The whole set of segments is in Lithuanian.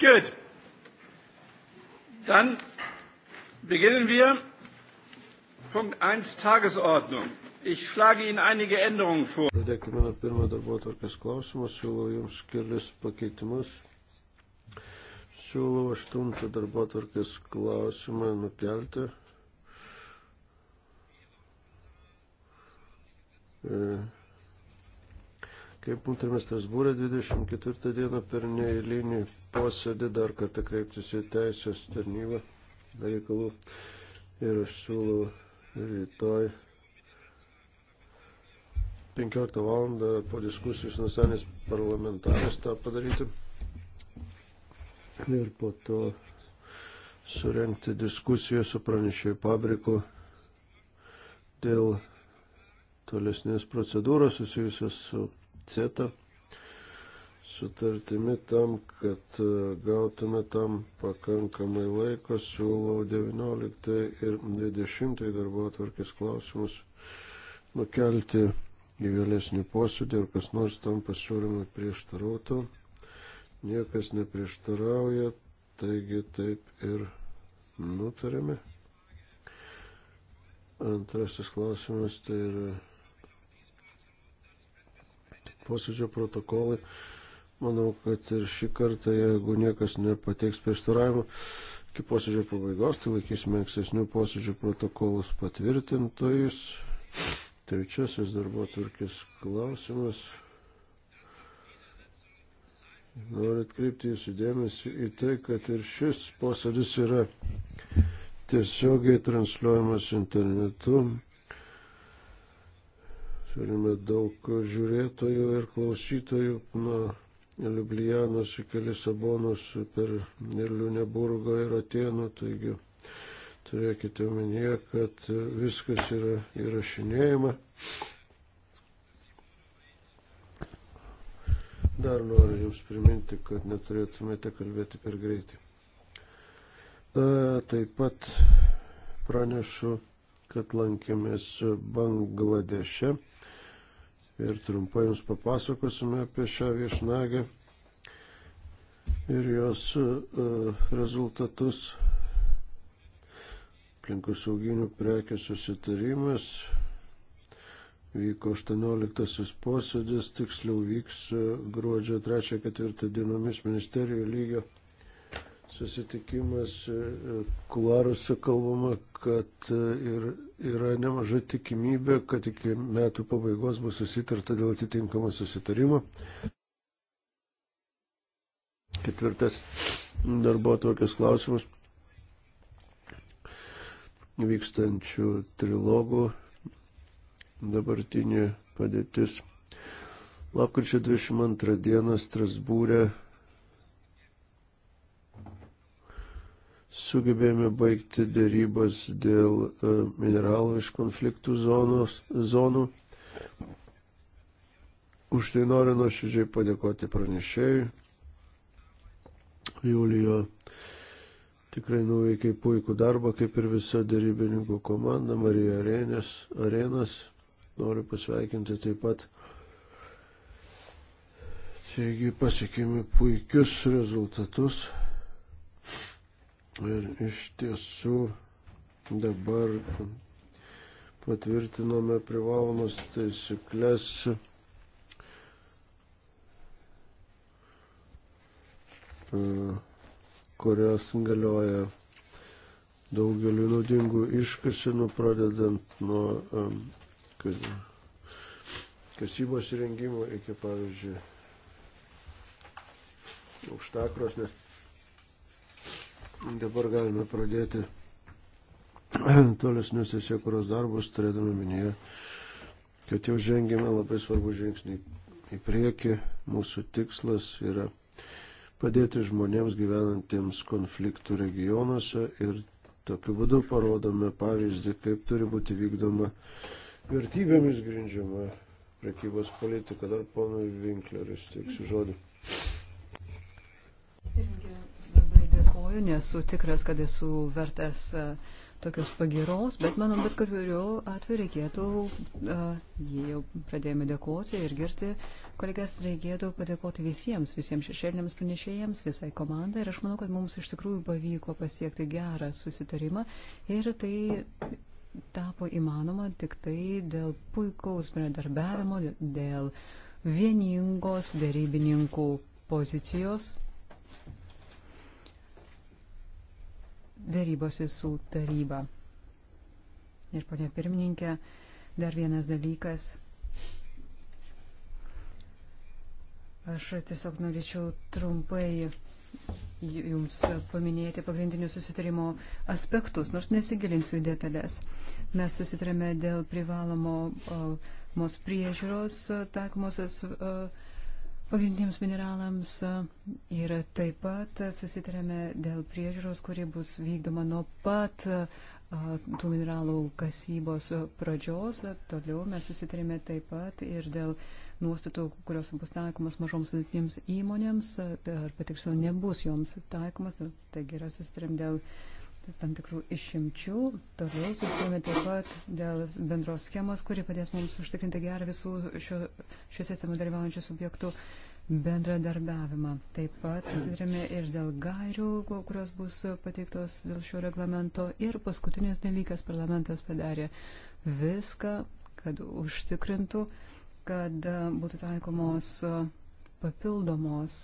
Good. Dann beginnen wir. Punkt 1 Tagesordnung. Ich schlage Ihnen einige Änderungen vor. Pradėkime nuo pirmo darbotvarkės klausimo. Siūlau Jums kelis pakeitimus. Siūlau aštuntą darbotvarkės klausimą nukelti. E, Kaip turime Strasbūrė 24 dieną per neįlinį posėdį dar kartą kreiptis į teisės tarnybą reikalų ir aš siūlau rytoj 15 val. po diskusijų su nacionaliniais parlamentarais tą padaryti ir po to surenkti diskusiją su pranešėjų fabriku dėl tolesnės procedūros susijusios su CETA sutartimi tam, kad e, gautume tam pakankamai laiko, siūlau 19 ir 20 darbo atvarkės klausimus nukelti į vėlesnį posėdį, ar kas nors tam pasiūlymui prieštarautų. Niekas neprieštarauja, taigi taip ir nutarėme. Antrasis klausimas tai yra posėdžio protokolai. Manau, kad ir šį kartą, jeigu niekas nepateiks prieštaravimo, iki posėdžio pabaigos, tai laikysime ankstesnių posėdžio protokolus patvirtintojus. Trečiasis darbo tvarkės klausimas. Noriu atkreipti jūsų dėmesį į tai, kad ir šis posėdis yra tiesiogiai transliuojamas internetu. Turime daug žiūrėtojų ir klausytojų nuo Liublianos iki Lisabonos per Liuneburgo ir Atenų. Taigi turėkite omenyje, kad viskas yra įrašinėjama. Dar noriu Jums priminti, kad neturėtumėte kalbėti per greitai. E, taip pat pranešu, kad lankėmės Bangladeše ir trumpai Jums papasakosime apie šią viešnagę ir jos e, rezultatus. Aplinkosauginių prekių susitarimas vyko 18 posėdis, tiksliau vyks e, gruodžio 3-4 dienomis ministerijų lygio susitikimas e, e, kularuose kalbama, kad e, ir yra nemaža tikimybė, kad iki metų pabaigos bus susitarta dėl atitinkamo susitarimo. Ketvirtas darbo tokias klausimus vykstančių trilogų dabartinė padėtis. Lapkričio 22 dieną Strasbūrė sugebėjome baigti dėrybas dėl e, mineralų iš konfliktų zonos, zonų. Už tai noriu nuoširdžiai padėkoti pranešėjui. Julijo tikrai nuveikiai puikų darbą, kaip ir visa dėrybininkų komanda Marija Arenas. Arenas. Noriu pasveikinti taip pat. Taigi pasiekėme puikius rezultatus. Ir iš tiesų dabar patvirtinome privalomas taisyklės e, kurios galioja daugeliu naudingų iškasinų, pradedant nuo kas, kasybos įrengimo iki, pavyzdžiui, aukštakros, nes Dabar galime pradėti tolesnius įsiekuros darbus, turėdami minėję, kad jau žengėme labai svarbu žingsnį į priekį. Mūsų tikslas yra padėti žmonėms gyvenantiems konfliktų regionuose ir tokiu būdu parodome pavyzdį, kaip turi būti vykdoma vertybėmis grindžiama prekybos politika. Dar ponui Vinkleriui steiksiu žodį. dėkoju, nesu tikras, kad esu vertas e, tokios pagiros, bet manau, bet kuriuo atveju reikėtų, e, jei jau pradėjome dėkoti ir girti, kolegas reikėtų padėkoti visiems, visiems šešėliniams pranešėjams, visai komandai ir aš manau, kad mums iš tikrųjų pavyko pasiekti gerą susitarimą ir tai tapo įmanoma tik tai dėl puikaus bendradarbiavimo, dėl vieningos darybininkų pozicijos darybose su taryba. Ir ponia pirmininkė, dar vienas dalykas. Aš tiesiog norėčiau trumpai Jums paminėti pagrindinius susitarimo aspektus, nors nesigilinsiu į detalės. Mes susitarėme dėl privalomo mūsų priežiūros taikomosios. Uh, pagrindiniams mineralams ir e, taip pat e, susitarėme dėl priežiūros, kuri bus vykdoma nuo pat e, tų mineralų kasybos pradžios. Toliau mes susitarėme taip pat ir dėl nuostatų, kurios bus taikomas mažoms vidutinėms įmonėms, ar patiksliau nebus joms taikomas, taigi yra susitarėm dėl uh, tam tikrų išimčių. Toliau susitarėme taip pat dėl bendros schemos, kuri padės mums užtikrinti gerą visų šio, šio sistemų dalyvaujančių subjektų bendradarbiavimą. Taip pat susitarėme ir dėl gairių, kurios bus pateiktos dėl šio reglamento. Ir paskutinis dalykas, parlamentas padarė viską, kad užtikrintų, kad būtų taikomos papildomos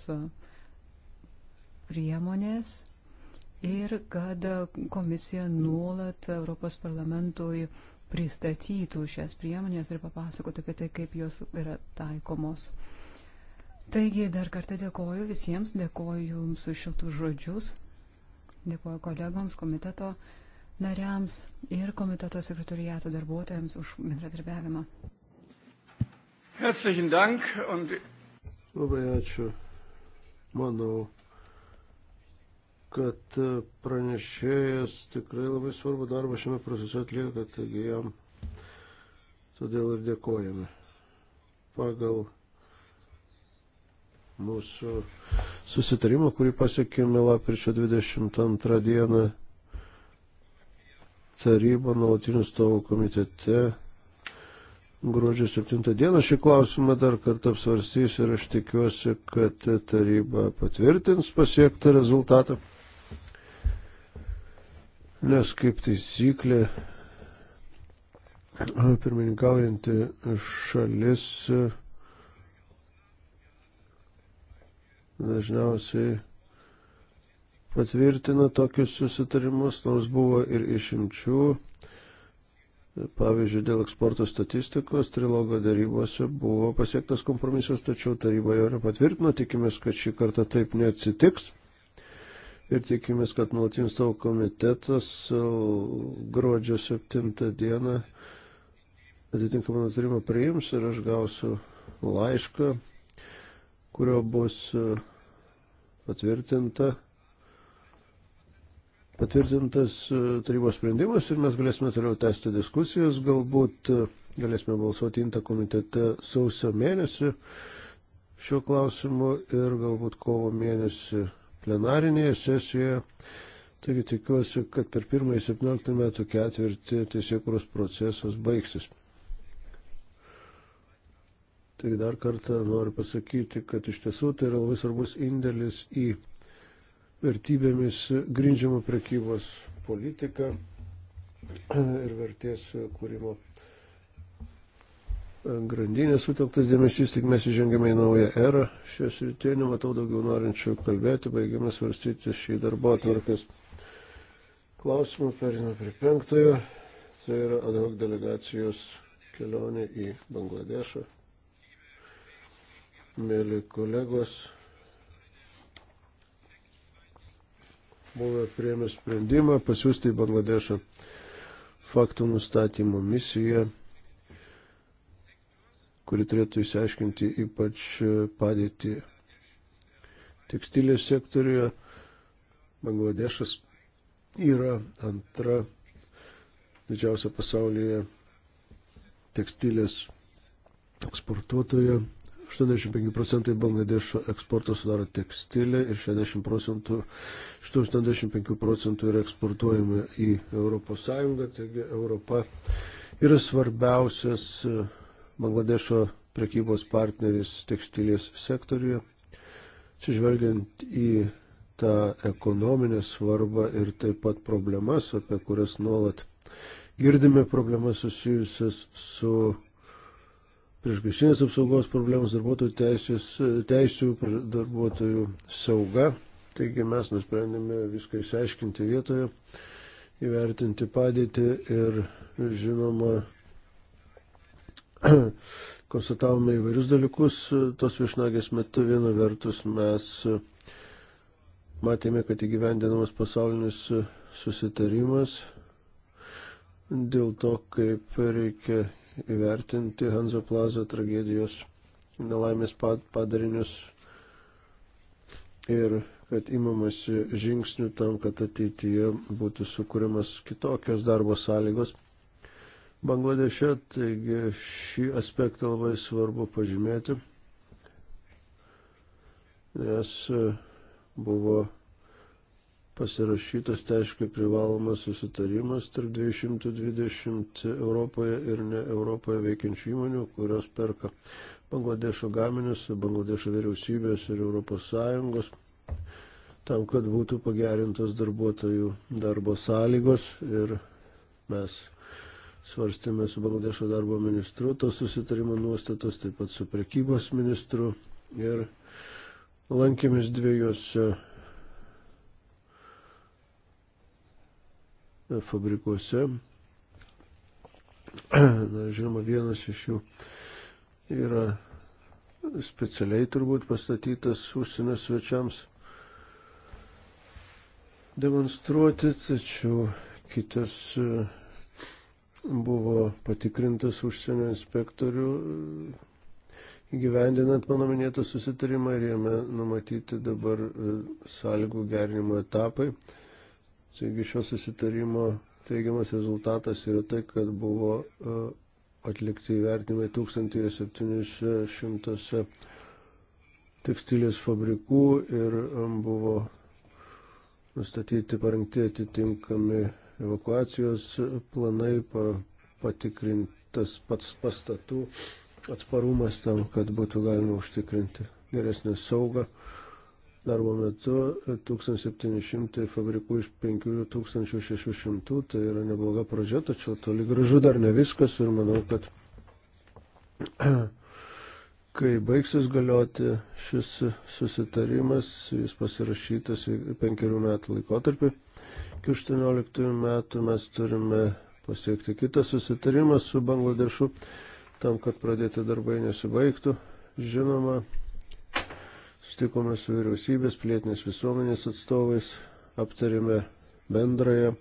priemonės ir kad komisija nuolat Europos parlamentui pristatytų šias priemonės ir papasakotų apie tai, kaip jos yra taikomos. Taigi dar kartą dėkoju visiems, dėkoju Jums už šiltus žodžius, dėkoju kolegoms, komiteto nariams ir komiteto sekretoriato darbuotojams už bendradarbiavimą. Herzlichen Dank und labai ačiū. Manau, kad pranešėjas tikrai labai svarbu darbą šiame procese atlieka, taigi jam todėl ir dėkojame. Pagal mūsų susitarimą, kurį pasiekėme lapkričio 22 dieną taryba nuolatinių stovų komitete gruodžio 7 dieną. Šį klausimą dar kartą apsvarstys ir aš tikiuosi, kad taryba patvirtins pasiektą rezultatą nes kaip taisyklė pirmininkaujanti šalis dažniausiai patvirtina tokius susitarimus, nors buvo ir išimčių. Pavyzdžiui, dėl eksporto statistikos trilogo darybose buvo pasiektas kompromisas, tačiau taryba jo nepatvirtino, tikimės, kad šį kartą taip neatsitiks ir tikimės, kad nuolatinis tavo komitetas e, gruodžio 7 dieną atitinkamą nutarimą priims ir aš gausiu laišką, kurio bus e, patvirtinta. Patvirtintas e, tarybos sprendimas ir mes galėsime toliau tęsti diskusijas, galbūt galėsime balsuoti intą komitete sausio mėnesį šiuo klausimu ir galbūt kovo mėnesį plenarinėje sesijoje. Taigi tikiuosi, kad per pirmąjį 17 metų ketvirtį teisėkuros procesas baigsis. Taigi dar kartą noriu pasakyti, kad iš tiesų tai yra labai svarbus indėlis į vertybėmis grindžiamą prekybos politiką ir vertės kūrimo grandinės sutelktas dėmesys, tik mes įžengėme į naują erą. Šioje srityje nematau daugiau norinčių kalbėti, baigėme svarstyti šį darbo atvarkės klausimą, perinu prie penktojo. Tai yra ad hoc delegacijos kelionė į Bangladešą. Mėly kolegos, buvome prieimę sprendimą pasiūsti į Bangladešą faktų nustatymo misiją kuri turėtų įsiaiškinti ypač padėtį tekstilės sektoriuje. Bangladešas yra antra didžiausia pasaulyje tekstilės eksportuotoja. 85 procentai Bangladešo eksporto sudaro tekstilė ir 60 procentų, iš tų 85 procentų yra eksportuojami į ES, taigi Europa yra svarbiausias Bangladešo prekybos partneris tekstilės sektoriuje. Atsižvelgiant į tą ekonominę svarbą ir taip pat problemas, apie kurias nuolat girdime problemas susijusias su priešgaisrinės apsaugos problemas, darbuotojų teisės, teisų, darbuotojų sauga. Taigi mes nusprendėme viską išsiaiškinti vietoje, įvertinti padėtį ir žinoma konstatavome įvairius dalykus tos viešnagės metu. Viena vertus mes matėme, kad įgyvendinamas pasaulinis susitarimas dėl to, kaip reikia įvertinti Hanzo Plaza tragedijos nelaimės padarinius ir kad imamasi žingsnių tam, kad ateityje būtų sukūrimas kitokios darbo sąlygos Bangladeše, taigi šį aspektą labai svarbu pažymėti, nes e, buvo pasirašytas teiškai privalomas susitarimas tarp 220 Europoje ir ne Europoje veikiančių įmonių, kurios perka Bangladešo gaminius, Bangladešo vyriausybės ir ES tam, kad būtų pagerintos darbuotojų darbo sąlygos ir mes svarstėme su Bangladešo darbo ministru tos susitarimo nuostatos, taip pat su prekybos ministru ir lankėmės dviejose e, fabrikuose. Na, žinoma, vienas iš jų yra specialiai turbūt pastatytas užsienio svečiams demonstruoti, tačiau kitas e, buvo patikrintas užsienio inspektorių e, įgyvendinant mano minėtą susitarimą ir jame numatyti dabar e, sąlygų gerinimo etapai. Taigi šio susitarimo teigiamas rezultatas yra tai, kad buvo e, atlikti įvertinimai 1700 tekstilės fabrikų ir buvo nustatyti parengti atitinkami evakuacijos planai, patikrintas pats pastatų atsparumas tam, kad būtų galima užtikrinti geresnę saugą. Darbo metu 1700 fabrikų iš 5600, tai yra nebloga pradžia, tačiau toli gražu dar ne viskas ir manau, kad kai baigsis galioti šis susitarimas, jis pasirašytas penkerių metų laikotarpį iki 18 metų mes turime pasiekti kitą susitarimą su Bangladešu, tam, kad pradėti darbai nesibaigtų. Žinoma, sutikome su vyriausybės, plėtinės visuomenės atstovais, aptarėme bendrąją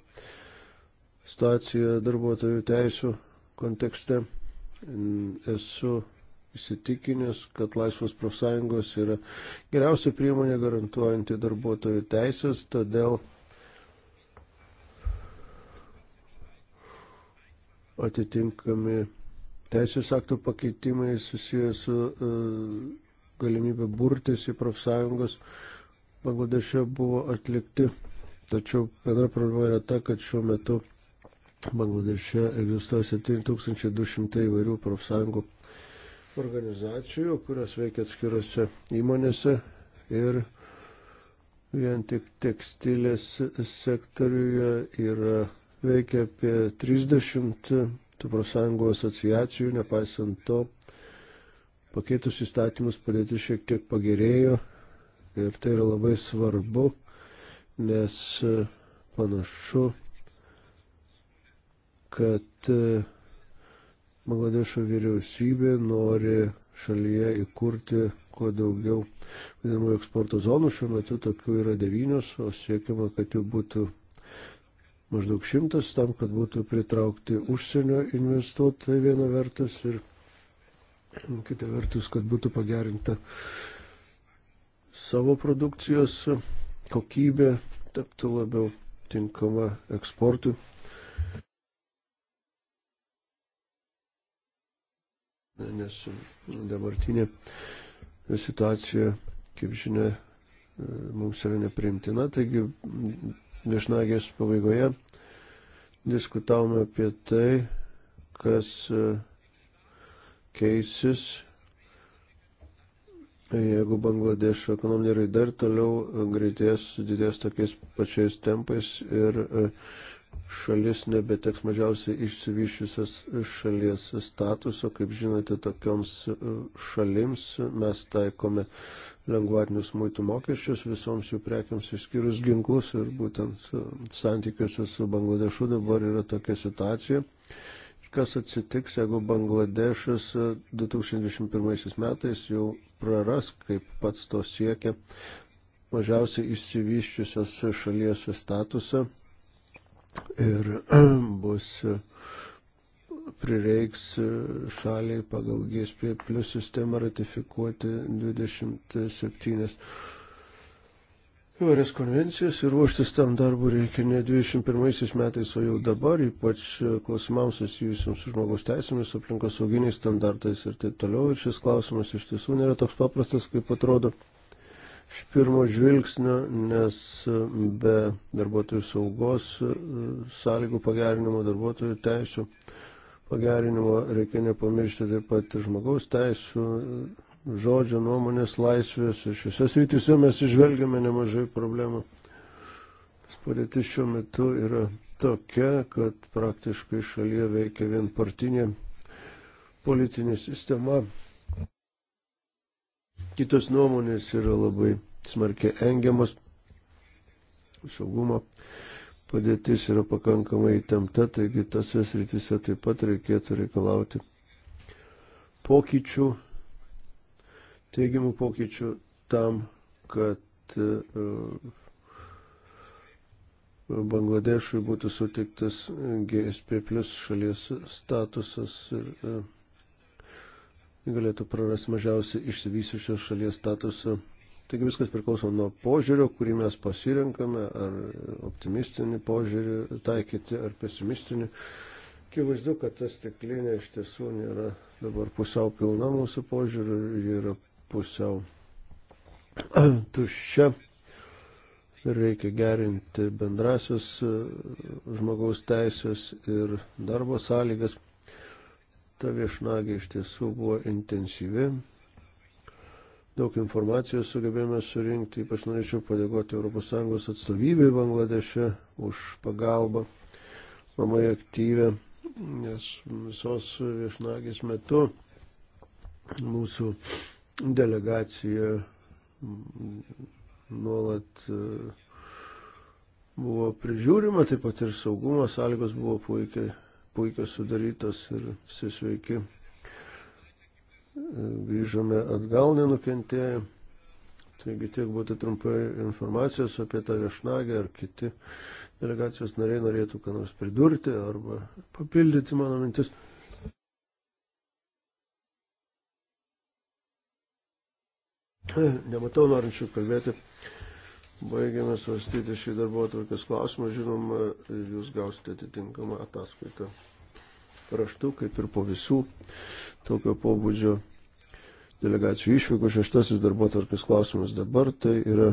situaciją darbuotojų teisų kontekste. Esu įsitikinęs, kad laisvos profsąjungos yra geriausia priemonė garantuojanti darbuotojų teisės, todėl atitinkami teisės aktų pakeitimai susijęs su e, galimybė burtis į profsąjungos Bangladeše buvo atlikti. Tačiau bendra problema yra ta, kad šiuo metu Bangladeše egzistuoja 7200 įvairių profsąjungų organizacijų, kurios veikia atskirose įmonėse ir vien tik tekstilės sektoriuje yra veikia apie 30 tų profsąjungų asociacijų, nepaisant to, pakeitus įstatymus padėti šiek tiek pagerėjo ir tai yra labai svarbu, nes e, panašu, kad e, Bangladešo vyriausybė nori šalyje įkurti kuo daugiau vadinamų eksporto zonų. Šiuo metu tokių yra devynios, o siekiama, kad jų būtų maždaug šimtas tam, kad būtų pritraukti užsienio investuotojai viena vertus ir kita vertus, kad būtų pagerinta savo produkcijos kokybė, taptų labiau tinkama eksportui. Nes dabartinė situacija, kaip žinia, e, mums yra neprimtina, taigi viešnagės pabaigoje diskutavome apie tai, kas e, keisis, jeigu Bangladešo ekonominė raida ir toliau greitės, didės tokiais pačiais tempais ir uh, šalis nebeteks mažiausiai išsivyščiusios šalies statuso. Kaip žinote, tokioms e, šalims mes taikome lengvatinius muitų mokesčius visoms jų prekiams išskyrus ginklus ir būtent e, santykiuose su Bangladešu dabar yra tokia situacija. Kas atsitiks, jeigu Bangladešas 2021 e, metais jau praras, kaip pats to siekia, mažiausiai išsivyščiusios šalies statusą ir bus prireiks šaliai pagal GSP plus sistemą ratifikuoti 27 įvairias konvencijas ir ruoštis tam darbų reikia ne 21 metais, o jau dabar, ypač klausimams susijusiams su žmogaus teisėmis, aplinkos sauginiais standartais ir taip toliau. Ir šis klausimas iš tiesų nėra toks paprastas, kaip atrodo iš pirmo žvilgsnio, nes be darbuotojų saugos e, sąlygų pagerinimo, darbuotojų teisų pagerinimo reikia nepamiršti taip pat ir žmogaus teisų, žodžio, nuomonės laisvės. Ir šiuose srityse mes išvelgiame nemažai problemų. Padėtis šiuo metu yra tokia, kad praktiškai šalyje veikia vienpartinė politinė sistema Kitos nuomonės yra labai smarkiai engiamas. Saugumo padėtis yra pakankamai įtempta, taigi tose srityse taip pat reikėtų reikalauti pokyčių, teigiamų pokyčių tam, kad e, Bangladešui būtų sutiktas GSP plus šalies statusas ir e, galėtų prarasti mažiausiai išsivysiusios šalies statusą. Taigi viskas priklauso nuo požiūrio, kurį mes pasirenkame, ar optimistinį požiūrį taikyti, ar pesimistinį. Kivaizdu, kad ta stiklinė iš tiesų nėra dabar pusiau pilna mūsų požiūrių, ji yra pusiau tuščia ir reikia gerinti bendrasios e, žmogaus teisės ir darbo sąlygas. Ta viešnagė iš tiesų buvo intensyvi. Daug informacijos sugebėjome surinkti, ypač norėčiau padėkoti ES atstovybei Bangladeše už pagalbą, labai aktyvę, nes visos viešnagės metu mūsų delegacija nuolat e, buvo prižiūrima, taip pat ir saugumo sąlygos buvo puikiai puikiai sudarytos ir visi sveiki. E, grįžome atgal nenukentėję. Taigi tiek būtų trumpai informacijos apie tą viešnagę ar kiti delegacijos nariai norėtų ką nors pridurti arba papildyti mano mintis. Nematau norinčių kalbėti. Baigiame svarstyti šį darbo atvarkės klausimą. Žinoma, jūs gausite atitinkamą ataskaitą raštu, kaip ir po visų tokio pobūdžio delegacijų išvykų. Šeštasis darbo atvarkės klausimas dabar tai yra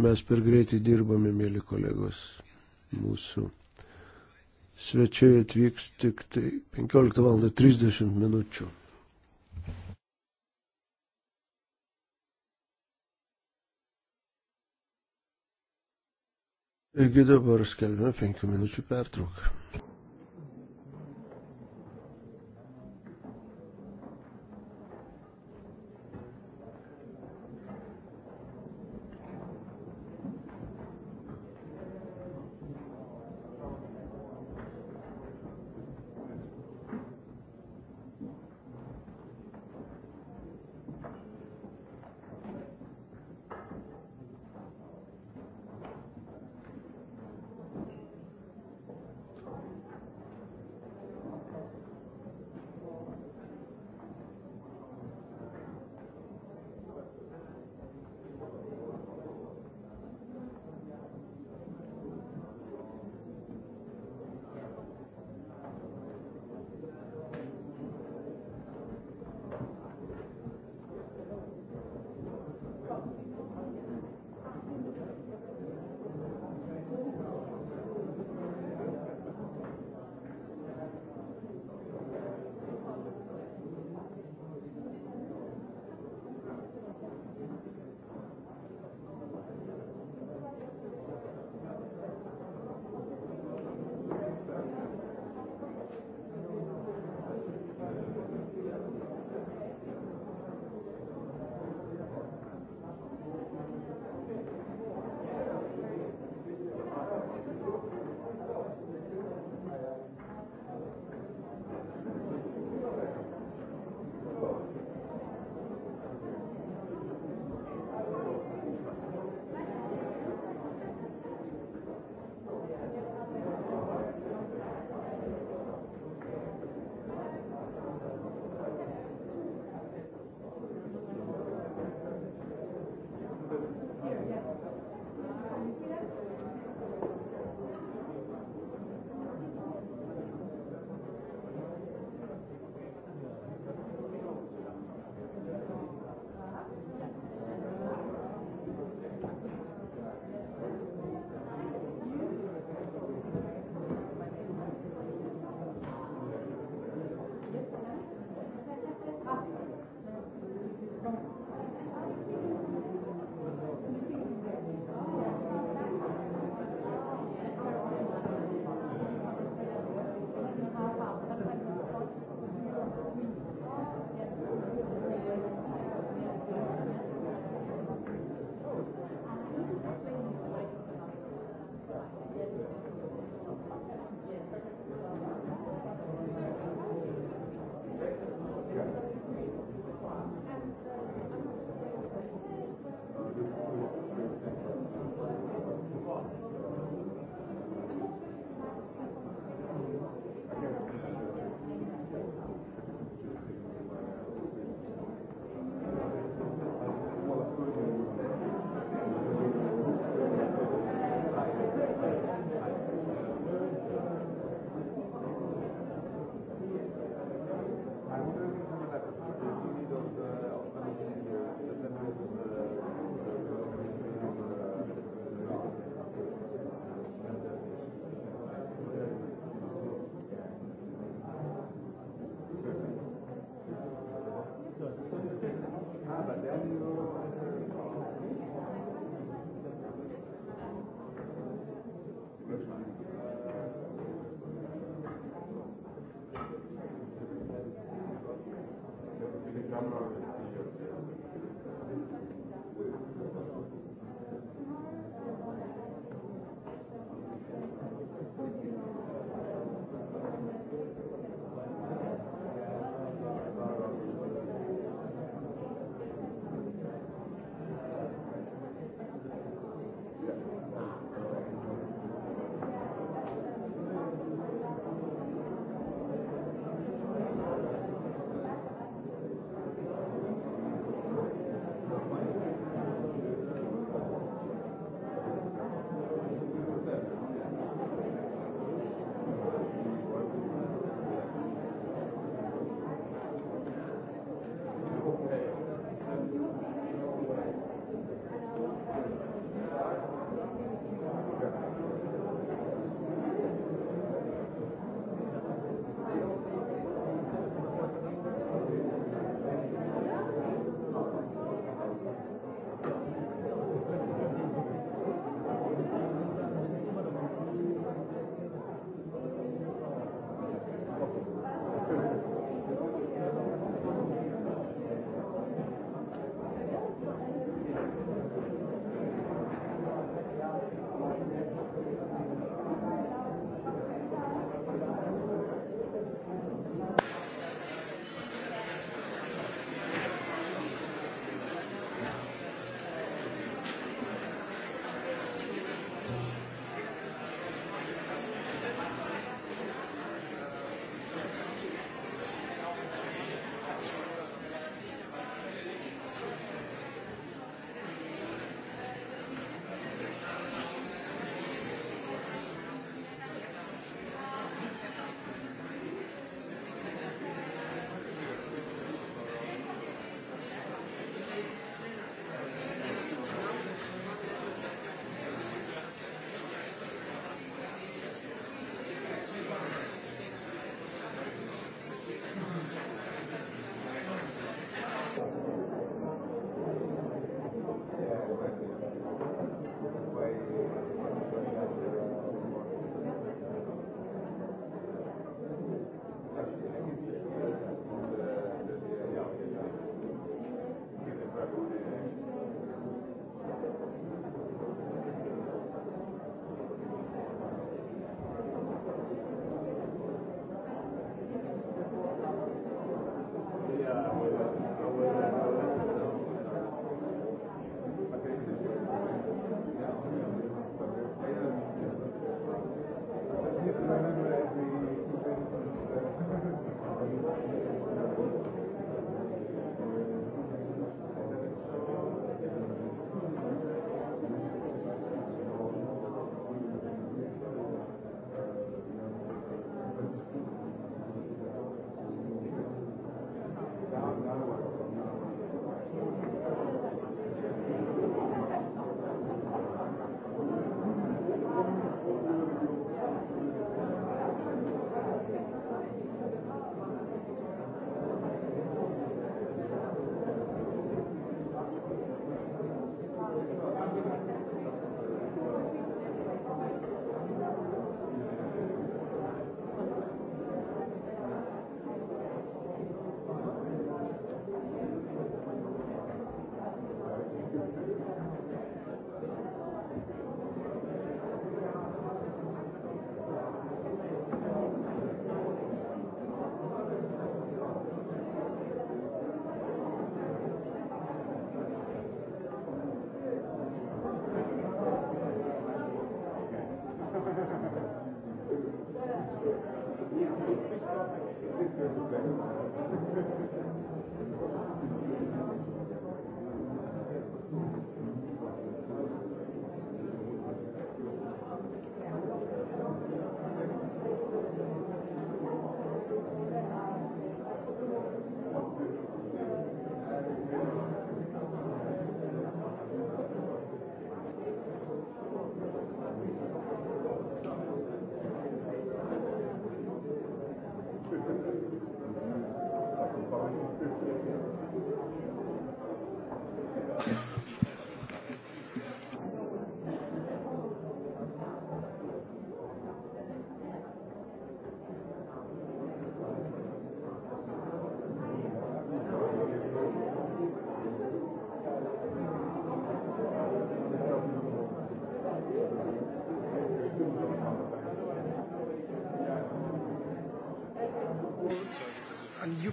Mes per greitai dirbame, mėly kolegos. Mūsų svečiai atvyks tik tai 15 val. 30 minučių. Taigi dabar skelbime 5 minučių pertrauką.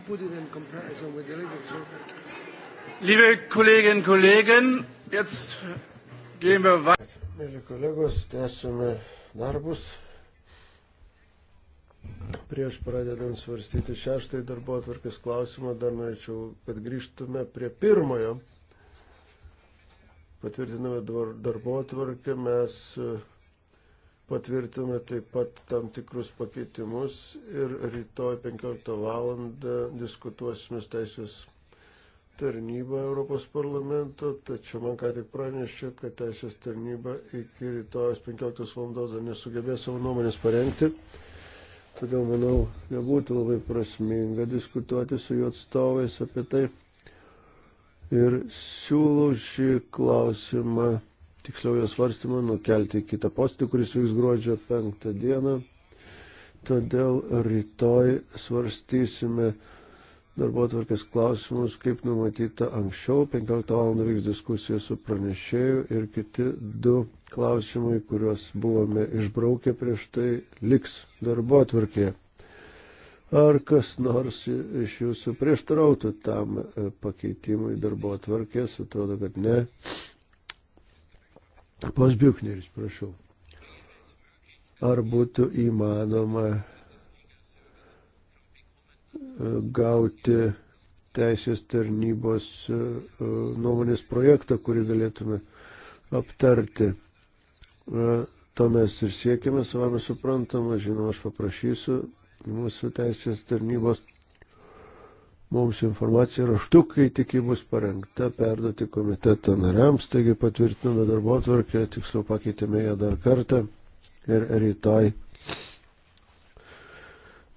put it in comparison with the living soul. Liebe Kolleginnen und Kollegen, jetzt gehen wir weiter. Mėly kolegos, tęsime darbus. Prieš pradedant svarstyti šeštąjį darbo atvarkės klausimą, dar norėčiau, kad grįžtume prie pirmojo. Patvirtiname darbo atvarkę, mes patvirtinome taip pat tam tikrus pakeitimus ir rytoj 15 val. diskutuosime teisės tarnybą Europos parlamento, tačiau man ką tik pranešė, kad teisės tarnyba iki rytojus 15 valandos dar nesugebės savo nuomonės parengti. Todėl, manau, nebūtų labai prasminga diskutuoti su jų atstovais apie tai. Ir siūlau šį klausimą tiksliau jos svarstymą nukelti į kitą postį, kuris vyks gruodžio penktą dieną. Todėl rytoj svarstysime darbo atvarkės klausimus, kaip numatyta anksčiau. 15 val. vyks diskusija su pranešėju ir kiti du klausimai, kuriuos buvome išbraukę prieš tai, liks darbo atvarkėje. Ar kas nors iš jūsų prieštarautų tam pakeitimui darbo atvarkės? Atrodo, kad ne. Pons Biukneris, prašau. Ar būtų įmanoma e, gauti teisės tarnybos e, e, nuomonės projektą, kurį galėtume aptarti. To mes ir siekime, savame suprantama, žinoma, aš paprašysiu mūsų teisės tarnybos mums informaciją raštu, kai tik ji bus parengta, perduoti komiteto nariams, taigi patvirtiname darbo atvarkę, tiksliau pakeitėme ją dar kartą ir rytoj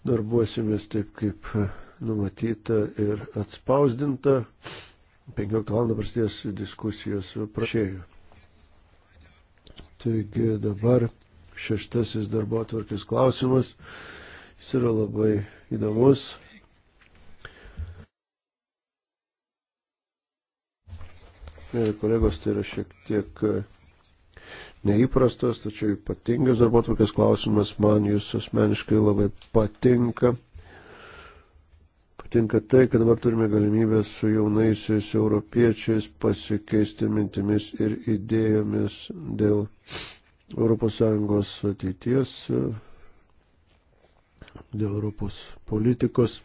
darbuosimės taip, kaip numatyta ir atspausdinta. 15 val. prasidės diskusijos su prašėju. Taigi dabar šeštasis darbo atvarkės klausimas. Jis yra labai įdomus. Mėly e, kolegos, tai yra šiek tiek e, neįprastas, tačiau ypatingas darbo atvarkės klausimas, man jūs asmeniškai labai patinka. Patinka tai, kad dabar turime galimybę su jaunaisiais europiečiais pasikeisti mintimis ir idėjomis dėl ES ateities, dėl Europos politikos.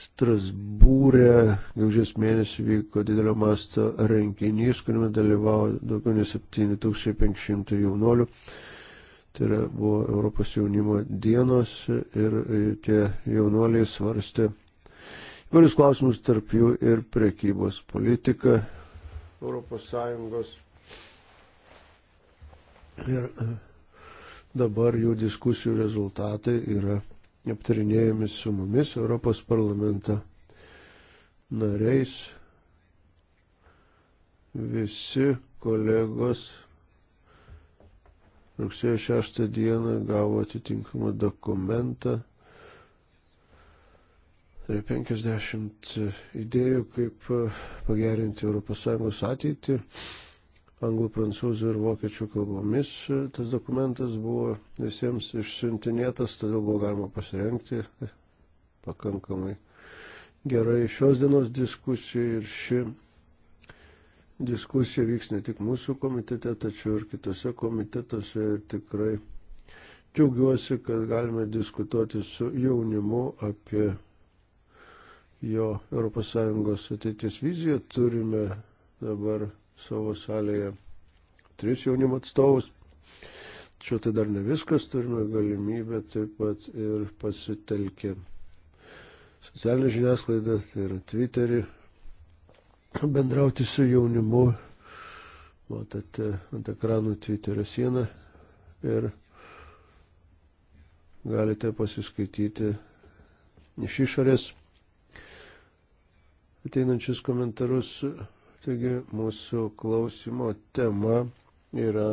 Strasbūrė, gaužės mėnesį vyko didelio masto renginys, kuriame dalyvavo daugiau nei 7500 jaunolių. Tai yra, buvo Europos jaunimo dienos ir e, tie jaunoliai svarstė įvairius klausimus, tarp jų ir prekybos politika Europos Sąjungos. Ir e, dabar jų diskusijų rezultatai yra aptarinėjami su mumis, Europos parlamento nariais. Visi kolegos rugsėjo 6 dieną gavo atitinkamą dokumentą. Tai 50 idėjų, kaip pagerinti ES ateitį anglų, prancūzų ir vokiečių kalbomis. Tas dokumentas buvo visiems išsiuntinėtas, todėl buvo galima pasirenkti pakankamai gerai šios dienos diskusijai ir ši diskusija vyks ne tik mūsų komitete, tačiau ir kitose komitetuose ir tikrai džiaugiuosi, kad galime diskutuoti su jaunimu apie jo ES ateities viziją. Turime dabar savo salėje tris jaunimo atstovus. Tačiau tai dar ne viskas, turime galimybę taip pat ir pasitelkę socialinę žiniasklaidą, tai yra Twitterį, bendrauti su jaunimu. Matote ant ekranų Twitterio sieną ir galite pasiskaityti iš išorės ateinančius komentarus Taigi mūsų klausimo tema yra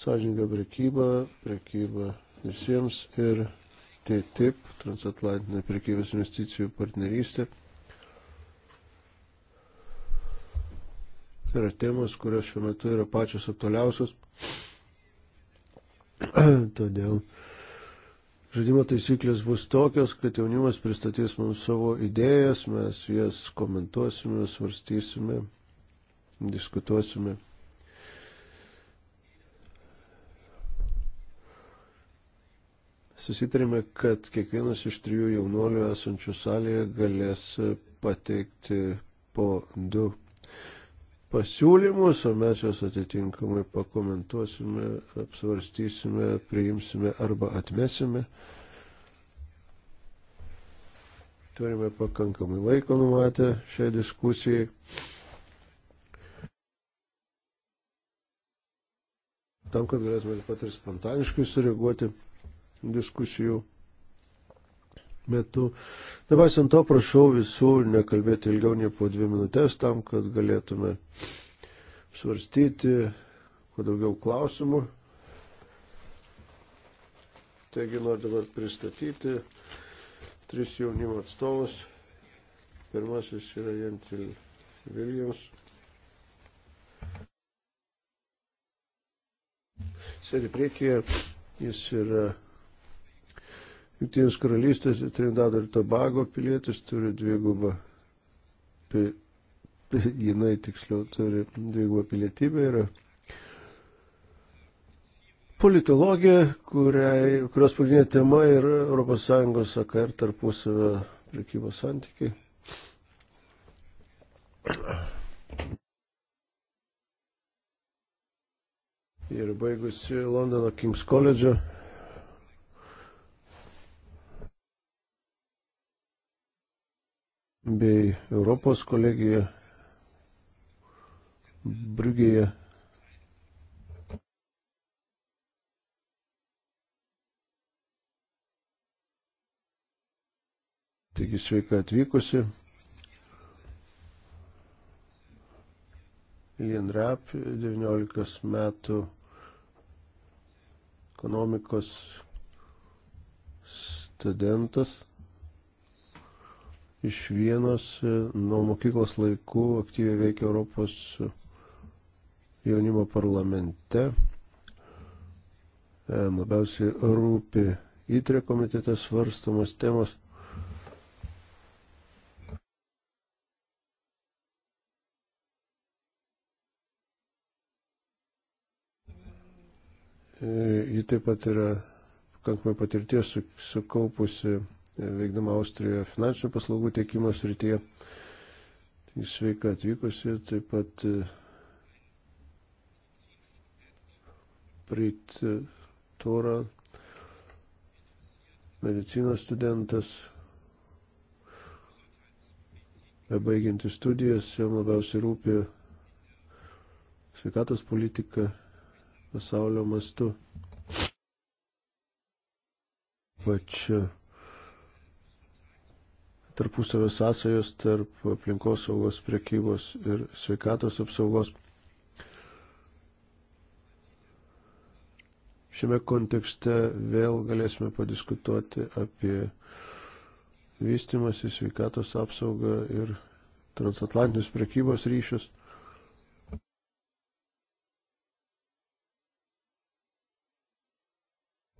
sąžininga prekyba, prekyba visiems ir TTIP, transatlantinė prekybos investicijų partnerystė. Tai yra temos, kurios šiuo metu yra pačios aktualiausios. Todėl žaidimo taisyklės bus tokios, kad jaunimas pristatys mums savo idėjas, mes jas komentuosime, svarstysime diskutuosime. Susitarėme, kad kiekvienas iš trijų jaunuolių esančių salėje galės pateikti po du pasiūlymus, o mes juos atitinkamai pakomentuosime, apsvarstysime, priimsime arba atmesime. Turime pakankamai laiko numatę šiai diskusijai. tam, kad galėtume taip pat ir spontaniškai sureaguoti diskusijų metu. Nepaisant to, prašau visų nekalbėti ilgiau nei po dvi minutės, tam, kad galėtume svarstyti kuo daugiau klausimų. Taigi noriu dabar pristatyti tris jaunimo atstovus. Pirmasis yra Jentil Williams. sėdi priekyje, jis yra Junktinės karalystės, Trinidado ir Tobago pilietis, turi dvigubą, pi, jinai tiksliau turi dvigubą pilietybę, yra politologija, kuriai, kurios pagrindinė tema yra ES AKR tarpusavio prekybos santykiai. ir baigusi Londono King's koledžą. bei Europos kolegijoje Briugėje. Taigi sveika atvykusi. Ilien Rap, 19 metų ekonomikos studentas iš vienos e, nuo mokyklos laikų aktyviai veikia Europos jaunimo parlamente. E, labiausiai rūpi įtrė komitetas svarstamos temos. Ji taip pat yra pakankamai patirties sukaupusi e, veikdama Austrijoje finansinių paslaugų teikimo srityje. Sveika atvykusi, taip pat Prit e, e, Tora, medicinos studentas, baigianti studijas, jam labiausiai rūpi sveikatos politika pasaulio mastu. Pačiu tarpusavio sąsajos tarp aplinkos saugos priekybos ir sveikatos apsaugos. Šiame kontekste vėl galėsime padiskutuoti apie vystimąsi, sveikatos apsaugą ir transatlantinius priekybos ryšius.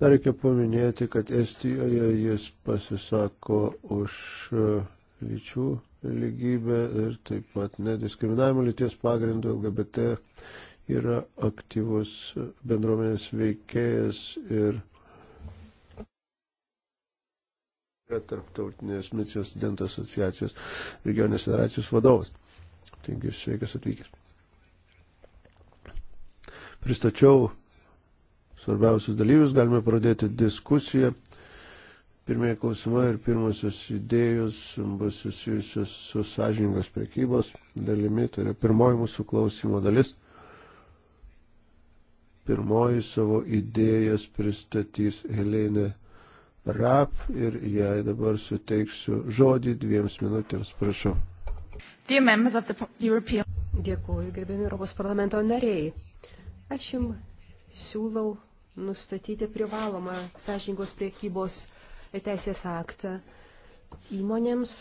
Dar reikia paminėti, kad Estijoje jis pasisako už e, lyčių lygybę ir taip pat nediskriminavimo lyties pagrindų LGBT yra aktyvus bendruomenės veikėjas ir yra tarptautinės misijos studentų asociacijos regioninės federacijos vadovas. Taigi sveikas atvykęs. Pristačiau svarbiausius dalyvius, galime pradėti diskusiją. Pirmieji klausimai ir pirmosios idėjos bus susijusios su sąžiningos prekybos dalimi, tai yra pirmoji mūsų klausimo dalis. Pirmoji savo idėjas pristatys Helenė Rap ir jai dabar suteiksiu žodį dviems minutėms, prašau. Dėkuoju, gerbiami Europos parlamento nariai. Aš jums siūlau nustatyti privalomą sąžingos priekybos teisės aktą įmonėms.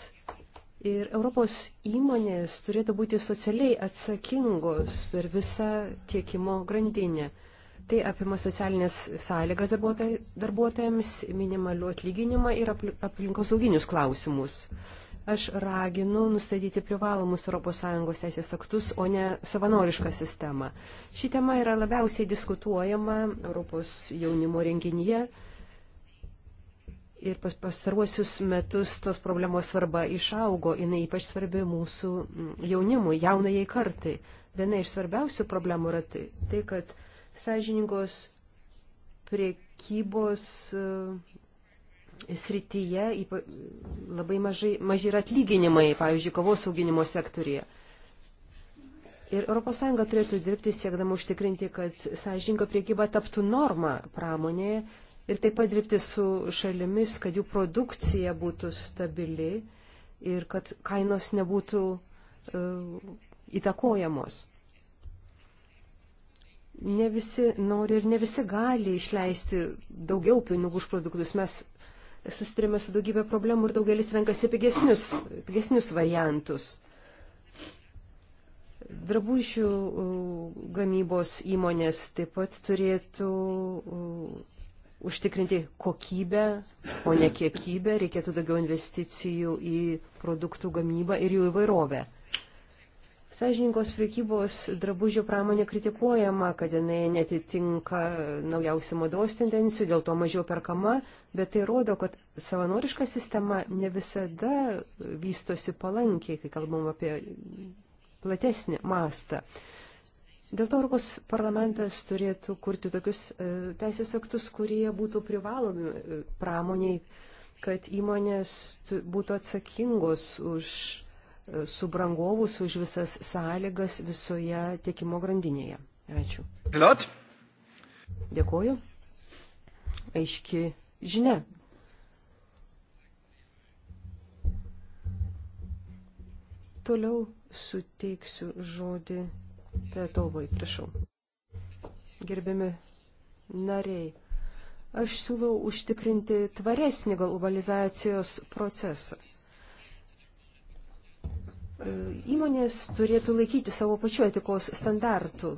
Ir Europos įmonės turėtų būti socialiai atsakingos per visą tiekimo grandinę. Tai apima socialinės sąlygas darbuotojams, minimalių atlyginimą ir aplinkosauginius klausimus. Aš raginu nustatyti privalomus ES teisės aktus, o ne savanorišką sistemą. Ši tema yra labiausiai diskutuojama Europos jaunimo renginyje. Ir pas pastaruosius metus tos problemos svarba išaugo, jinai ypač svarbi mūsų mm, jaunimui, jaunajai kartai. Viena iš svarbiausių problemų yra tai, tai kad sąžiningos priekybos srityje ypa, labai mažai, mažai yra atlyginimai, pavyzdžiui, kovos auginimo sektorija. Ir ES turėtų dirbti siekdama užtikrinti, kad sąžininko priekyba taptų norma pramonėje ir taip pat dirbti su šalimis, kad jų produkcija būtų stabili ir kad kainos nebūtų uh, įtakojamos. Ne visi nori ir ne visi gali išleisti daugiau pinigų už produktus. Mes sustarėme su daugybė problemų ir daugelis renkasi pigesnius, pigesnius variantus. Drabužių gamybos įmonės taip pat turėtų užtikrinti kokybę, o ne kiekybę, reikėtų daugiau investicijų į produktų gamybą ir jų įvairovę. Sažininkos prekybos drabužių pramonė kritikuojama, kad jinai netitinka naujausių mados tendencijų, dėl to mažiau perkama, bet tai rodo, kad savanoriška sistema ne visada vystosi palankiai, kai kalbam apie platesnį mastą. Dėl to Europos parlamentas turėtų kurti tokius e, teisės aktus, kurie būtų privalomi e, pramoniai, kad įmonės būtų atsakingos už subrangovus už visas sąlygas visoje tiekimo grandinėje. Ačiū. Lot. Dėkuoju. Aiški žinia. Toliau suteiksiu žodį Tetovai, prašau. Gerbiami nariai, aš siūlau užtikrinti tvaresnį globalizacijos procesą. E, įmonės turėtų laikyti savo pačių etikos standartų.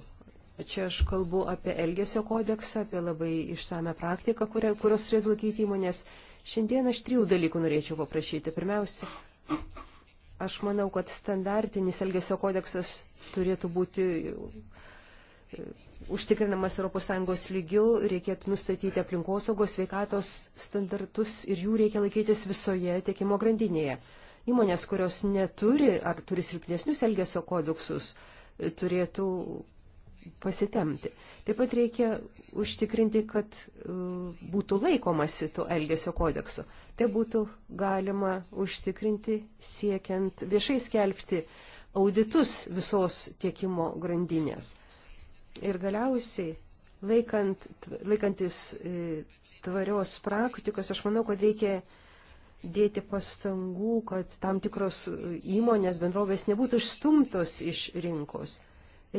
Čia aš kalbu apie Elgesio kodeksą, apie labai išsame praktiką, kuria, kurios turėtų laikyti įmonės. Šiandien aš trijų dalykų norėčiau paprašyti. Pirmiausia, aš manau, kad standartinis Elgesio kodeksas turėtų būti e, užtikrinamas ES lygių, reikėtų nustatyti aplinkosaugos, sveikatos standartus ir jų reikia laikytis visoje tiekimo grandinėje. Įmonės, kurios neturi ar turi silpnesnius elgesio kodeksus, e, turėtų pasitemti. Taip pat reikia užtikrinti, kad e, būtų laikomasi to elgesio kodekso. Tai būtų galima užtikrinti siekiant viešai skelbti auditus visos tiekimo grandinės. Ir galiausiai, laikant, laikantis e, tvarios praktikos, aš manau, kad reikia dėti pastangų, kad tam tikros įmonės bendrovės nebūtų išstumtos iš rinkos.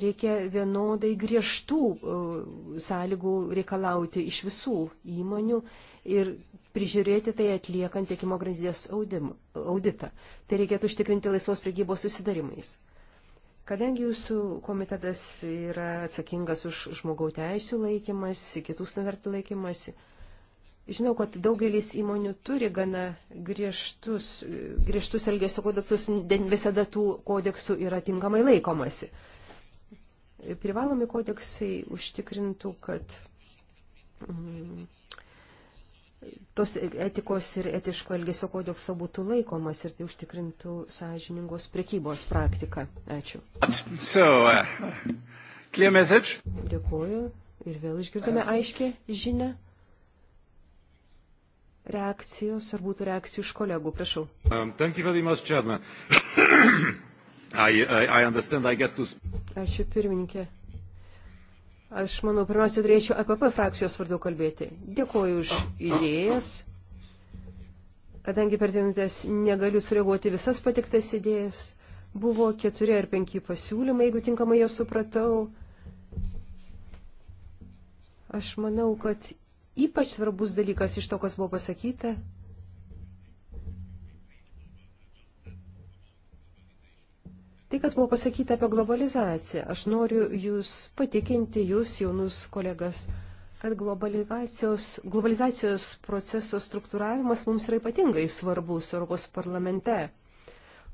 Reikia vienodai griežtų e, sąlygų reikalauti iš visų įmonių ir prižiūrėti tai atliekant tiekimo grandinės auditą. Tai reikėtų užtikrinti laisvos priegybos susidarimais. Kadangi jūsų komitetas yra atsakingas už žmogaus teisų laikymasi, kitų standartų laikymasi, Žinau, kad daugelis įmonių turi gana griežtus, griežtus elgesio kodeksus, visada tų kodeksų yra tinkamai laikomasi. Privalomi kodeksai užtikrintų, kad mm, tos etikos ir etiško elgesio kodekso būtų laikomas ir tai užtikrintų sąžiningos prekybos praktiką. Ačiū. So, uh, Dėkuoju ir vėl išgirdome aiškę žinę reakcijos, ar būtų reakcijų iš kolegų, prašau. Um, much, I, I, I I to... Ačiū pirmininkė. Aš manau, pirmiausia, turėčiau APP e frakcijos vardu kalbėti. Dėkuoju už idėjas. Kadangi per dvi minutės negaliu sureaguoti visas patiktas idėjas, buvo keturi ar penki pasiūlymai, jeigu tinkamai juos supratau. Aš manau, kad ypač svarbus dalykas iš to, kas buvo pasakyta. Tai, kas buvo pasakyta apie globalizaciją, aš noriu jūs patikinti, jūs jaunus kolegas, kad globalizacijos, globalizacijos proceso struktūravimas mums yra ypatingai svarbus Europos parlamente.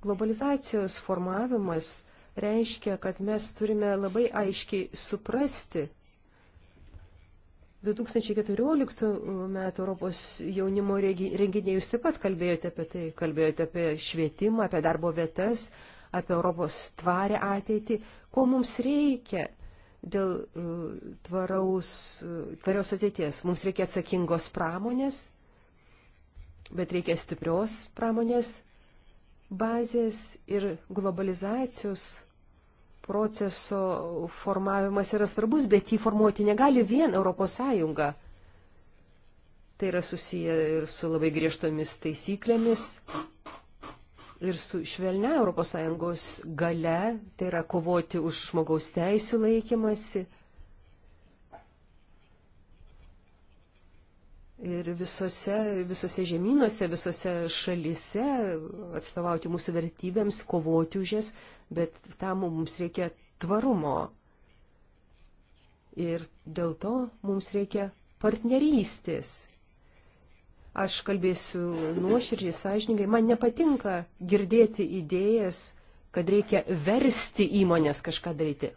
Globalizacijos formavimas reiškia, kad mes turime labai aiškiai suprasti, 2014 metų Europos jaunimo renginiai jūs taip pat kalbėjote apie tai, kalbėjote apie švietimą, apie darbo vietas, apie Europos tvarę ateitį, ko mums reikia dėl e, tvaraus, e, tvarios ateities. Mums reikia atsakingos pramonės, bet reikia stiprios pramonės bazės ir globalizacijos proceso formavimas yra svarbus, bet jį formuoti negali vien ES. Tai yra susiję ir su labai griežtomis taisyklėmis, ir su švelnia ES gale, tai yra kovoti už žmogaus teisų laikymasi ir visose, visose žemynuose, visose šalise atstovauti mūsų vertybėms, kovoti už jas, bet tam mums reikia tvarumo. Ir dėl to mums reikia partnerystės. Aš kalbėsiu nuoširdžiai, sąžininkai, man nepatinka girdėti idėjas, kad reikia versti įmonės kažką daryti.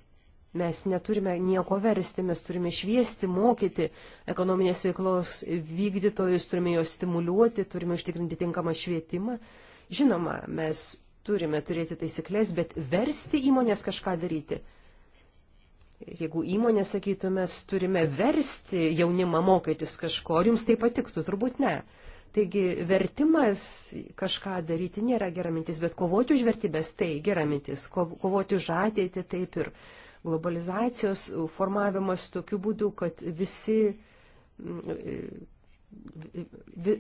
Mes neturime nieko versti, mes turime šviesti, mokyti ekonominės veiklos vykdytojus, turime juos stimuliuoti, turime užtikrinti tinkamą švietimą. Žinoma, mes turime turėti taisyklės, bet versti įmonės kažką daryti. Ir jeigu įmonė sakytų, mes turime versti jaunimą mokytis kažko, ar jums tai patiktų, turbūt ne. Taigi vertimas kažką daryti nėra gera mintis, bet kovoti už vertybės tai gera mintis, kovoti už ateitį taip ir. Uh, globalizacijos formavimas tokiu būdu, kad visi, e,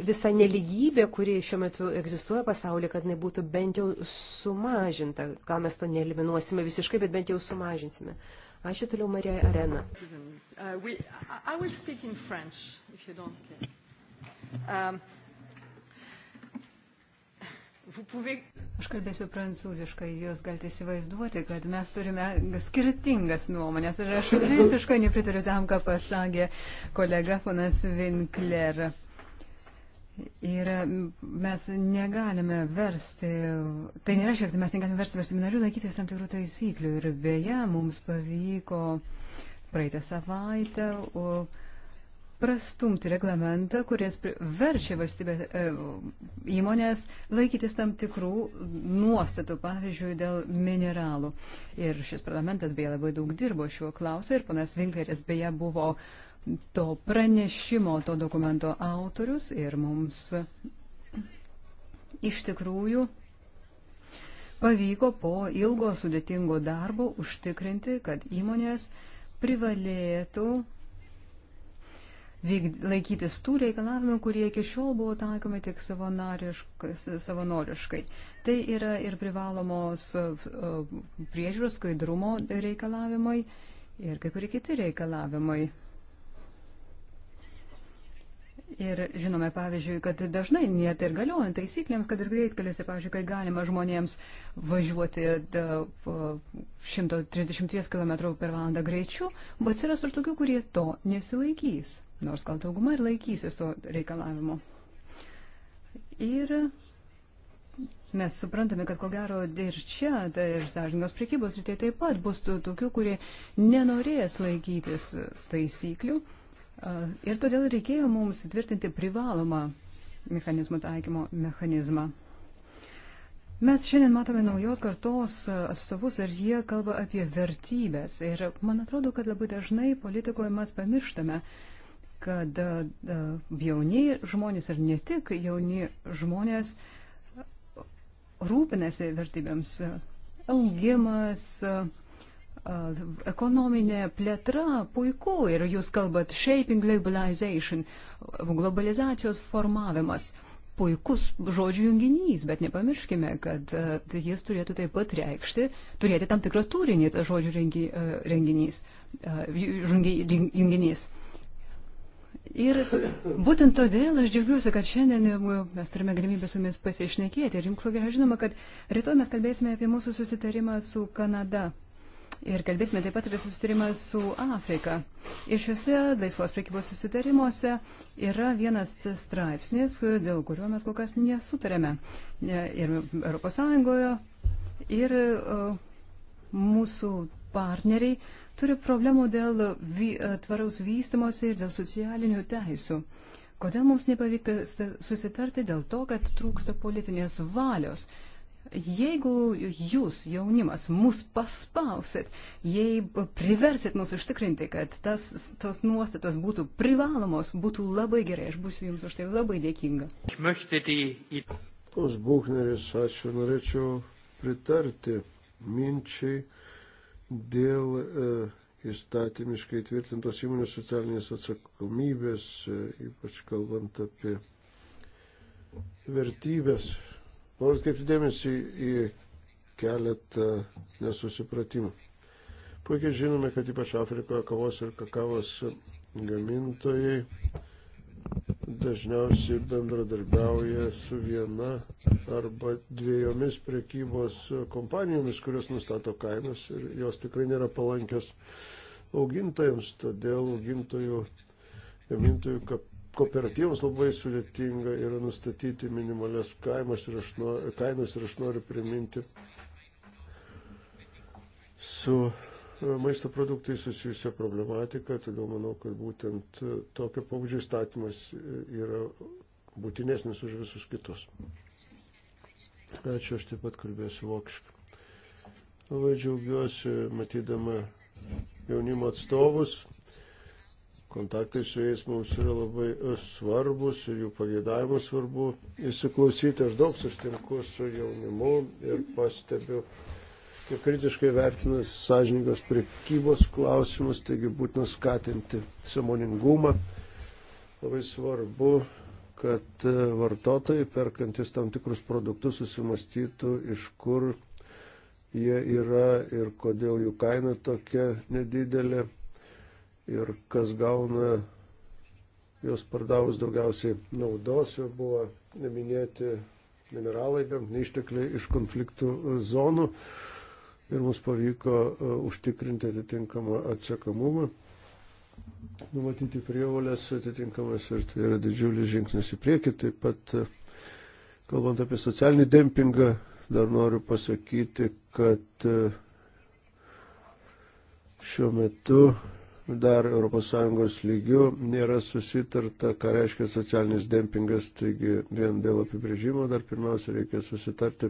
visa neligybė, kuri šiuo metu egzistuoja pasaulyje, kad nebūtų bent jau sumažinta. Gal mes to neeliminuosime visiškai, bet bent jau sumažinsime. Ačiū toliau Marija Arena. Uh, we, I, I Pouvez... Aš kalbėsiu prancūziškai, jūs galite įsivaizduoti, kad mes turime skirtingas nuomonės ir aš visiškai nepritariu tam, ką pasakė kolega ponas Winkler. Ir mes negalime versti, tai nereiškia, kad mes negalime versti seminarių laikytis tam tikrų taisyklių. Ir beje, mums pavyko praeitą savaitę. O, prastumti reglamentą, kuris verčia valstybė e, įmonės laikytis tam tikrų nuostatų, pavyzdžiui, dėl mineralų. Ir šis parlamentas beje labai daug dirbo šiuo klausimu ir panas Vinkleris beje buvo to pranešimo, to dokumento autorius ir mums iš tikrųjų pavyko po ilgo sudėtingo darbo užtikrinti, kad įmonės privalėtų laikytis tų reikalavimų, kurie iki šiol buvo taikomi tik savanoriškai. Tai yra ir privalomos e, priežiūros skaidrumo reikalavimai ir kai kurie kiti reikalavimai. Ir žinome, pavyzdžiui, kad dažnai net ir galiojant taisyklėms, kad ir greitkeliuose, pavyzdžiui, kai galima žmonėms važiuoti 130 km per valandą greičiu, bet atsiras ir tokių, kurie to nesilaikys, nors gal dauguma ir laikysis to reikalavimo. Ir Mes suprantame, kad ko gero ir čia, tai ir sąžingos prekybos rytėje taip pat bus tokių, kurie nenorės laikytis taisyklių Ir todėl reikėjo mums tvirtinti privalomą mechanizmų taikymo mechanizmą. Mes šiandien matome naujos kartos atstovus ir jie kalba apie vertybės. Ir man atrodo, kad labai dažnai politikoje mes pamirštame, kad jauni žmonės ir ne tik jauni žmonės rūpinasi vertybėms. Augimas, Ekonominė plėtra puiku ir jūs kalbat shaping globalization, globalizacijos formavimas. Puikus žodžių junginys, bet nepamirškime, kad jis turėtų taip pat reikšti, turėti tam tikrą turinį žodžių renginys, junginys. Ir būtent todėl aš džiaugiuosi, kad šiandien e, mes turime galimybę su jumis pasišnekėti. Ir jums gerai žinoma, kad rytoj mes kalbėsime apie mūsų susitarimą su Kanada. Ir kalbėsime taip pat apie susitarimą su Afrika. Ir šiuose laisvos prekybos susitarimuose yra vienas straipsnis, dėl kurio mes kol kas nesutarėme. Ir ES, ir mūsų partneriai turi problemų dėl vy, e, tvaraus vystimosi ir dėl socialinių teisų. Kodėl mums nepavyksta susitarti dėl to, kad trūksta politinės valios Jeigu jūs, jaunimas, mus paspausit, jei priversit mus užtikrinti, kad tas, tas nuostatos būtų privalomos, būtų labai gerai. Aš būsiu jums už tai labai dėkinga. Pos Buchneris, ačiū, norėčiau pritarti minčiai dėl e, įstatymiškai tvirtintos įmonės socialinės atsakomybės, e, ypač kalbant apie vertybės Noriu atkreipti dėmesį į keletą nesusipratimų. Puikiai žinome, kad ypač Afrikoje kavos ir kakavos gamintojai dažniausiai bendradarbiauja su viena arba dviejomis prekybos kompanijomis, kurios nustato kainas ir jos tikrai nėra palankios augintojams, todėl augintojų, gamintojų kooperatyvus labai sudėtinga yra nustatyti minimalias kainas ir aš, nuo, kainas ir aš noriu priminti su e, maisto produktai susijusią problematiką, todėl manau, kad būtent e, tokio pabudžio įstatymas e, yra būtinesnis už visus kitus. Ačiū, aš taip pat kalbėsiu vokiškai. Labai džiaugiuosi matydama jaunimo atstovus kontaktai su jais mums yra labai e, svarbus ir jų pagėdavimus svarbu įsiklausyti. Aš daug sustinku su jaunimu ir pastebiu ir kritiškai vertina sąžiningos prekybos klausimus, taigi būtina skatinti samoningumą. Labai svarbu kad e, vartotojai, perkantis tam tikrus produktus, susimastytų, iš kur jie yra ir kodėl jų kaina tokia nedidelė ir kas gauna jos pardavus daugiausiai naudos, jau buvo minėti mineralai, gamtiniai ištekliai iš konfliktų zonų ir mums pavyko e, užtikrinti atitinkamą atsakomumą, numatyti prievolės atitinkamas ir tai yra didžiulis žingsnis į priekį. Taip pat, e, kalbant apie socialinį dempingą, dar noriu pasakyti, kad e, šiuo metu dar ES lygių nėra susitarta, ką reiškia socialinis dempingas, taigi vien dėl apibrėžimo dar pirmiausia reikia susitarti,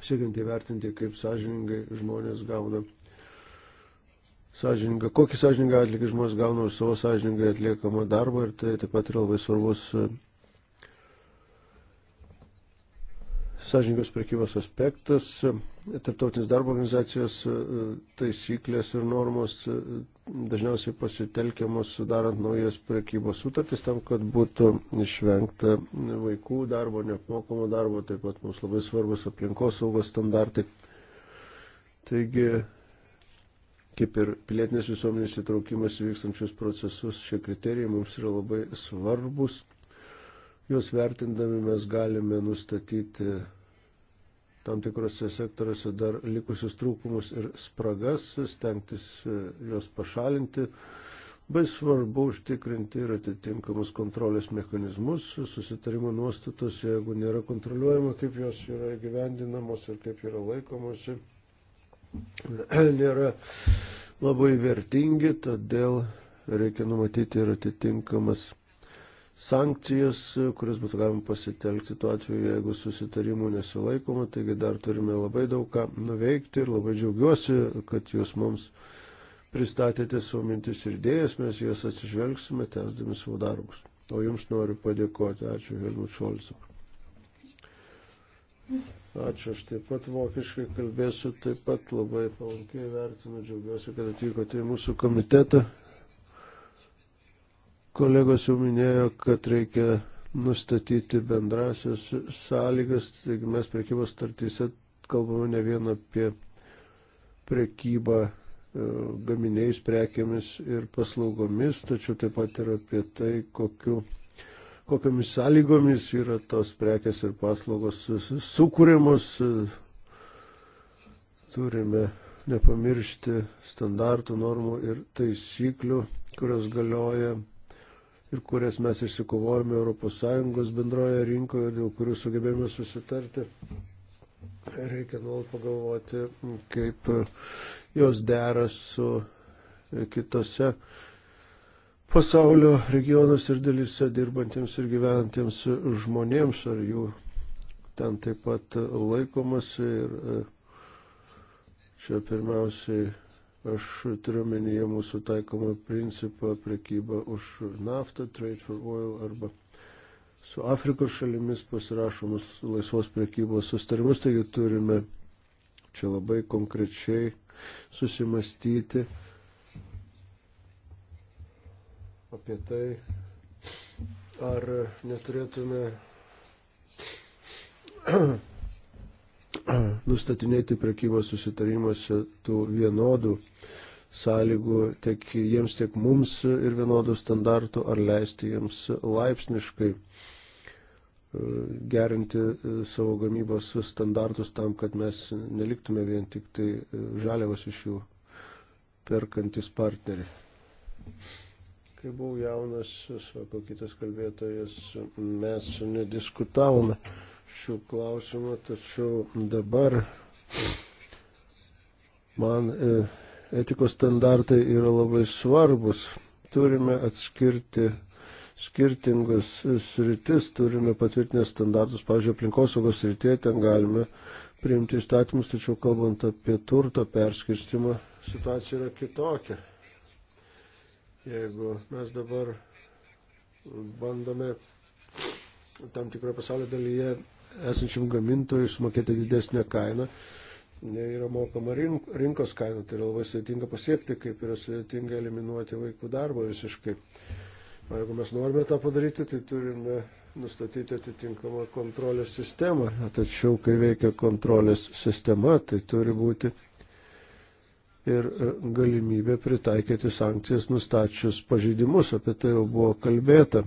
siekiant įvertinti, kaip sąžiningai žmonės gauna. Sąžininga, kokį sąžiningą atlygį žmonės gauna už savo sąžiningai atliekamą darbą ir tai taip pat yra labai svarbus e, sąžiningos prekybos aspektas tarptautinės darbo organizacijos e, e, taisyklės ir normos e, dažniausiai pasitelkiamos sudarant naujas prekybos sutartis tam, kad būtų išvengta vaikų darbo, neapmokamo darbo, taip pat mums labai svarbus aplinkos saugos standartai. Taigi, kaip ir pilietinės visuomenės įtraukimas į vykstančius procesus, šie kriterijai mums yra labai svarbus. Juos vertindami mes galime nustatyti tam tikrose sektoriuose dar likusius trūkumus ir spragas, stengtis e, juos pašalinti. Bai svarbu užtikrinti ir atitinkamus kontrolės mechanizmus, susitarimo nuostatos, jeigu nėra kontroliuojama, kaip jos yra gyvendinamos ir kaip yra laikomasi, nėra labai vertingi, todėl reikia numatyti ir atitinkamas sankcijas, kurias būtų galima pasitelkti tuo atveju, jeigu susitarimų nesilaikoma. Taigi dar turime labai daug ką nuveikti ir labai džiaugiuosi, kad jūs mums pristatėte savo mintis ir idėjas, mes jas atsižvelgsime, tęsdami savo darbus. O jums noriu padėkoti. Ačiū Helmut Šolcu. Ačiū, aš taip pat vokiškai kalbėsiu, taip pat labai palankiai vertinu, džiaugiuosi, kad atvykote į mūsų komitetą. Kolegos jau minėjo, kad reikia nustatyti bendrasios sąlygas, taigi mes prekybos startyse kalbame ne vien apie prekybą e, gaminiais, prekiamis ir paslaugomis, tačiau taip pat ir apie tai, kokiu, kokiamis sąlygomis yra tos prekes ir paslaugos sukūrimus. Turime nepamiršti standartų, normų ir taisyklių, kurios galioja ir kurias mes išsikovojame ES bendroje rinkoje, dėl kurių sugebėjome susitarti. Reikia nuolat pagalvoti, kaip jos dera su kitose pasaulio regionuose ir dalyse dirbantiems ir gyventiems žmonėms, ar jų ten taip pat laikomasi. Ir e, čia pirmiausiai Aš turiu menyje mūsų taikomą principą prekybą už naftą, trade for oil arba su Afrikos šalimis pasirašomus laisvos prekybos sustarimus, taigi turime čia labai konkrečiai susimastyti apie tai, ar neturėtume nustatinėti prekybos susitarimuose tų vienodų sąlygų tiek jiems, tiek mums ir vienodų standartų, ar leisti jiems laipsniškai e, gerinti e, savo gamybos standartus tam, kad mes neliktume vien tik tai e, žaliavas iš jų perkantis partneriai. Kai buvau jaunas, sako kitas kalbėtojas, mes nediskutavome. Mhm šių klausimų, tačiau dabar man e, etikos standartai yra labai svarbus. Turime atskirti skirtingas sritis, turime patvirtinę standartus, pavyzdžiui, aplinkosaugos srityje ten galime priimti įstatymus, tačiau kalbant apie turto perskirstimą, situacija yra kitokia. Jeigu mes dabar bandome tam tikroje pasaulio dalyje esančiam gamintojui sumokėti didesnę kainą, yra mokama rinkos kaina. Tai yra labai sudėtinga pasiekti, kaip yra sudėtinga eliminuoti vaikų darbą visiškai. O jeigu mes norime tą padaryti, tai turime nustatyti atitinkamą kontrolės sistemą. Tačiau, kai veikia kontrolės sistema, tai turi būti ir galimybė pritaikyti sankcijas nustačius pažeidimus. Apie tai jau buvo kalbėta.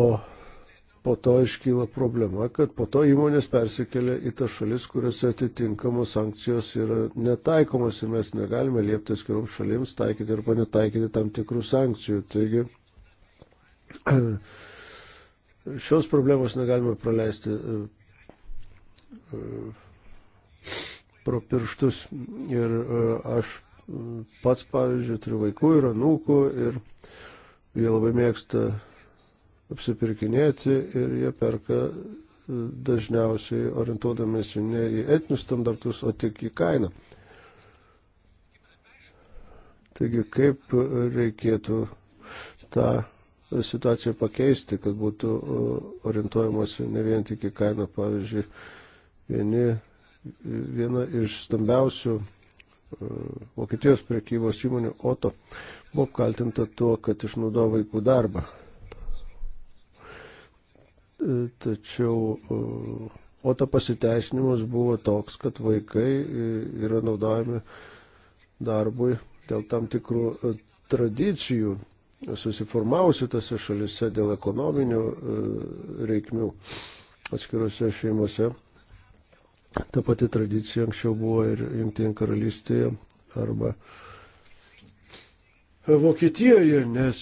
O po to iškyla problema, kad po to įmonės persikelia į tas šalis, kuriuose atitinkamos sankcijos yra netaikomos ir mes negalime liepti skirums šalims taikyti arba netaikyti tam tikrų sankcijų. Taigi šios problemos negalime praleisti e, e, pro pirštus ir e, aš pats, pavyzdžiui, turiu vaikų ir anūkų ir jie labai mėgsta apsipirkinėti ir jie perka e, dažniausiai orientuodamėsi ne į etinius standartus, o tik į kainą. Taigi kaip reikėtų tą situaciją pakeisti, kad būtų e, orientuojamasi ne vien tik į kainą. Pavyzdžiui, vieni, viena iš stambiausių e, Vokietijos prekybos įmonių Oto buvo apkaltinta tuo, kad išnaudoja vaikų darbą. E, tačiau, e, o ta pasiteisinimas buvo toks, kad vaikai e, yra naudojami darbui dėl tam tikrų tradicijų susiformavusių tose šalise dėl ekonominių reikmių atskiruose šeimose. Ta pati tradicija anksčiau buvo ir Junktinė karalystėje arba Vokietijoje, nes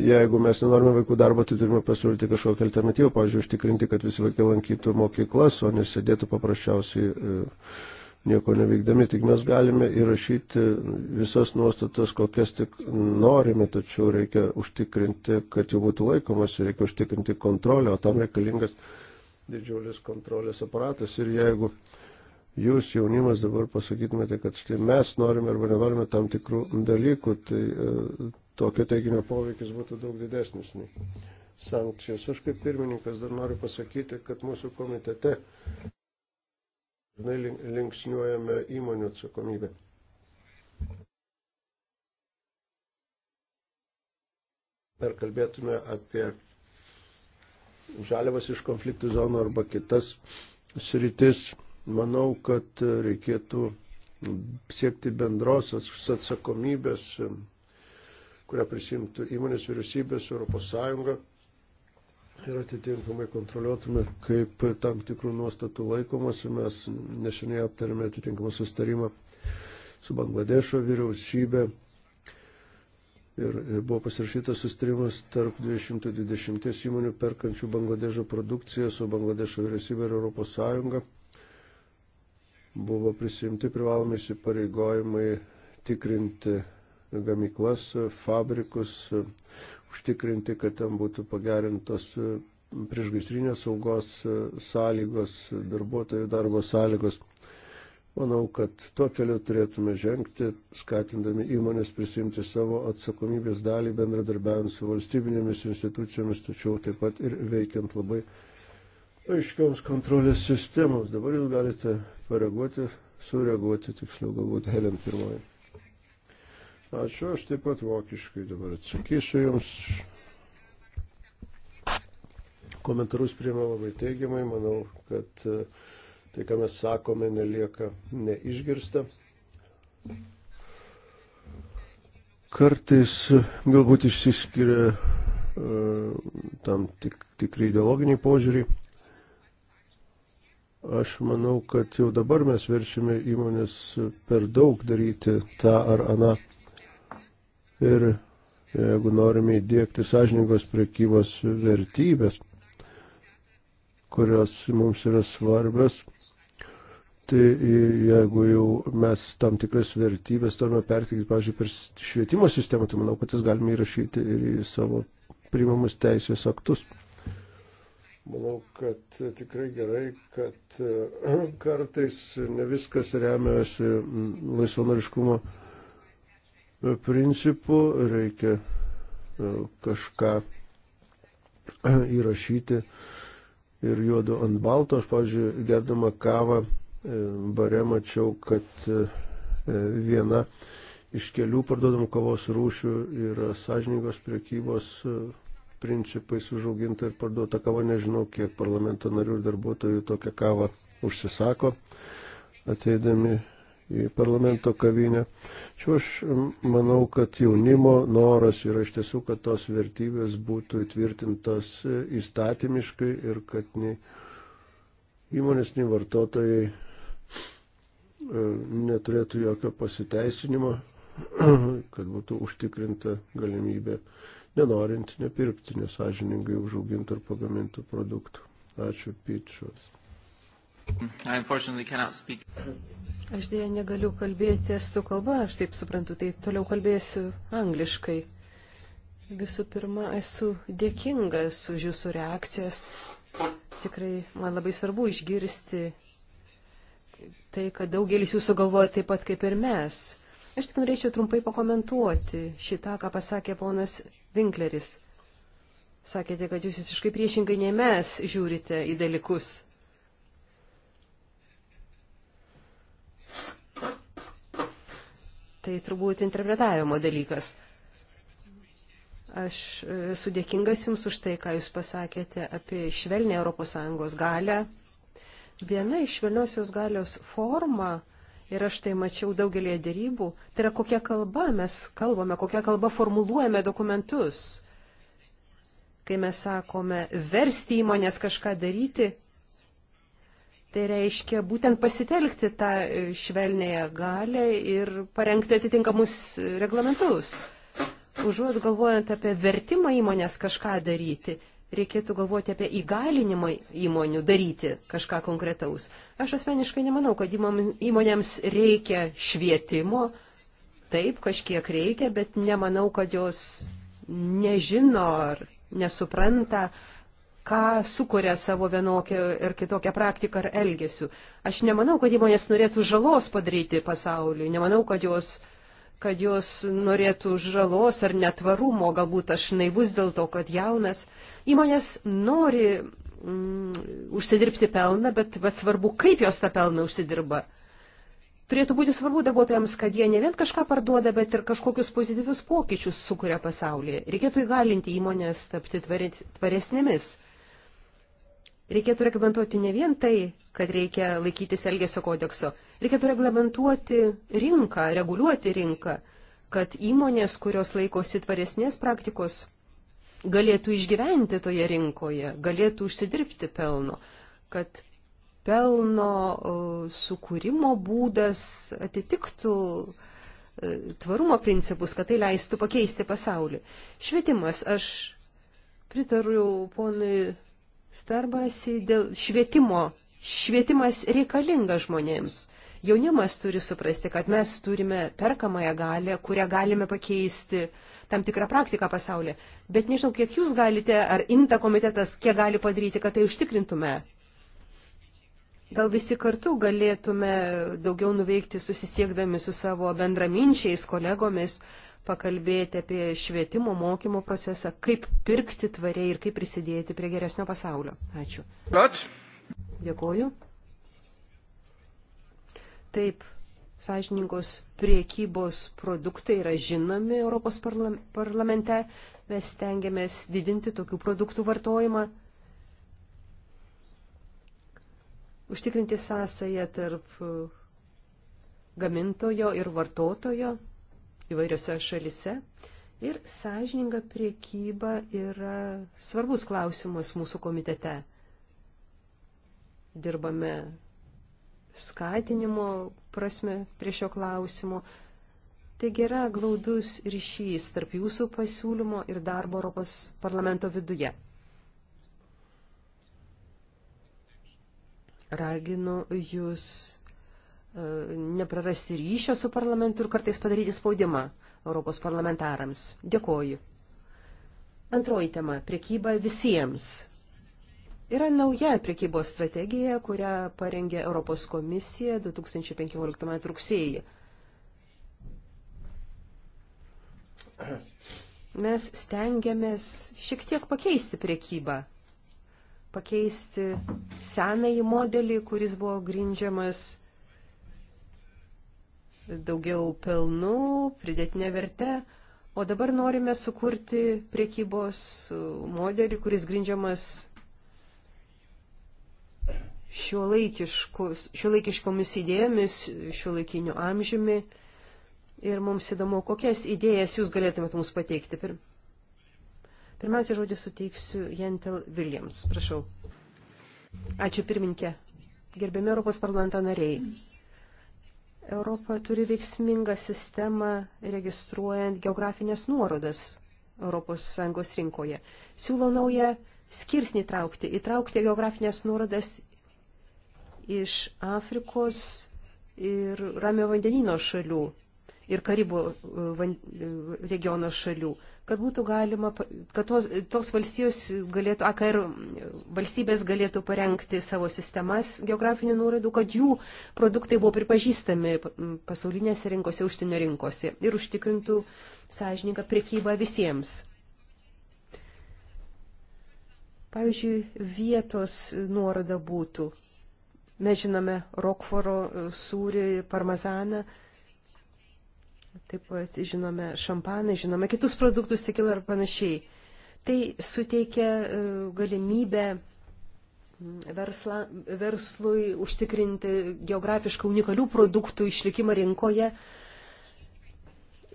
jeigu mes nenorime vaikų darbo, tai turime pasiūlyti kažkokią alternatyvą, pavyzdžiui, užtikrinti, kad visi vaikai lankytų mokyklas, o nesėdėtų paprasčiausiai e, nieko neveikdami. Tik mes galime įrašyti visas nuostatas, kokias tik norime, tačiau reikia užtikrinti, kad jų būtų laikomas, reikia užtikrinti kontrolę, o tam reikalingas didžiulis kontrolės aparatas. Ir jeigu jūs jaunimas dabar pasakytumėte, kad štai mes norime arba nenorime tam tikrų dalykų, tai e, tokio teiginio poveikis būtų daug didesnis nei sankcijos. Aš kaip pirmininkas dar noriu pasakyti, kad mūsų komitete dažnai linksniuojame įmonių atsakomybę. Ar kalbėtume apie žaliavas iš konfliktų zonų arba kitas sritis, manau, kad reikėtų siekti bendrosios atsakomybės kurią prisimtų įmonės vyriausybės, Europos Sąjunga ir atitinkamai kontroliuotume, kaip tam tikrų nuostatų laikomasi. Mes neseniai aptarėme atitinkamą sustarimą su Bangladešo vyriausybė ir buvo pasirašytas sustarimas tarp 220 įmonių perkančių Bangladešo produkciją su Bangladešo vyriausybė ir Europos Sąjunga. Buvo prisimti privalomi įsipareigojimai tikrinti gamyklas, fabrikus, užtikrinti, kad ten būtų pagerintos priešgaisrinės saugos sąlygos, darbuotojų darbo sąlygos. Manau, kad tuo keliu turėtume žengti, skatindami įmonės prisimti savo atsakomybės dalį bendradarbiavant su valstybinėmis institucijomis, tačiau taip pat ir veikiant labai aiškioms kontrolės sistemos. Dabar jūs galite pareaguoti, sureaguoti, tiksliau galbūt Helen pirmoji. Ačiū, aš taip pat vokiškai dabar atsakysiu jums. Komentarus priima labai teigiamai, manau, kad e, tai, ką mes sakome, nelieka neišgirsta. Kartais galbūt išsiskiria e, tam tik, tikri ideologiniai požiūriai. Aš manau, kad jau dabar mes veršime įmonės per daug daryti tą ar aną ir jeigu norime įdėkti sąžiningos prekybos vertybės, kurios mums yra svarbios, tai jeigu jau mes tam tikras vertybės turime perteikti, pavyzdžiui, per švietimo sistemą, tai manau, kad jas galime įrašyti ir į savo priimamus teisės aktus. Manau, kad tikrai gerai, kad kartais ne viskas remiasi laisvanoriškumo E, principų, reikia e, kažką įrašyti ir juodu ant balto. Aš, pavyzdžiui, gerdama kavą e, bare mačiau, kad viena iš kelių parduodamų kavos rūšių yra sąžiningos priekybos principais užauginta ir parduota kava. Nežinau, kiek parlamento narių ir darbuotojų tokią kavą užsisako ateidami į parlamento kavinę. Čia aš manau, kad jaunimo noras yra iš tiesų, kad tos vertybės būtų įtvirtintos įstatymiškai ir kad nei įmonės, nei vartotojai e, neturėtų jokio pasiteisinimo, kad būtų užtikrinta galimybė nenorint nepirkti nesažiningai užaugintų ir pagamintų produktų. Ačiū, Pyčios. Aš dėja negaliu kalbėti estų kalba, aš taip suprantu, tai toliau kalbėsiu angliškai. Visų pirma, esu dėkingas už jūsų reakcijas. Tikrai man labai svarbu išgirsti tai, kad daugelis jūsų galvoja taip pat kaip ir mes. Aš tik norėčiau trumpai pakomentuoti šitą, ką pasakė ponas Winkleris. Sakėte, kad jūs visiškai priešingai nei mes žiūrite į dalykus. tai turbūt interpretavimo dalykas. Aš e, esu dėkingas Jums už tai, ką Jūs pasakėte apie švelnę ES galę. Viena iš švelniosios galios forma, ir aš tai mačiau daugelį dėrybų, tai yra kokia kalba mes kalbame, kokia kalba formuluojame dokumentus. Kai mes sakome versti įmonės kažką daryti, Tai reiškia būtent pasitelkti tą švelnėją galę ir parengti atitinkamus reglamentus. Užuot galvojant apie vertimą įmonės kažką daryti, reikėtų galvoti apie įgalinimą įmonių daryti kažką konkretaus. Aš asmeniškai nemanau, kad įmonėms reikia švietimo. Taip, kažkiek reikia, bet nemanau, kad jos nežino ar nesupranta, ką sukuria savo vienokią ir kitokią praktiką ar elgesių. Aš nemanau, kad įmonės norėtų žalos padaryti pasauliui, nemanau, kad jos, kad jos norėtų žalos ar netvarumo, galbūt aš naivus dėl to, kad jaunas. Įmonės nori mm, užsidirbti pelną, bet, bet svarbu, kaip jos tą pelną užsidirba. Turėtų būti svarbu darbuotojams, kad jie ne vien kažką parduoda, bet ir kažkokius pozityvius pokyčius sukuria pasaulyje. Reikėtų įgalinti įmonės tapti tvaresnėmis. Reikėtų reglamentuoti ne vien tai, kad reikia laikytis Elgesio kodekso. Reikėtų reglamentuoti rinką, reguliuoti rinką, kad įmonės, kurios laikosi tvaresnės praktikos, galėtų išgyventi toje rinkoje, galėtų užsidirbti pelno, kad pelno sukūrimo būdas atitiktų e, tvarumo principus, kad tai leistų pakeisti pasaulį. Švietimas, aš pritariu ponui starbasi dėl švietimo. Švietimas reikalingas žmonėms. Jaunimas turi suprasti, kad mes turime perkamąją galę, kurią galime pakeisti tam tikrą praktiką pasaulyje. Bet nežinau, kiek jūs galite, ar INTA komitetas, kiek gali padaryti, kad tai užtikrintume. Gal visi kartu galėtume daugiau nuveikti susisiekdami su savo bendraminčiais, kolegomis, pakalbėti apie švietimo mokymo procesą, kaip pirkti tvariai ir kaip prisidėti prie geresnio pasaulio. Ačiū. Bet. Dėkoju. Taip, sąžiningos priekybos produktai yra žinomi Europos parlamente. Mes tengiamės didinti tokių produktų vartojimą. Užtikrinti sąsąją tarp uh, gamintojo ir vartotojo įvairiose šalise. Ir sąžininga priekyba yra svarbus klausimas mūsų komitete. Dirbame skatinimo prasme prie šio klausimo. Taigi yra glaudus ryšys tarp jūsų pasiūlymo ir darbo Europos parlamento viduje. Raginu jūs E, neprarasti ryšio su parlamentu ir kartais padaryti spaudimą Europos parlamentarams. Dėkoju. Antroji tema - priekyba visiems. Yra nauja priekybos strategija, kurią parengė Europos komisija 2015 m. rugsėjį. Mes stengiamės šiek tiek pakeisti priekybą, pakeisti senąjį modelį, kuris buvo grindžiamas daugiau pelnų, pridėtinę vertę, o dabar norime sukurti priekybos modelį, kuris grindžiamas šiuolaikiškomis idėjomis, šiuolaikiniu amžiumi. Ir mums įdomu, kokias idėjas jūs galėtumėt mums pateikti. Pir... Pirmiausia, žodį suteiksiu Jentel Williams. Prašau. Ačiū pirminkė. Gerbėmi Europos parlamento nariai. Europa turi veiksmingą sistemą registruojant geografinės nuorodas ES rinkoje. Siūlo naują skirsnį traukti, įtraukti geografinės nuorodas iš Afrikos ir Ramio vandenino šalių ir Karibų e, e, regiono šalių, kad būtų galima, kad tos, tos valstijos galėtų, AKR valstybės galėtų parengti savo sistemas geografinių nuorodų, kad jų produktai buvo pripažįstami pasaulinėse rinkose, užsienio rinkose ir užtikrintų sąžininką priekybą visiems. Pavyzdžiui, vietos nuoroda būtų. Mes žinome Rokforo e, sūrį, parmazaną Taip pat žinome šampaną, žinome kitus produktus, tekilą ar panašiai. Tai suteikia e, galimybę mm, versla, verslui užtikrinti geografiškai unikalių produktų išlikimą rinkoje.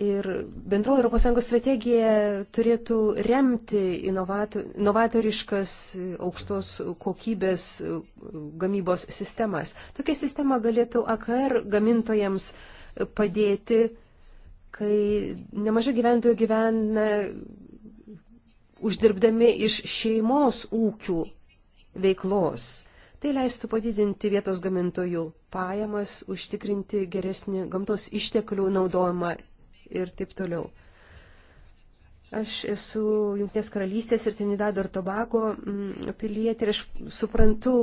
Ir bendroji ES strategija turėtų remti inovato, inovatoriškas e, aukštos kokybės e, gamybos sistemas. Tokia sistema galėtų AKR gamintojams padėti kai nemažai gyventojų gyvena uždirbdami iš šeimos ūkių veiklos. Tai leistų padidinti vietos gamintojų pajamas, užtikrinti geresnį gamtos išteklių naudojimą ir taip toliau. Aš esu Junktinės karalystės ir Trinidado ir Tobago mm, pilietė ir aš suprantu,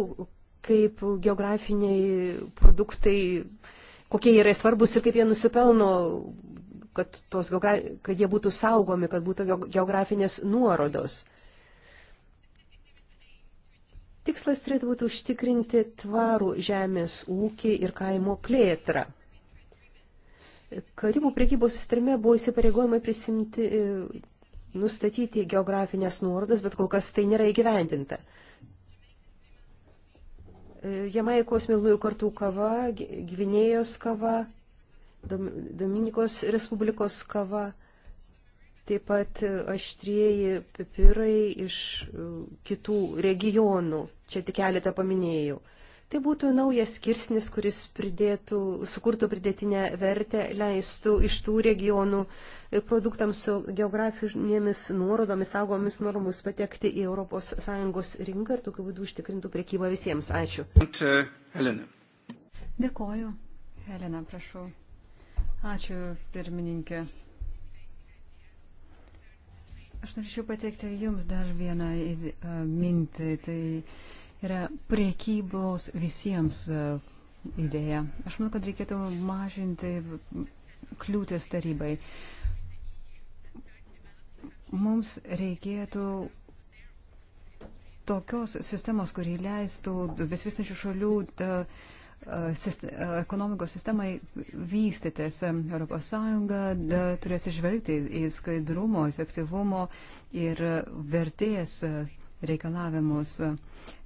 kaip geografiniai produktai, kokie yra svarbus ir kaip jie nusipelno kad, tos, kad jie būtų saugomi, kad būtų geografinės nuorodos. Tikslas turėtų būti užtikrinti tvarų žemės ūkį ir kaimo plėtrą. Karibų priekybos sustrime buvo įsipareigojimai prisimti, nustatyti geografinės nuorodas, bet kol kas tai nėra įgyvendinta. Jamaikos milnųjų kartų kava, gyvinėjos kava Dominikos Respublikos kava, taip pat aštrieji pipirai iš e, kitų regionų. Čia tik keletą paminėjau. Tai būtų naujas skirsnis, kuris pridėtų, sukurtų pridėtinę vertę, leistų iš tų regionų produktams su geografinėmis nuorodomis, saugomis normomis patekti į ES rinką ir tokiu būdu užtikrintų priekybą visiems. Ačiū. Helena. Dėkoju. Helena, prašau. Ačiū, pirmininkė. Aš norėčiau pateikti Jums dar vieną mintį. Tai yra priekybos visiems idėja. Aš manau, kad reikėtų mažinti kliūtis tarybai. Mums reikėtų tokios sistemos, kuri leistų besvistančių šalių. Ta, uh, ekonomikos sistemai vystytis. ES turės išvelgti į skaidrumo, efektyvumo ir vertės reikalavimus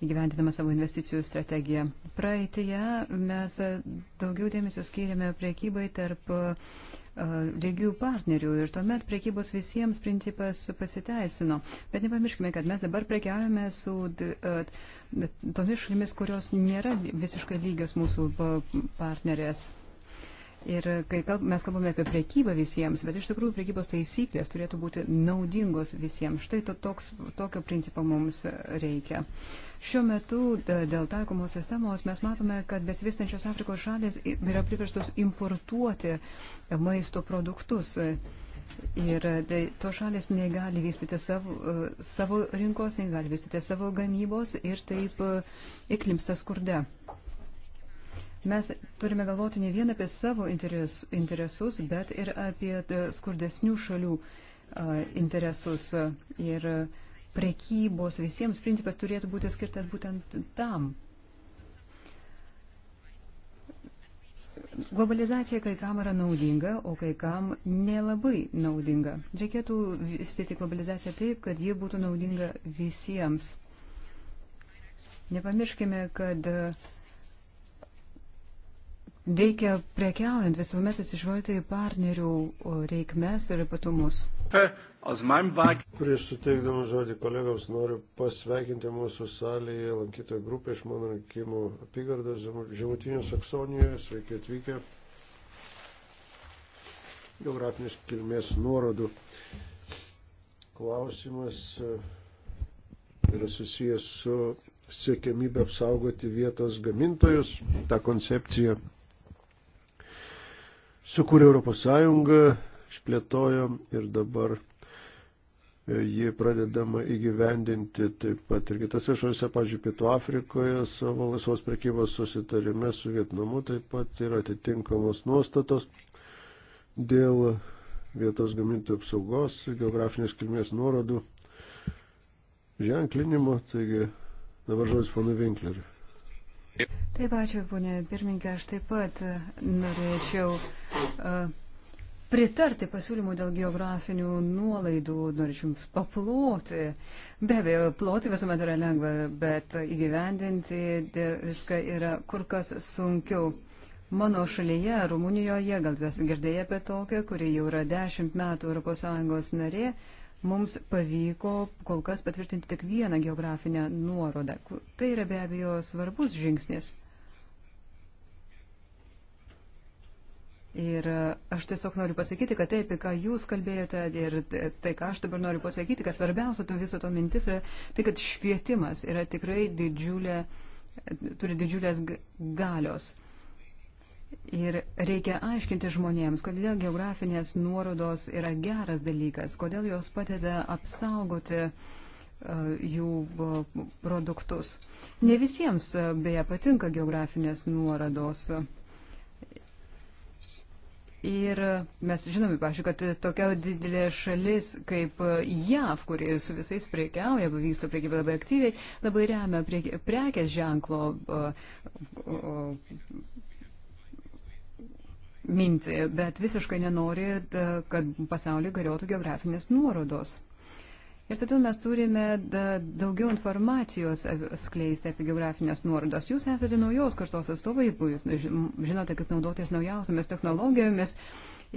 įgyvendinama savo investicijų strategiją. Praeitėje mes daugiau dėmesio skiriame priekybai tarp uh, lygių partnerių ir tuomet prekybos visiems principas pasiteisino. Bet nepamirškime, kad mes dabar prekiavame su tomis šalimis, kurios nėra visiškai lygios mūsų partnerės. Ir kai kalb, mes kalbame apie prekybą visiems, bet iš tikrųjų prekybos taisyklės turėtų būti naudingos visiems. Štai to, toks, tokio principo mums reikia. Šiuo metu dėl taikomos sistemos mes matome, kad besivystančios Afrikos šalės yra priverstos importuoti maisto produktus. Ir tai, to šalis negali vystyti savo, savo rinkos, negali vystyti savo gamybos ir taip e, įklimsta skurde. Mes turime galvoti ne vien apie savo interes, interesus, bet ir apie e, skurdesnių šalių e, interesus. Ir prekybos visiems principas turėtų būti skirtas būtent tam. Globalizacija kai kam yra naudinga, o kai kam nelabai naudinga. Reikėtų vystyti globalizaciją taip, kad ji būtų naudinga visiems. Nepamirškime, kad uh, Reikia prekiaujant visuomet atsižvelgti į partnerių reikmes ir ypatumus. Prieš suteikdama žodį kolegams noriu pasveikinti mūsų salėje lankytojų grupę iš mano rinkimų apygardos Žemutinio Saksonijoje. Sveiki atvykę. Geografinės kilmės nuorodų klausimas e, yra susijęs su siekiamybė apsaugoti vietos gamintojus. Ta koncepcija sukūrė Europos Sąjungą, išplėtojo ir dabar e, ji pradedama įgyvendinti taip pat ir kitose šalise, pavyzdžiui, Pietų Afrikoje savo laisvos prekybos susitarime su Vietnamu taip pat yra atitinkamos nuostatos dėl vietos gamintojų apsaugos, geografinės kilmės nuorodų ženklinimo, taigi dabar žodis panu Vinkleriu. Taip, ačiū, ponė pirmininkė. Aš taip pat e, norėčiau uh, pritarti pasiūlymų dėl geografinių nuolaidų, norėčiau jums paploti. Be abejo, ploti visuomet yra lengva, bet įgyvendinti viską yra kur kas sunkiau. Mano šalyje, Rumunijoje, gal esate girdėję apie tokią, kuri jau yra dešimt metų ES narė, uh, mums pavyko kol kas patvirtinti tik vieną geografinę nuorodą. Tai yra be abejo svarbus žingsnis. Ir aš tiesiog noriu pasakyti, kad tai, apie ką jūs kalbėjote ir tai, ką aš dabar noriu pasakyti, kad svarbiausia to viso to mintis yra tai, kad švietimas yra tikrai didžiulė, turi didžiulės galios. Ir reikia aiškinti žmonėms, kodėl geografinės nuorodos yra geras dalykas, kodėl jos padeda apsaugoti e, jų e, produktus. Ne visiems e, beje patinka geografinės nuorodos. Ir mes žinome, pažiūrėjau, kad tokia didelė šalis kaip JAV, kuri su visais priekiauja, vyksto priekybą labai aktyviai, labai remia prekės ženklo mintį, bet visiškai nenori, kad pasaulyje galiotų geografinės nuorodos. Ir todėl mes turime daugiau informacijos skleisti apie geografinės nuorodas. Jūs esate naujos kartos atstovai, jūs žinote, kaip naudotis naujausiamis technologijomis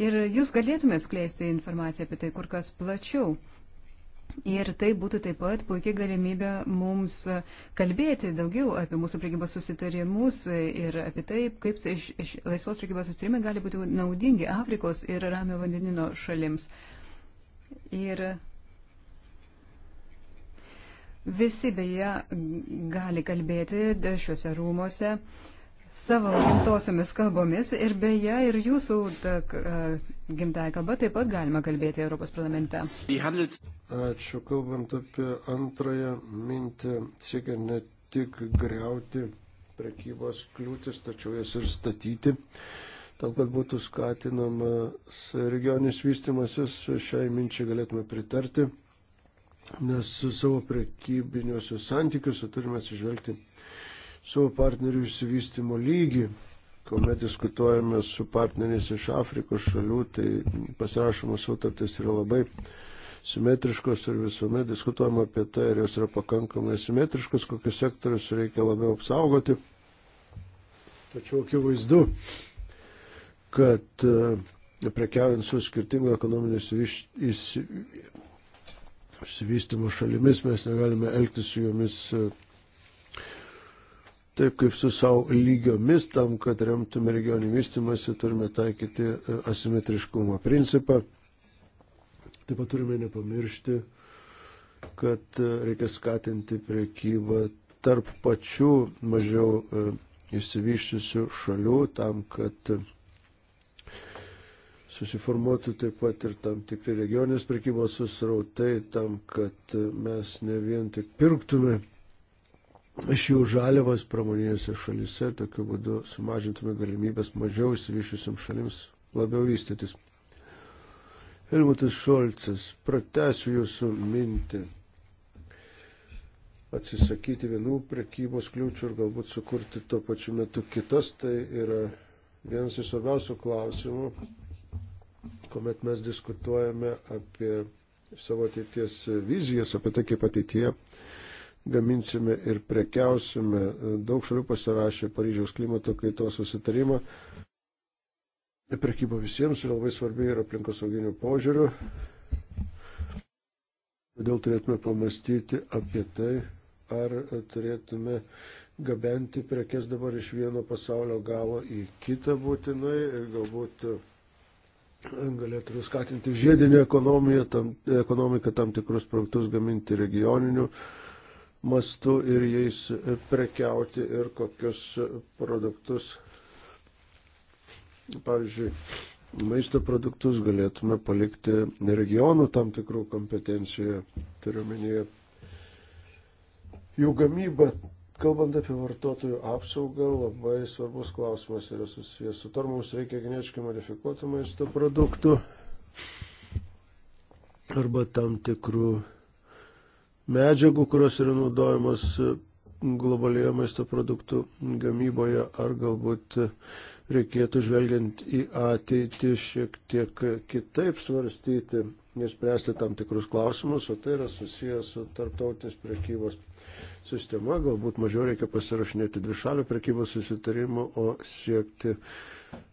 ir jūs galėtume skleisti informaciją apie tai kur kas plačiau ir tai būtų taip pat puikia galimybė mums kalbėti daugiau apie mūsų prekybos susitarimus ir apie tai, kaip iš, tai iš laisvos prekybos susitarimai gali būti naudingi Afrikos ir Ramio vandenino šalims. Ir visi beje gali kalbėti šiuose rūmose. Uh, savo gimtosiomis kalbomis ir beje ir jūsų ta, gimtąją kalbą taip pat galima kalbėti Europos parlamente. Ačiū, kalbant apie antrąją mintį, siekia ne tik greuti prekybos kliūtis, tačiau jas ir statyti, tam, kad būtų skatinamas regionis vystimasis, šiai minčiai galėtume pritarti, nes savo prekybiniuose santykiuose turime atsižvelgti savo partnerių išsivystimo lygį, kuomet diskutuojame su partneriais iš Afrikos šalių, tai pasirašomos sutartys yra labai simetriškos ir visuomet diskutuojama apie tai, ar jos yra pakankamai simetriškos, kokius sektorius reikia labiau apsaugoti. Tačiau akivaizdu, kad e, prekiaujant su skirtingo ekonominio išsivystimo šalimis mes negalime elgtis su jomis e, taip kaip su savo lygiomis, tam, kad remtume regionį vystimąsi, turime taikyti e, asimetriškumo principą. Taip pat turime nepamiršti, kad e, reikia skatinti priekybą tarp pačių mažiau įsivyščiusių e, šalių, tam, kad susiformuotų taip pat ir tam tikri regionės prekybos susrautai, tam, kad mes ne vien tik pirktume šių žaliavas pramoninėse šalise, tokiu būdu sumažintume galimybės mažiau įsivyšiusiam šalims labiau vystytis. Helmutas Šolcas, pratesiu jūsų mintį atsisakyti vienų prekybos kliūčių ir galbūt sukurti tuo pačiu metu kitas, tai yra vienas iš svarbiausių klausimų, kuomet mes diskutuojame apie savo ateities vizijas, apie tai, kaip ateityje gaminsime ir prekiausime. E, daug šalių pasirašė Paryžiaus klimato kaitos susitarimą. Tai prekyba visiems yra labai svarbi ir aplinkosauginių požiūrių. Todėl turėtume pamastyti apie tai, ar turėtume gabenti prekes dabar iš vieno pasaulio galo į kitą būtinai ir galbūt e, galėtume skatinti žiedinę ekonomiją, tam, ekonomiką, tam tikrus produktus gaminti regioniniu mastu ir jais prekiauti ir kokius produktus, pavyzdžiui, maisto produktus galėtume palikti regionų tam tikrų kompetencijoje, turiu minėję jų gamybą. Kalbant apie vartotojų apsaugą, labai svarbus klausimas yra susijęs su to, ar mums reikia genetiškai modifikuotų maisto produktų arba tam tikrų medžiagų, kurios yra naudojamos globalioje maisto produktų gamyboje, ar galbūt reikėtų žvelgiant į ateitį šiek tiek kitaip svarstyti, nespręsti tam tikrus klausimus, o tai yra susijęs su tarptautinės prekybos sistema, galbūt mažiau reikia pasirašinėti dvišalių prekybos susitarimų, o siekti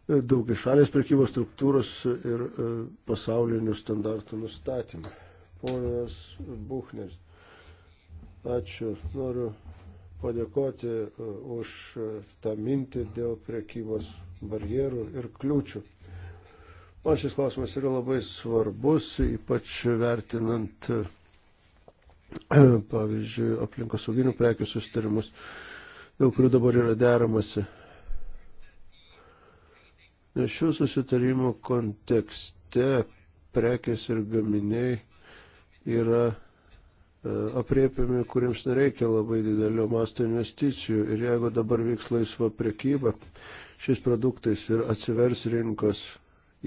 daug išalės prekybos struktūros ir e, pasaulinių standartų nustatymą. Ponas Buchneris. Ačiū. Noriu padėkoti e, už e, tą mintį dėl priekybos barjerų ir kliūčių. Man šis klausimas yra labai svarbus, ypač vertinant, e, pavyzdžiui, aplinkosauginių prekių sustarimus, dėl kurių dabar yra deramasi. Nes šių susitarimų kontekste prekės ir gaminiai yra apriepiami, kuriems nereikia labai didelio masto investicijų. Ir jeigu dabar vyks laisva prekyba šiais produktais ir atsivers rinkos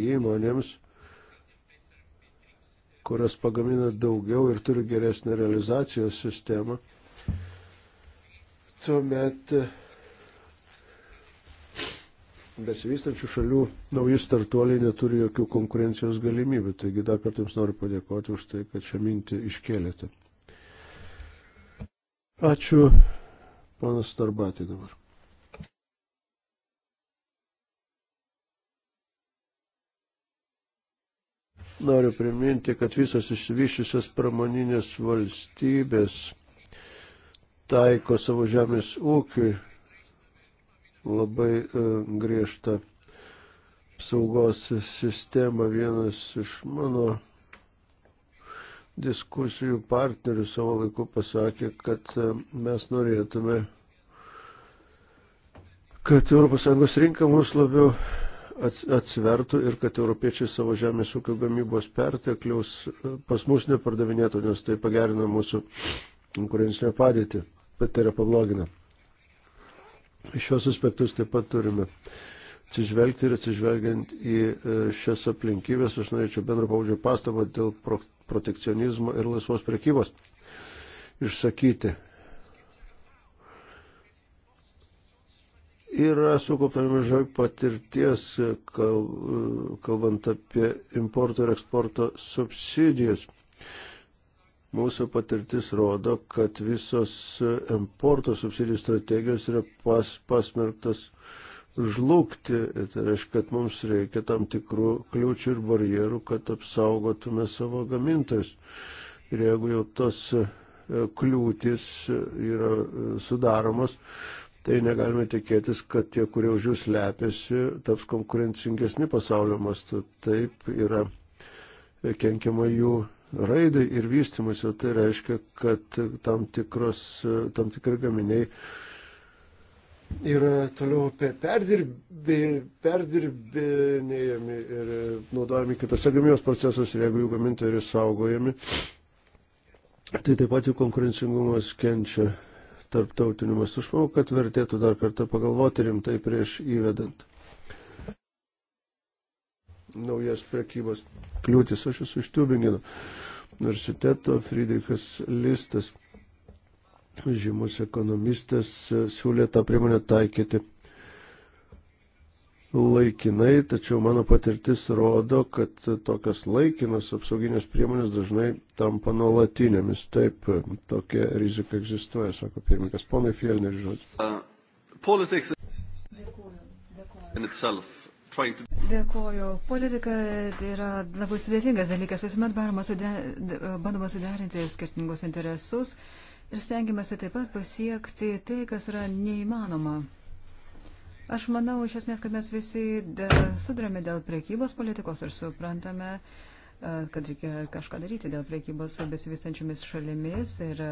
įmonėms, kurios pagamina daugiau ir turi geresnę realizacijos sistemą, tuomet besivystančių šalių nauji startuoliai neturi jokių konkurencijos galimybių. Taigi dar kartą Jums noriu padėkoti už tai, kad šią mintį iškėlėte. Ačiū, panas Tarbatė dabar. Noriu priminti, kad visos išsivyščiusios pramoninės valstybės taiko savo žemės ūkiui labai e, griežtą apsaugos sistemą. Vienas iš mano diskusijų partnerių savo laiku pasakė, kad e, mes norėtume, kad ES rinka mus labiau atsvertų ir kad europiečiai savo žemės ūkio gamybos perteklius e, pas mus nepardavinėtų, nes tai pagerina mūsų konkurencinę padėtį, bet tai yra pablogina. Šios aspektus taip pat turime atsižvelgti ir atsižvelgiant į e, šias aplinkybės, aš norėčiau bendro pavadžio pastabą dėl protekcionizmo ir laisvos prekybos išsakyti. Yra sukaupta nemažai patirties, kal, e, kalbant apie importo ir eksporto subsidijas. Mūsų patirtis rodo, kad visos importo subsidijų strategijos yra pas, pasmerktas uh, žlugti. Tai reiškia, kad mums reikia tam tikrų kliūčių ir barjerų, kad apsaugotume savo gamintojus. Ir jeigu jau tos e, kliūtis e, yra e, sudaromos, tai negalime tikėtis, kad tie, kurie už jų slepiasi, taps konkurencingesni pasaulio mastu. Taip yra kenkiama jų raidai ir vystimus, o tai reiškia, kad tam, tikros, tam tikri gaminiai yra toliau perdirbinėjami ir naudojami kitose gamybos procesuose, jeigu jų gamintojai yra saugojami, tai taip pat jų konkurencingumas kenčia tarptautiniu mastu. Aš manau, kad vertėtų dar kartą pagalvoti rimtai prieš įvedant naujas prekybos kliūtis. Aš esu iš Tubingino universiteto, Friedrichas Listas žymus ekonomistas e, siūlė tą priemonę taikyti laikinai, tačiau mano patirtis rodo, kad tokios laikinos apsauginės priemonės dažnai tampa nuolatinėmis. Taip, e, tokia rizika egzistuoja, sako pirmininkas. Ponai Fielner, žodžiu. Uh, Dėkuoju. Dėkuoju. Dėkuoju. Politika yra labai sudėtingas dalykas. Visuomet bandoma suderinti skirtingus interesus ir stengiamasi taip pat pasiekti tai, kas yra neįmanoma. Aš manau, iš esmės, kad mes visi sudrame dėl priekybos politikos ir suprantame, kad reikia kažką daryti dėl priekybos su besivystančiomis šalimis. Ir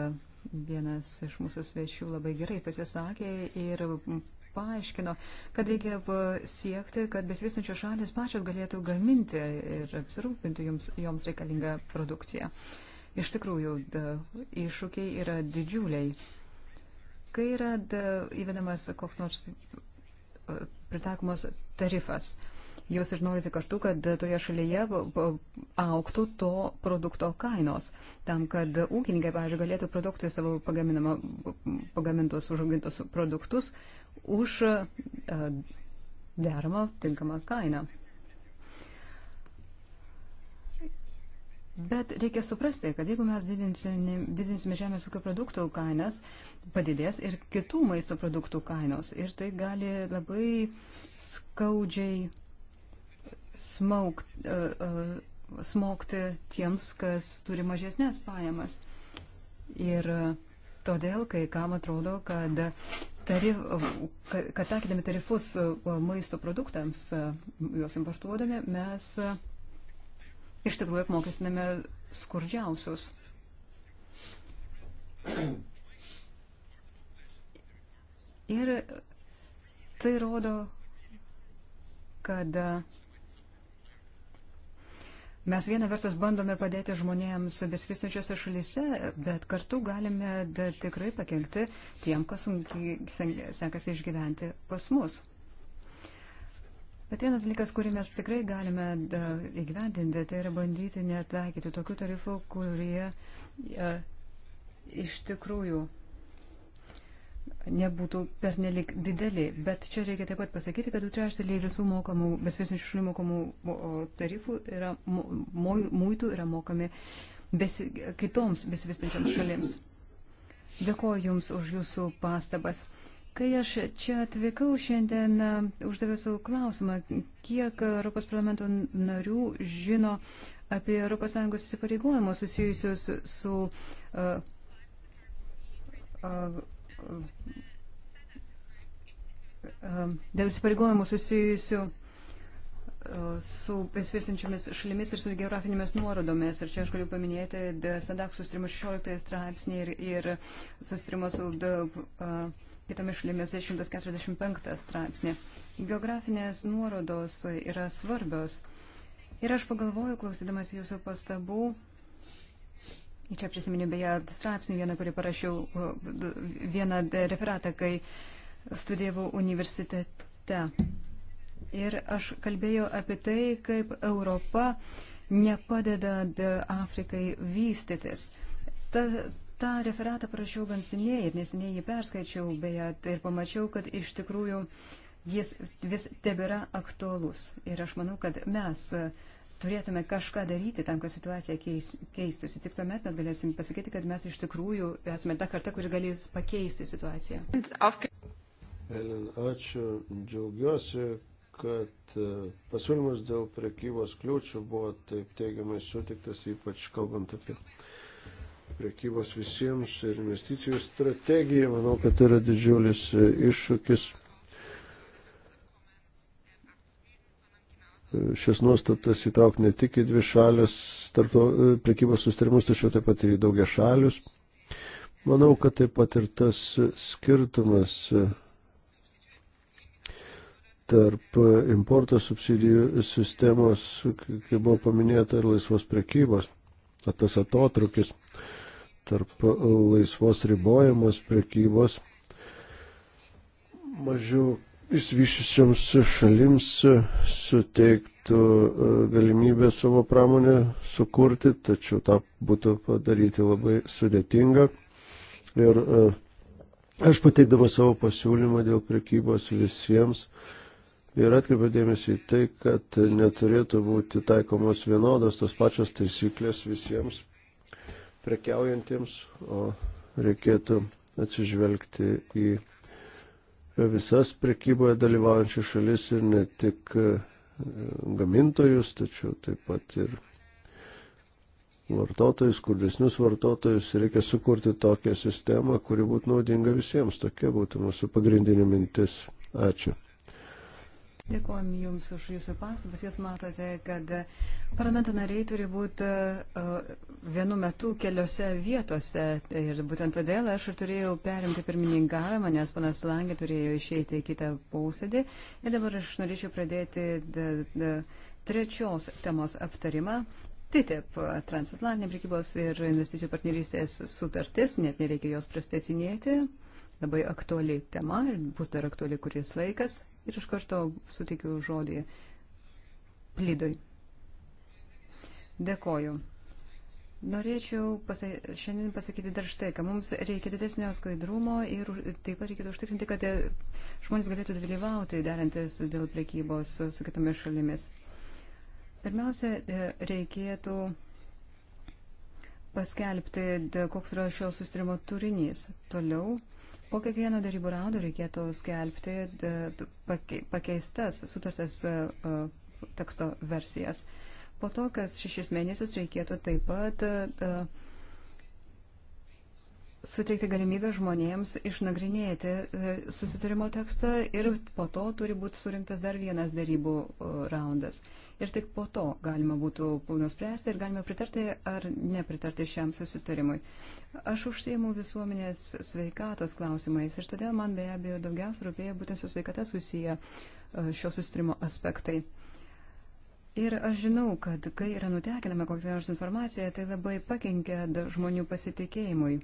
vienas iš mūsų svečių labai gerai pasisakė ir paaiškino, kad reikia siekti, kad besivystančios šalis pačios galėtų gaminti ir apsirūpinti joms, joms reikalingą produkciją. Uh, Iš tikrųjų, iššūkiai yra didžiuliai. Kai yra įvedamas koks nors pritaikomas tarifas, jūs ir norite kartu, kad toje šalyje auktų to produkto kainos, tam, kad ūkininkai, pavyzdžiui, galėtų produkti savo pagamintus, užaugintus produktus už deramą, tinkamą kainą. Bet reikia suprasti, kad jeigu mes didinsime, didinsime žemės ūkio produktų kainas, padidės ir kitų maisto produktų kainos. Ir tai gali labai skaudžiai smaukt, uh, e, uh, e, smogti tiems, kas turi mažesnės pajamas. Ir todėl, kai kam atrodo, kad, tarif, kad, kad takydami tarifus maisto produktams, e, juos importuodami, mes. Uh, iš tikrųjų apmokestiname skurdžiausius. Ir tai rodo, kad mes viena vertus bandome padėti žmonėms besvystančiose šalyse, bet kartu galime tikrai pakelti tiem, kas sunkiai sekasi išgyventi pas mus. Bet vienas dalykas, kurį mes tikrai galime įgyvendinti, tai yra bandyti netaikyti tokių tarifų, kurie e, iš tikrųjų nebūtų pernelik dideli. Bet čia reikia taip pat pasakyti, kad du trečdaliai visų mokamų, besvesinčių šalių mokamų tarifų yra, muitų yra mokami besi, kitoms besivystančiams šalims. Dėkuoju Jums už Jūsų pastabas. Kai aš čia atvykau šiandien, e, uždaviau savo klausimą, kiek Europos parlamento narių žino apie ES įsipareigojimus susijusius su. Uh, uh, uh, uh, dėl įsipareigojimų susijusių uh, su besvirsinčiomis šalimis ir su geografinėmis nuorodomis. Ir čia aš galiu paminėti SADAK sustrimo 16 straipsnį ir, ir sustrimo su uh, kitomis šalimis 145 straipsnį. Geografinės nuorodos yra svarbios. Ir aš pagalvoju, klausydamas jūsų pastabų, čia prisiminiu beje straipsnį vieną, kurį parašiau, vieną referatą, kai studijavau universitete. Ir aš kalbėjau apie tai, kaip Europa nepadeda Afrikai vystytis. Ta, tą referatą prašiau gan seniai ir neseniai jį perskaičiau, beje, ir pamačiau, kad iš tikrųjų jis vis tebėra aktuolus. Ir aš manau, kad mes e, turėtume kažką daryti tam, kad situacija keis, keistusi. Tik tuomet mes galėsim pasakyti, kad mes iš tikrųjų esame ta karta, kuri galės pakeisti situaciją. Elin, ačiū. Džiaugiuosi, kad e, pasiūlymas dėl prekybos kliūčių buvo taip teigiamai sutiktas, ypač kalbant apie prekybos visiems ir investicijų strategiją. Manau, kad tai yra didžiulis e, iššūkis. E, šias nuostatas įtrauk ne tik į dvi šalės tarpto, prekybos sustarimus, tačiau taip pat ir į daugia šalius. Manau, kad taip pat ir tas skirtumas tarp importo subsidijų sistemos, kaip buvo paminėta, ir laisvos prekybos. Tas atotrukis tarp laisvos ribojamos prekybos mažiau išvyščiusiams šalims suteiktų e, galimybę savo pramonę sukurti, tačiau tą būtų padaryti labai sudėtinga. Ir e, aš pateikdavau savo pasiūlymą dėl prekybos visiems uh, ir atkreipiu dėmesį į tai, kad neturėtų būti taikomos vienodos tos pačios taisyklės visiems prekiaujantiems, o reikėtų atsižvelgti į visas prekyboje dalyvaujančias šalis ir ne tik e, gamintojus, tačiau taip pat ir vartotojus, skurdesnius vartotojus. Reikia sukurti tokią sistemą, kuri būtų naudinga visiems. Tokia būtų mūsų pagrindinė mintis. Ačiū. Dėkuojam Jums už Jūsų pastabas. Jūs matote, kad parlamento nariai turi būti e, vienu metu keliose vietose. Tai ir būtent todėl aš ir turėjau perimti pirmininkavimą, nes panas Langė turėjo išeiti į kitą posėdį. Ir dabar aš norėčiau pradėti da, da, trečios temos aptarimą. TTIP, transatlantinė prekybos ir investicijų partnerystės sutartis, net nereikia jos pristatinėti. Labai aktuali tema ir bus dar aktuali kuris laikas ir iš karto sutikiu žodį plydui. Dėkoju. Norėčiau pasa šiandien pasakyti dar štai, kad mums reikia didesnio skaidrumo ir taip pat reikėtų užtikrinti, kad e, žmonės galėtų dalyvauti derantis dėl priekybos su kitomis šalimis. Pirmiausia, e, reikėtų paskelbti, koks yra šio sustarimo turinys. Toliau Po kiekvieno darybų raundo reikėtų skelbti pakeistas sutartas e, e, teksto versijas. Po to, kas šešis mėnesius reikėtų taip pat uh, suteikti galimybę žmonėms išnagrinėti e, susitarimo tekstą ir po to turi būti surinktas dar vienas darybų e, raundas. Ir tik po to galima būtų nuspręsti ir galima pritarti ar nepritarti šiam susitarimui. Aš užsiemu visuomenės sveikatos klausimais ir todėl man be abejo daugiausia rūpėjo būtent su sveikata susiję e, šio susitarimo aspektai. Ir aš žinau, kad kai yra nutekinama kokia nors informacija, tai labai pakenkia žmonių pasitikėjimui.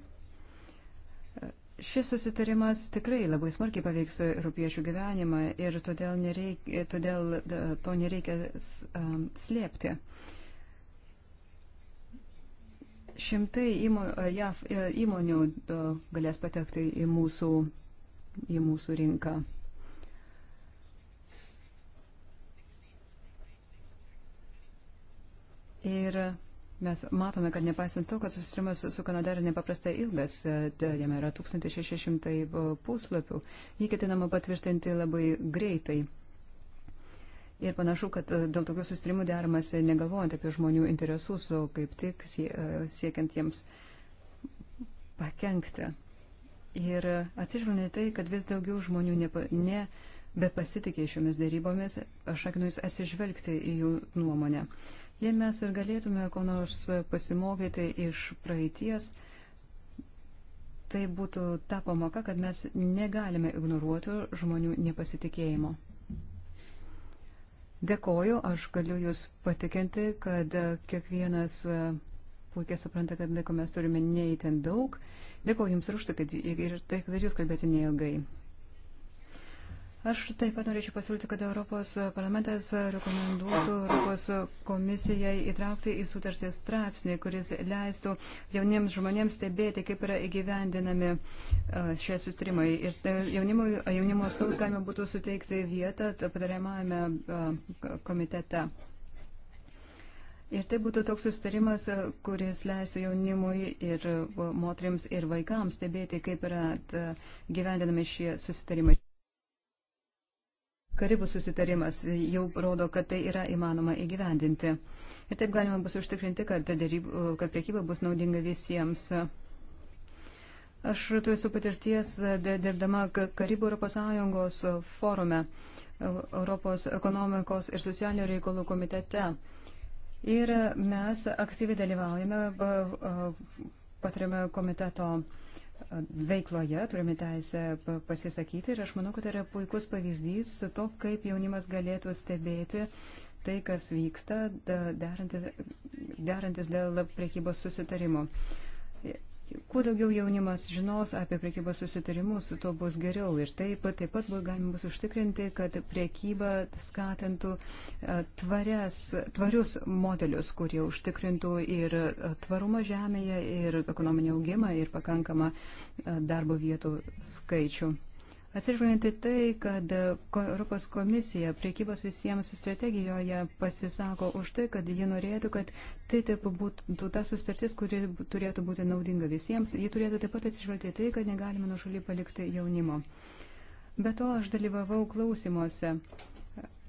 Šis susitarimas tikrai labai smarkiai paveiks europiečių gyvenimą ir todėl, nereikia, todėl to nereikia slėpti. Šimtai įmo, JAF e, įmonių galės patekti į mūsų, į mūsų rinką. Ir Mes matome, kad nepaisant to, kad susitarimas su Kanada yra nepaprastai ilgas, e, jame yra 1600 e, puslapių, jį ketinama patvirtinti labai greitai. Ir panašu, kad e, dėl tokių sustarimų deramasi negalvojant apie žmonių interesus, o kaip tik siekiant jiems pakenkti. Ir atsižvelgiant į tai, kad vis daugiau žmonių nepa, ne, be pasitikė šiomis darybomis, aš raginu jūs atsižvelgti į jų nuomonę. Uh, Jei mes ir galėtume ko nors pasimokyti iš praeities, tai būtų ta pamoka, kad mes negalime ignoruoti žmonių nepasitikėjimo. Dėkoju, aš galiu Jūs patikinti, kad kiekvienas e, puikiai supranta, kad laiko mes turime neįtin daug. Dėkoju Jums ir už tai, kad, ir tai, kad Jūs kalbėjote neilgai. Aš taip pat norėčiau pasiūlyti, kad Europos parlamentas rekomenduotų Europos komisijai įtraukti į sutartį straipsnį, kuris leistų jauniems žmonėms stebėti, kaip yra įgyvendinami e, šie sustrimai. Ir e, jaunimo, jaunimo saus galima būtų suteikti vietą patariamajame e, komitete. Ir tai būtų toks sustarimas, kuris leistų jaunimui ir moteriams ir vaikams stebėti, kaip yra gyvendinami šie susitarimai. Karibų susitarimas jau rodo, kad tai yra įmanoma įgyvendinti. Ir taip galima bus užtikrinti, kad, darybų, kad priekyba bus naudinga visiems. Aš tu esu patirties dirbdama Karibų Europos Sąjungos forume, Europos ekonomikos ir socialinių reikalų komitete. Ir mes aktyviai dalyvaujame, patariame komiteto veikloje, turime teisę pasisakyti ir aš manau, kad tai yra puikus pavyzdys to, kaip jaunimas galėtų stebėti tai, kas vyksta derantis dėl priekybos susitarimo kuo daugiau jaunimas žinos apie priekybos susitarimus, tuo bus geriau. Ir taip, taip pat bus galima bus užtikrinti, kad priekyba skatintų e, tvarias, tvarius modelius, kurie užtikrintų ir e, tvarumą žemėje, ir ekonominį augimą, ir pakankamą e, darbo vietų skaičių. Atsižvelgiant į tai, kad Europos komisija priekybos visiems strategijoje pasisako už tai, kad ji norėtų, kad TTIP būtų ta sustartis, kuri turėtų būti naudinga visiems, ji turėtų taip pat atsižvelgti į tai, kad negalime nušalį palikti jaunimo. Be to aš dalyvavau klausimuose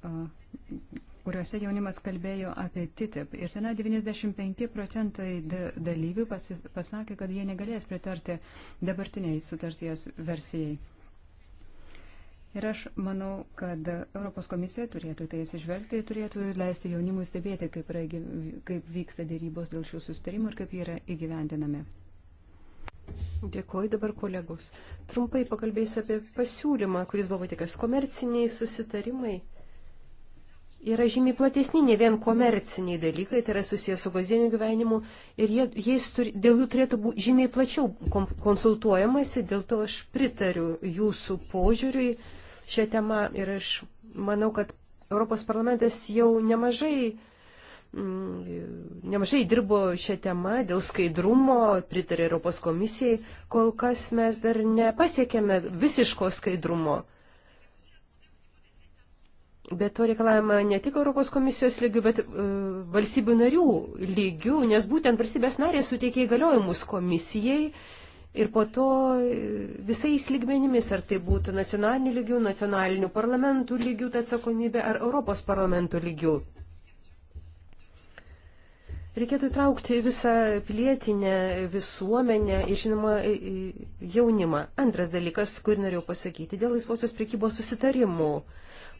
kuriuose jaunimas kalbėjo apie TTIP. Ir ten 95 procentai dalyvių pasakė, kad jie negalės pritarti dabartiniai sutarties versijai. Ir aš manau, kad Europos komisija turėtų tai atsižvelgti, turėtų leisti jaunimui stebėti, kaip, yra, kaip vyksta dėrybos dėl šių sustarimų ir kaip jie yra įgyvendinami. Dėkuoju dabar kolegos. Trumpai pakalbėsiu apie pasiūlymą, kuris buvo patikas. Komerciniai susitarimai yra žymiai platesni, ne vien komerciniai dalykai, tai yra susijęs su kasdieniu gyvenimu ir jie, jais turi, dėl jų turėtų būti žymiai plačiau konsultuojamasi, dėl to aš pritariu jūsų požiūriui šią temą ir aš manau, kad Europos parlamentas jau nemažai mm, nemažai dirbo šią temą dėl skaidrumo, pritarė Europos komisijai, kol kas mes dar nepasiekėme visiško skaidrumo. Bet to reikalavimą ne tik Europos komisijos lygių, bet uh, valstybių narių lygių, nes būtent valstybės narės suteikė įgaliojimus komisijai uh, ir po to e, visais lygmenimis, ar tai būtų nacionalinių lygių, nacionalinių parlamentų lygių ta atsakomybė, ar Europos parlamentų lygių. Reikėtų įtraukti visą pilietinę visuomenę ir, žinoma, jaunimą. Antras dalykas, kurį norėjau pasakyti, dėl laisvosios prekybos susitarimų.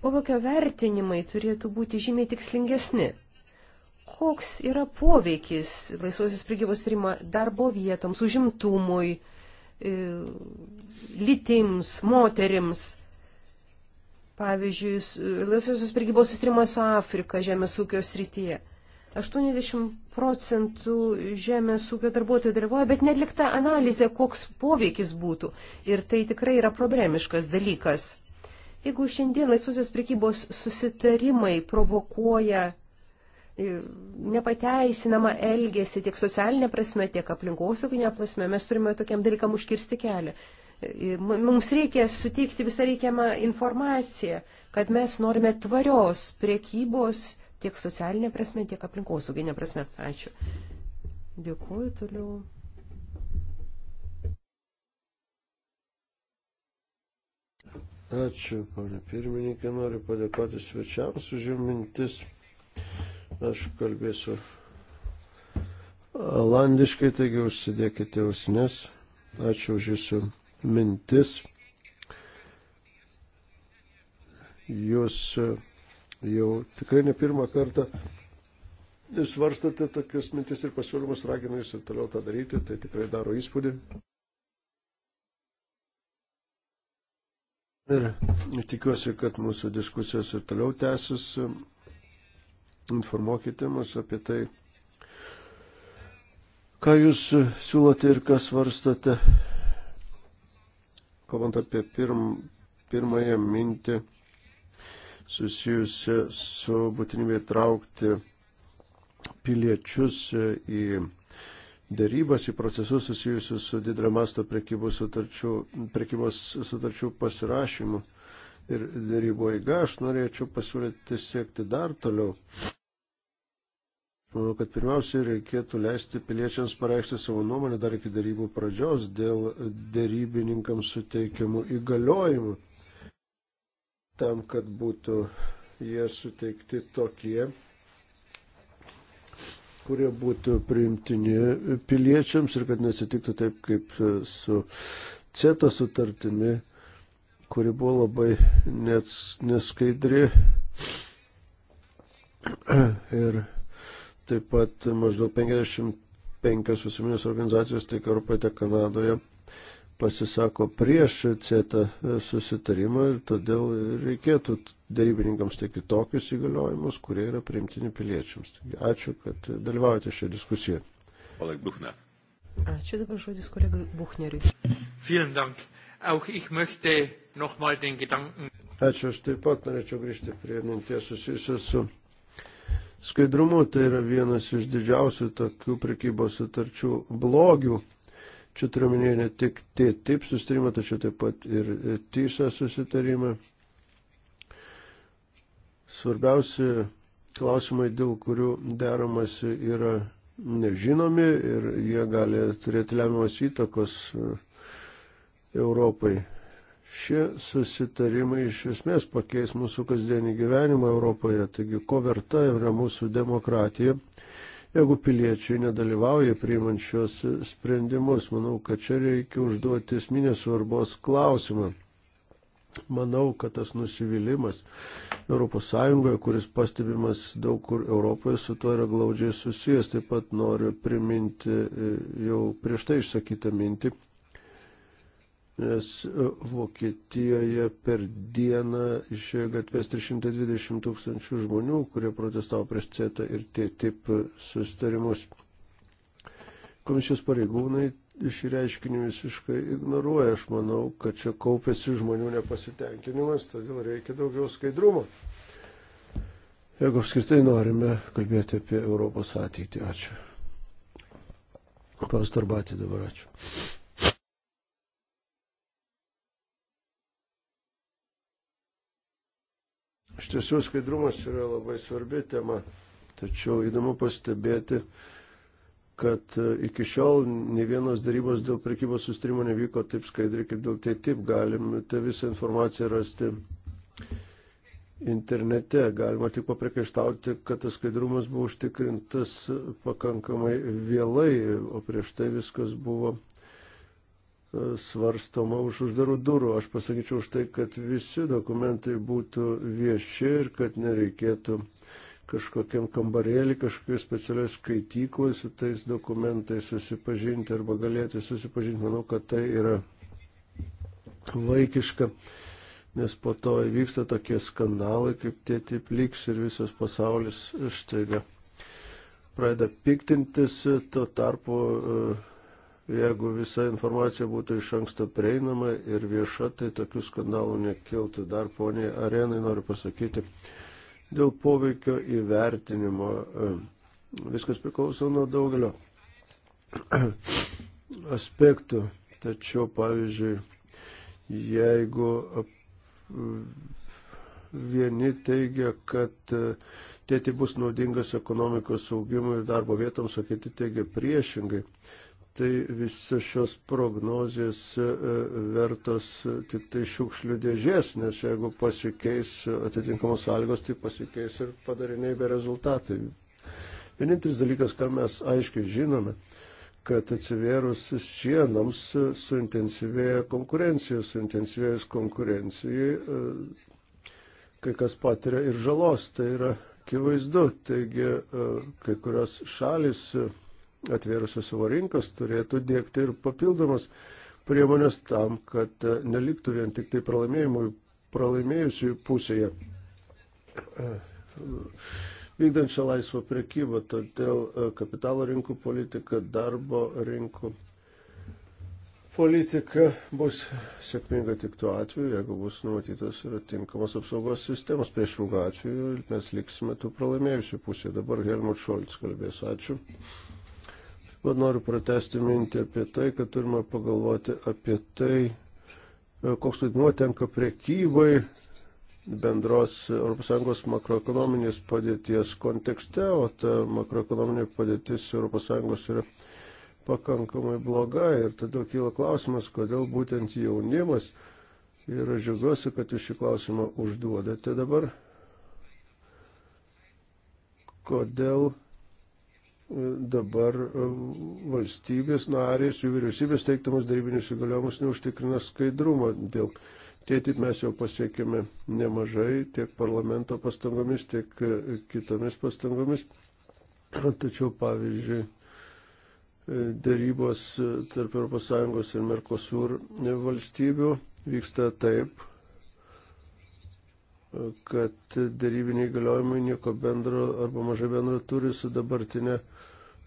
Povokio vertinimai turėtų būti žymiai tikslingesni koks yra poveikis laisvosios prigybos rima darbo vietoms, užimtumui, e, lytims, moterims. Pavyzdžiui, laisvosios prigybos sustrimas su Afrika žemės ūkio srityje. 80 procentų žemės ūkio darbuotojų dalyvauja, bet netlikta analizė, koks poveikis būtų. Ir tai tikrai yra problemiškas dalykas. Jeigu šiandien laisvosios prikybos susitarimai provokuoja nepateisinamą elgesį tiek socialinė prasme, tiek aplinkosauginė prasme. Mes turime tokiam dalykam užkirsti kelią. Mums reikia suteikti visą reikiamą informaciją, kad mes norime tvarios priekybos tiek socialinė prasme, tiek aplinkosauginė prasme. Ačiū. Dėkuoju toliau. Ačiū, ponė pirmininkė, noriu padėkoti svečiams už jų mintis. Aš kalbėsiu olandiškai, taigi užsidėkite ausines. Ačiū už jūsų mintis. Jūs jau tikrai ne pirmą kartą svarstate tokius mintis ir pasiūlymus, raginu jūs ir toliau tą daryti, tai tikrai daro įspūdį. Ir tikiuosi, kad mūsų diskusijos ir toliau tęsis informuokite mus apie tai, ką jūs siūlote ir kas varstate. Kalbant apie pirm, pirmąją mintį susijusią su būtinybė traukti piliečius į dėrybas, į procesus susijusius su didelio masto prekybos sutarčių, prekybos sutarčių pasirašymu ir dėrybo eiga, aš norėčiau pasiūlyti siekti dar toliau. Manau, kad pirmiausiai reikėtų leisti piliečiams pareikšti savo nuomonę dar iki dėrybų pradžios dėl dėrybininkams suteikiamų įgaliojimų, tam, kad būtų jie suteikti tokie, kurie būtų priimtini piliečiams ir kad nesitiktų taip kaip su CETA sutartimi kuri buvo labai neskaidri ir taip pat maždaug 55 visuomenės organizacijos tiek Europoje, tiek Kanadoje pasisako prieš CETA susitarimą ir todėl reikėtų darybininkams tiek kitokius įgaliojimus, kurie yra priimtini piliečiams. Taigi ačiū, kad dalyvaujate šią diskusiją. Oleg Buchner. Ačiū dabar žodis kolegai Buchneriui. Vielen Dank. Auch ich möchte nochmal den Gedanken. Ačiū, aš taip pat norėčiau grįžti prie minties susijusios su skaidrumu. Tai yra vienas iš didžiausių tokių prekybos sutarčių blogių. Čia turiu minėti ne tik TTIP susitarimą, tačiau taip pat ir TISA susitarimą. Svarbiausi klausimai, dėl kurių deramasi, yra nežinomi ir jie gali turėti lemiamas įtakos e, Europai. Šie susitarimai iš esmės pakeis mūsų kasdienį gyvenimą Europoje, taigi ko verta yra mūsų demokratija, jeigu piliečiai nedalyvauja priimant šios sprendimus. Manau, kad čia reikia užduoti esminės svarbos klausimą. Manau, kad tas nusivylimas ES, kuris pastebimas daug kur Europoje, su tuo yra glaudžiai susijęs. Taip pat noriu priminti e, jau prieš tai išsakytą mintį nes e, Vokietijoje per dieną išėjo gatvės 320 tūkstančių žmonių, kurie protestavo prieš CETA ir TTIP sustarimus. Komisijos pareigūnai šį reiškinį visiškai ignoruoja. Aš manau, kad čia kaupėsi žmonių nepasitenkinimas, todėl reikia daugiau skaidrumo. Jeigu apskritai norime kalbėti apie Europos ateitį, ačiū. Pastarbatį dabar ačiū. Iš tiesų skaidrumas yra labai svarbi tema, tačiau įdomu pastebėti, kad e, iki šiol ne vienos darybos dėl prekybos sustrimo nevyko taip skaidri kaip dėl tai taip galim tą visą informaciją rasti internete. Galima tik papriekaištauti, kad tas skaidrumas buvo užtikrintas pakankamai vėlai, o prieš tai viskas buvo svarstoma už uždarų durų. Aš pasakyčiau už tai, kad visi dokumentai būtų vieši ir kad nereikėtų kažkokiam kambarėlį, kažkokiai specialiai skaityklai su tais dokumentais susipažinti arba galėti susipažinti. Manau, kad tai yra vaikiška, nes po to įvyksta tokie skandalai, kaip tėti pliks ir visas pasaulis ištaiga. Pradeda piktintis, tuo tarpu uh, Jeigu visa informacija būtų iš anksto prieinama ir vieša, tai tokių skandalų nekiltų. Dar poniai arenai noriu pasakyti, dėl poveikio įvertinimo e, viskas priklauso nuo daugelio aspektų. Tačiau, pavyzdžiui, jeigu vieni teigia, kad e, tėti bus naudingas ekonomikos augimui ir darbo vietoms, o kiti teigia priešingai tai visos šios prognozijos e, e, vertos tik tai šiukšlių dėžės, nes jeigu pasikeis atitinkamos sąlygos, tai pasikeis ir padariniai bei rezultatai. Vienintelis dalykas, ką mes aiškiai žinome, kad atsivėrus sienoms suintensyvėja konkurencija, suintensyvėjus konkurencijai, e, kai kas patiria ir žalos, tai yra akivaizdu. Taigi, kai kurios šalis atvėrusios savo rinkas, turėtų dėkti ir papildomas priemonės tam, kad e, neliktų vien tik tai pralaimėjusių pusėje e, vykdančią laisvą prekybą. Todėl e, kapitalo rinkų politika, darbo rinkų politika bus sėkminga tik tuo atveju, jeigu bus numatytos ir tinkamos apsaugos sistemos. Prieš rūgą atveju mes liksime tų pralaimėjusių pusėje. Dabar Helmut Šolts kalbės. Ačiū. Bet noriu pratesti mintį apie tai, kad turime pagalvoti apie tai, e, koks vaidmuo tenka priekybai bendros ES makroekonominės padėties kontekste, o ta makroekonominė padėtis ES yra pakankamai bloga ir tada kyla klausimas, kodėl būtent jaunimas ir aš žiūriuosi, kad jūs šį klausimą užduodate dabar. Kodėl dabar e, valstybės narės, jų vyriausybės teiktamas darybinius įgaliojimus neužtikrina skaidrumo. Dėl tėtip mes jau pasiekėme nemažai tiek parlamento pastangomis, tiek e, kitomis pastangomis. Tačiau, pavyzdžiui, e, darybos tarp ES ir Merkosur valstybių vyksta taip, kad darybiniai galiojimai nieko bendro arba mažai bendro turi su dabartinė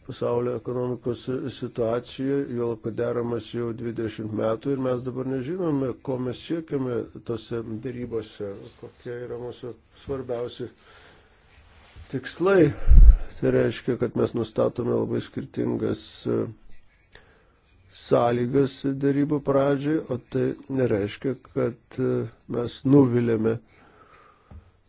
pasaulio ekonomikos situacija, jo paderamas jau 20 metų ir mes dabar nežinome, ko mes siekiame tose darybose, kokie yra mūsų svarbiausi tikslai. Tai reiškia, kad mes nustatome labai skirtingas sąlygas darybų pradžiai, o tai nereiškia, kad mes nuvilėme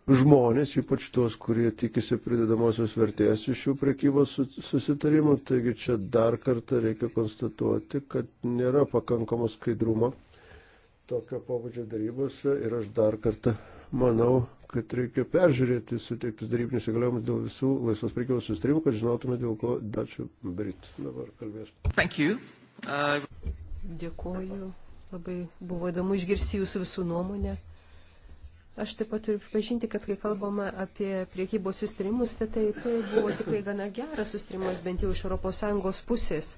žmonės, ypač tuos, kurie tikisi pridedamosios vertės iš šių prekybos susitarimų. Taigi čia dar kartą reikia konstatuoti, kad nėra pakankamo skaidrumo tokio pobūdžio darybose ir aš dar kartą manau, kad reikia peržiūrėti suteiktus darybinius įgaliojimus dėl visų laisvos prekybos sustarimų, kad žinotume, dėl ko Dačiu Brit dabar kalbės. Uh... Dėkuoju. Labai buvo įdomu išgirsti jūsų visų nuomonę. Aš taip pat turiu pripažinti, kad kai kalbama apie priekybos sustarimus, tai taip buvo tikrai gana geras sustarimas, bent jau iš ES pusės.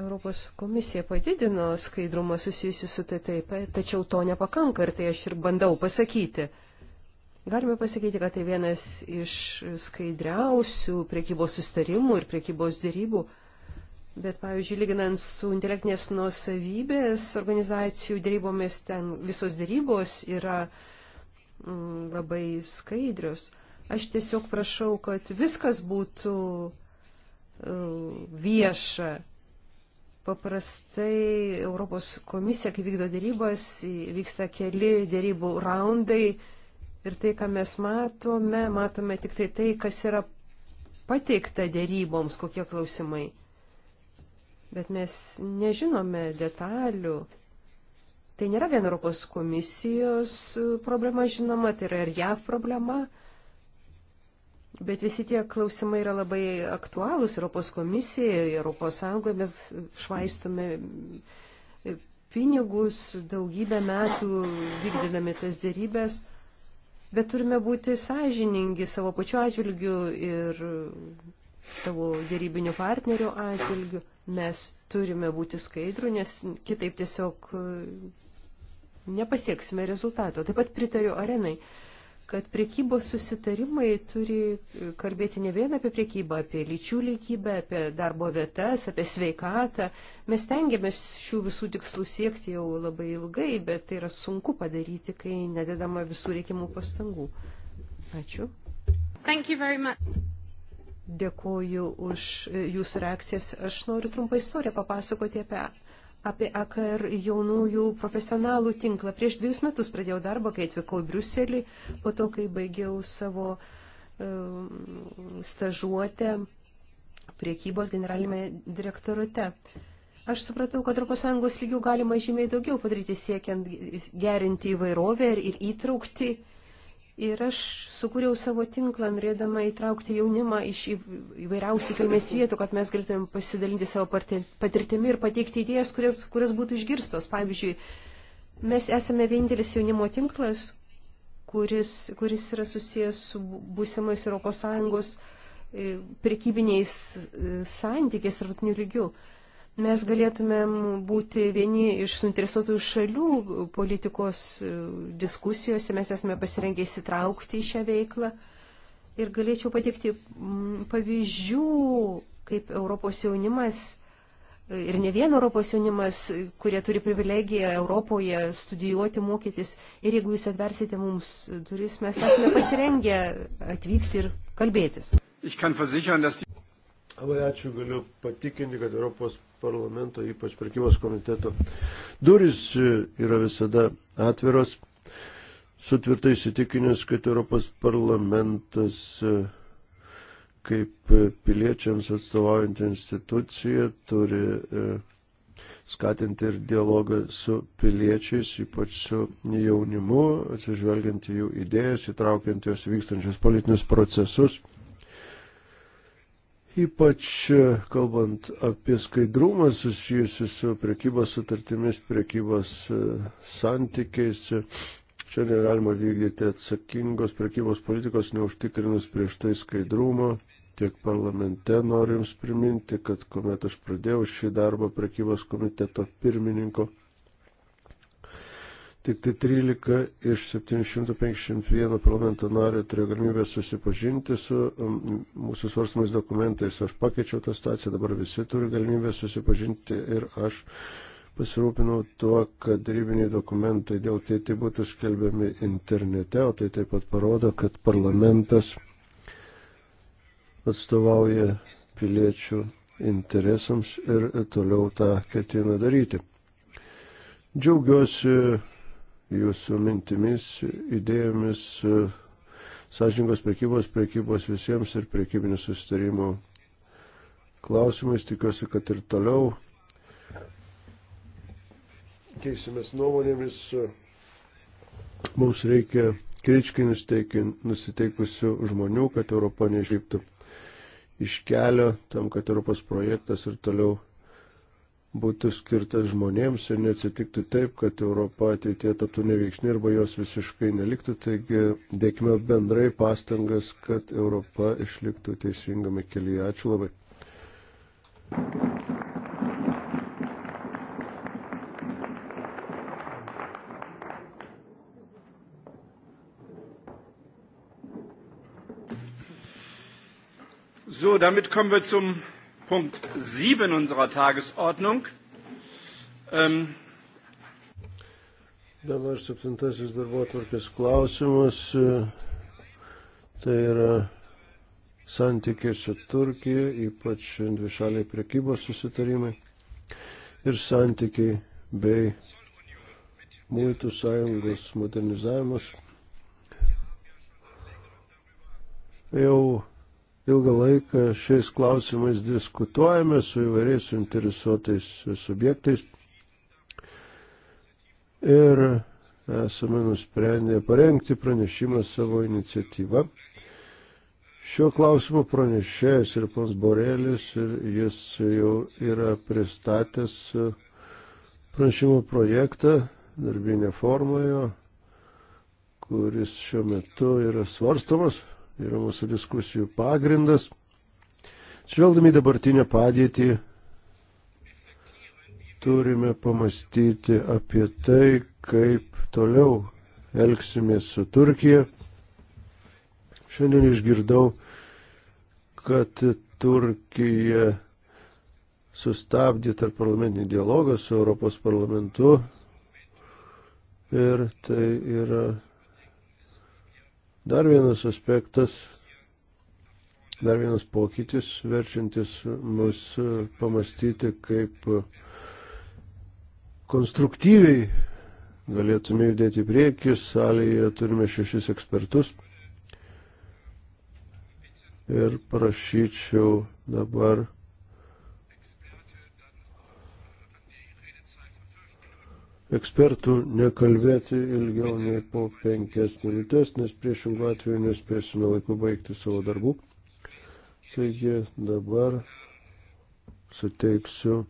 Europos komisija padidino skaidrumą susijusiu su TTIP, tai tačiau to nepakanka ir tai aš ir bandau pasakyti. Galime pasakyti, kad tai vienas iš skaidriausių priekybos sustarimų ir priekybos dėrybų. Bet, pavyzdžiui, lyginant su intelektinės nuosavybės organizacijų dėrybomis, ten visos dėrybos yra mm, labai skaidrios. Aš tiesiog prašau, kad viskas būtų mm, vieša. Paprastai Europos komisija, kai vykdo dėrybas, vyksta keli dėrybų raundai ir tai, ką mes matome, matome tik tai tai, kas yra pateikta dėryboms, kokie klausimai bet mes nežinome detalių. Tai nėra vien Europos komisijos problema, žinoma, tai yra ir JAV problema. Bet visi tie klausimai yra labai aktualūs Europos komisijai, Europos Sąjungoje mes švaistome pinigus daugybę metų vykdydami tas dėrybės, bet turime būti sąžiningi savo pačiu atžvilgiu ir savo dėrybinių partnerių atžvilgiu. Mes turime būti skaidrų, nes kitaip tiesiog e, nepasieksime rezultato. Taip pat pritariu arenai, kad priekybos susitarimai turi kalbėti ne vien apie priekybą, apie lyčių lygybę, apie darbo vietas, apie sveikatą. Mes tengiamės šių visų tikslų siekti jau labai ilgai, bet tai yra sunku padaryti, kai nededama visų reikimų pastangų. Ačiū. Thank you very much. Dėkuoju už e, jūsų reakcijas. Aš noriu trumpą istoriją papasakoti apie, apie AKR jaunųjų profesionalų tinklą. Prieš dviejus metus pradėjau darbą, kai atvykau į Briuselį, po to, kai baigiau savo um, stažuotę priekybos generalinėme direktorate. Aš supratau, kad Europos Sąjungos lygių galima žymiai daugiau padaryti siekiant gerinti įvairovę ir, ir įtraukti Ir aš sukūriau savo tinklą, norėdama įtraukti jaunimą iš įvairiausių kilmės vietų, kad mes galėtumėm pasidalinti savo patirtimi ir pateikti idėjas, kurias, kurias būtų išgirstos. Pavyzdžiui, mes esame vienintelis jaunimo tinklas, kuris, kuris yra susijęs su būsimais ES e, prekybiniais e, santykiais tarptautiniu lygiu mes galėtumėm būti vieni iš suinteresuotų šalių politikos e, diskusijose, mes esame pasirengę įsitraukti į šią veiklą. Ir galėčiau pateikti mm, pavyzdžių, kaip Europos jaunimas e, ir ne vien Europos jaunimas, e, kurie turi privilegiją Europoje studijuoti, mokytis. Ir jeigu jūs atversite mums duris, mes esame pasirengę atvykti ir kalbėtis. Labai ačiū, galiu patikinti, kad Europos parlamento, ypač prekybos komiteto durys yra visada atviros. Sutvirtai įsitikinęs, kad Europos parlamentas kaip piliečiams atstovaujantį instituciją turi e, skatinti ir dialogą su piliečiais, ypač su jaunimu, atsižvelgiant į jų idėjas, įtraukiant juos vykstančius politinius procesus. Ypač e, kalbant apie skaidrumą susijusiu su prekybos sutartimis, prekybos e, santykiais, e, čia negalima vykdyti atsakingos prekybos politikos, neužtikrinus prieš tai skaidrumo. Tiek parlamente noriu Jums priminti, kad kuomet aš pradėjau šį darbą prekybos komiteto pirmininko Tik tai 13 iš 751 parlamento nario turėjo galimybę susipažinti su um, mūsų svarstamais dokumentais. Aš pakeičiau tą situaciją, dabar visi turi galimybę susipažinti ir aš pasirūpinau tuo, kad darybiniai dokumentai dėl tai, tai būtų skelbiami internete, o tai taip pat parodo, kad parlamentas atstovauja piliečių interesams ir toliau tą ketina daryti. Džiaugiuosi jūsų mintimis, idėjomis, sąžingos prekybos, prekybos visiems ir prekybinių susitarimų klausimais. Tikiuosi, kad ir toliau keisimės nuomonėmis. Mums reikia kričkai nusiteikusių žmonių, kad Europa nežyptų iš kelio tam, kad Europos projektas ir toliau būtų skirtas žmonėms ir neatsitiktų taip, kad Europa ateitie taptų neveiksni arba jos visiškai neliktų. Taigi dėkime bendrai pastangas, kad Europa išliktų teisingame kelyje. Ačiū labai. So, damit kommen wir zum Punkt 7 unserer Tagesordnung. Ähm, Dabar septintasis darbo atvarkės klausimas, e, tai yra santykiai su Turkija, ypač dvišaliai prekybos susitarimai ir santykiai bei Muitų sąjungos modernizavimas. Jau ilgą laiką šiais klausimais diskutuojame su įvairiais suinteresuotais subjektais ir esame nusprendę parengti pranešimą savo iniciatyvą. Šiuo klausimu pranešėjas ir pons Borelis ir jis jau yra pristatęs pranešimo projektą darbinė formoje, kuris šiuo metu yra svarstomas yra mūsų diskusijų pagrindas. Žvelgdami dabartinę padėtį, turime pamastyti apie tai, kaip toliau elgsimės su Turkija. Šiandien išgirdau, kad Turkija sustabdė tarp parlamentinį dialogą su Europos parlamentu ir tai yra Dar vienas aspektas, dar vienas pokytis, verčiantis mus pamastyti, kaip konstruktyviai galėtume judėti į priekį. Salėje turime šešis ekspertus. Ir prašyčiau dabar ekspertų nekalbėti ilgiau nei po penkias minutės, nes priešingų atveju nespėsime laiku baigti savo darbų. Taigi dabar suteiksiu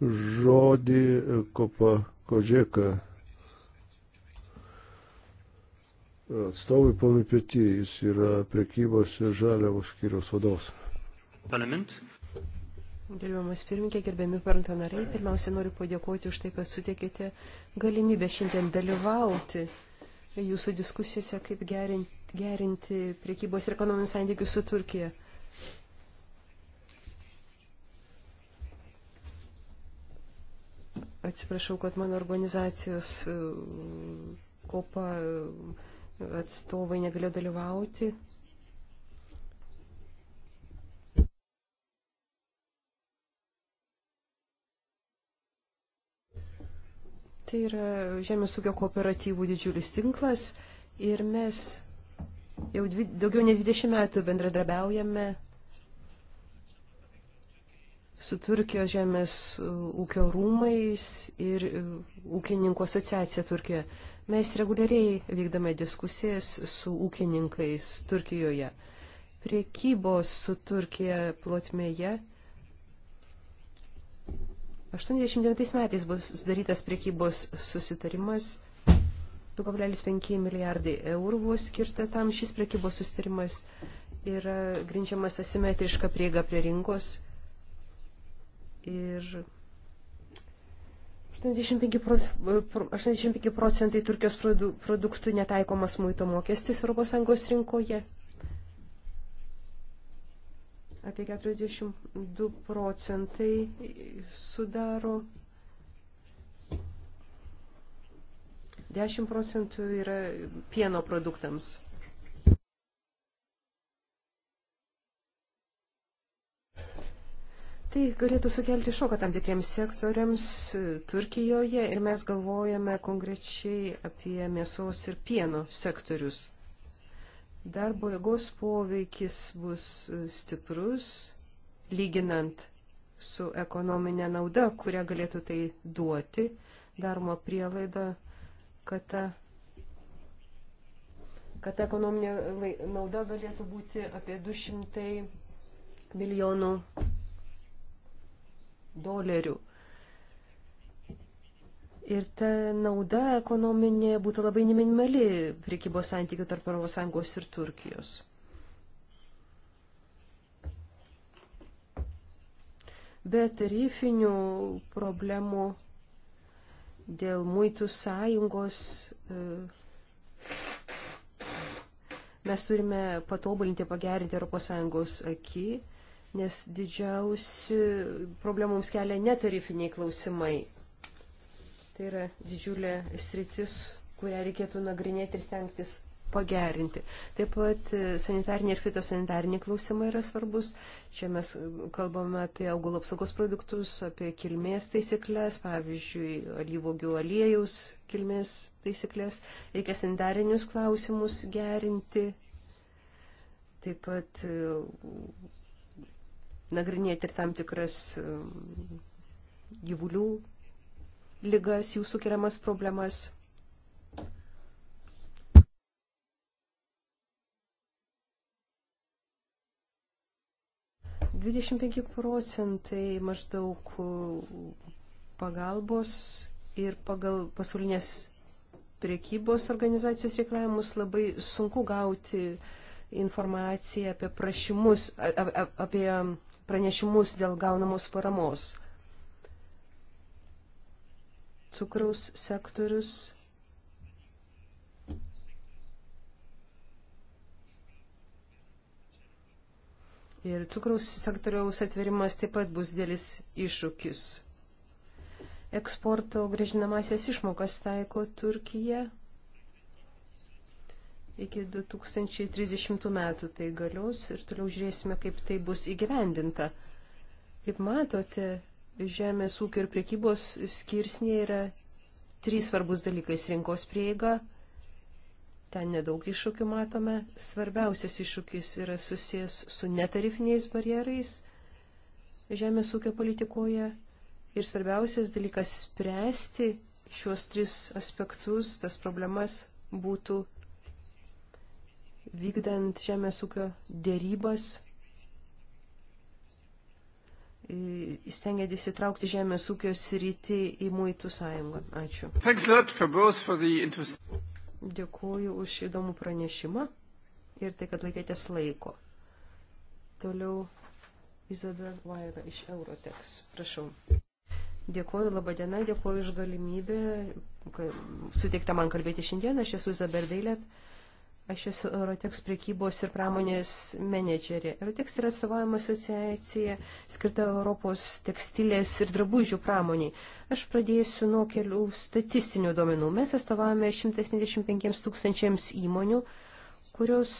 žodį Kopa Kodžeka atstovui ponui Pietyjais yra prekybos ir žaliavos skyriaus vadovas. Parlament. Gerbiamas pirmininkė, gerbiami parlamento nariai, pirmiausia noriu padėkoti už tai, kad sutikėte galimybę šiandien dalyvauti jūsų diskusijose, kaip gerinti, gerinti priekybos ir ekonominius santykius su Turkija. Atsiprašau, kad mano organizacijos uh, kopa uh, atstovai negalėjo dalyvauti. Tai yra žemės ūkio kooperatyvų didžiulis tinklas ir mes jau dvi, daugiau nei 20 metų bendradarbiaujame su Turkijos žemės ūkio rūmais ir ūkininkų asociacija Turkijoje. Mes reguliariai vykdame diskusijas su ūkininkais Turkijoje. Priekybos su Turkija plotmėje 89 metais bus sudarytas priekybos susitarimas. 2,5 milijardai eurų buvo skirta tam. Šis priekybos susitarimas yra grindžiamas asimetriška prieiga prie rinkos. Ir 85 e, procentai Turkijos produktų netaikomas muito mokestis ES rinkoje apie 42 procentai sudaro 10 procentų yra pieno produktams. Tai galėtų sukelti šoką tam tikriems sektoriams e, Turkijoje ir mes galvojame konkrečiai apie mėsos ir pieno sektorius. Darbo jėgos poveikis bus e, stiprus, lyginant su ekonominė nauda, kurią galėtų tai duoti, daroma prielaida, kad ta, kad ta ekonominė nauda galėtų būti apie 200 milijonų dolerių. Ir ta nauda ekonominė būtų labai neminimali priekybos santykių tarp ES ir Turkijos. Be tarifinių problemų dėl muitų sąjungos e, mes turime patobulinti, pagerinti ES akį, nes didžiausi problemams kelia netarifiniai klausimai. Tai yra didžiulė sritis, kurią reikėtų nagrinėti ir stengtis pagerinti. Taip pat sanitariniai ir fitosanitariniai klausimai yra svarbus. Čia mes kalbame apie augalų apsaugos produktus, apie kilmės taisyklės, pavyzdžiui, alyvogių aliejus kilmės taisyklės. Reikia sanitarinius klausimus gerinti. Taip pat e, nagrinėti ir tam tikras e, gyvulių lygas, jų sukeliamas problemas. Dvidešimt penki procentai maždaug pagalbos ir pagal pasaulinės priekybos organizacijos reikalavimus labai sunku gauti informaciją apie prašymus, apie pranešimus dėl gaunamos paramos cukraus sektorius. Ir cukraus sektoriaus atverimas taip pat bus dėlis iššūkis. Eksporto grįžinamasias išmokas taiko Turkija iki 2030 metų tai galios ir toliau žiūrėsime, kaip tai bus įgyvendinta. Kaip matote, žemės ūkio ir priekybos skirsnėje yra trys svarbus dalykai - rinkos prieiga, ten nedaug iššūkių matome, svarbiausias iššūkis yra susijęs su netarifiniais barjerais žemės ūkio politikoje ir svarbiausias dalykas spręsti šiuos tris aspektus, tas problemas būtų vykdant žemės ūkio dėrybas stengiat įsitraukti žemės ūkio sritį į muitų sąjungą. Ačiū. Dėkuoju už įdomų pranešimą ir tai, kad laikėtės laiko. Toliau Izabel Vaira iš Eurotex. Prašau. Dėkuoju, laba diena, dėkuoju už galimybę, suteikta man kalbėti šiandien, aš esu Izabel Dailėt Aš esu Eurotex priekybos ir pramonės menedžerė. Eurotex yra savojama asociacija skirta Europos tekstilės ir drabužių pramoniai. Aš pradėsiu nuo kelių statistinių duomenų. Mes atstovavome 155 tūkstančiams įmonių, kurios,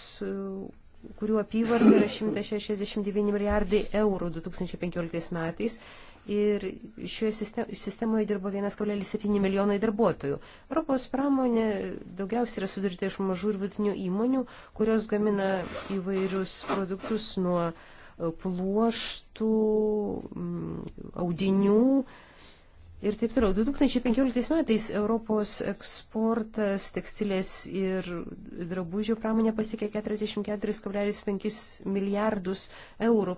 kurių apyvarta yra 169 milijardai eurų 2015 metais ir šioje sistemoje dirbo 1,7 milijonai darbuotojų. Europos pramonė daugiausiai yra sudaryta iš mažų ir vidutinių įmonių, kurios gamina įvairius produktus nuo e, pluoštų, mm, audinių, Ir taip toliau. 2015 metais Europos eksportas tekstilės ir drabužių pramonė pasiekė 44,5 milijardus eurų.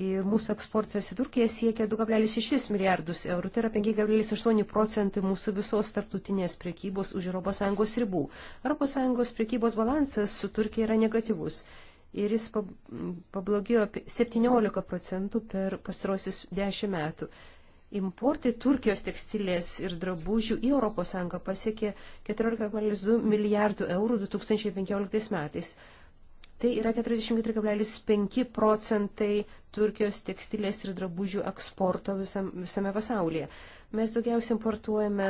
Ir mūsų eksportas į Turkiją siekia 2,6 milijardus eurų, tai yra 5,8 procentai mūsų visos tarptautinės priekybos už ES ribų. ES priekybos balansas su Turkija yra negatyvus ir jis pablogėjo 17 procentų per pastarosius 10 metų. Importai Turkijos tekstilės ir drabužių į ES pasiekė 14,2 milijardų eurų 2015 metais. Tai yra 44,5 procentai Turkijos tekstilės ir drabužių eksporto visam, visame pasaulyje. Mes daugiausiai importuojame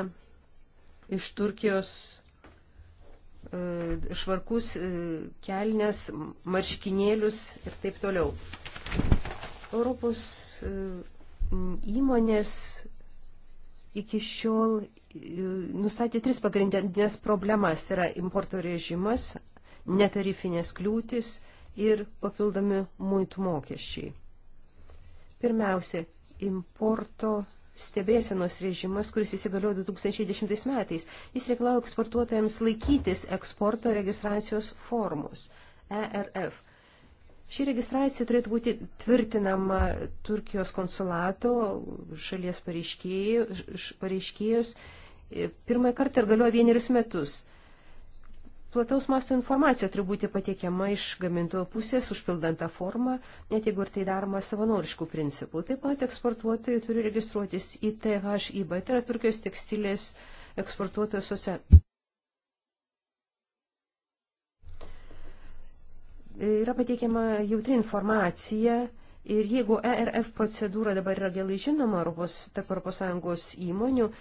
iš Turkijos e, švarkus, e, kelnes, marškinėlius ir taip toliau. Europos e, įmonės iki šiol nustatė tris pagrindinės problemas. Tai yra importo režimas, netarifinės kliūtis ir papildomi muitų mokesčiai. Pirmiausia, importo stebėsenos režimas, kuris įsigaliojo 2010 metais. Jis reikalauja eksportuotojams laikytis eksporto registracijos formos ERF. Ši registracija turėtų būti tvirtinama Turkijos konsulato šalies pareiškėjus. E, Pirmąjį kartą ir galioja vienerius metus. Plataus masto informacija turi būti patiekiama iš gamintojo pusės, užpildant tą formą, net jeigu ir tai daroma savanoriškų principų. Taip pat eksportuotojai turi registruotis į THIB, tai yra Turkijos tekstilės eksportuotojų asociacija. Yra pateikiama jautri informacija ir jeigu ERF procedūra dabar yra gerai žinoma Europos, tarp ES įmonių,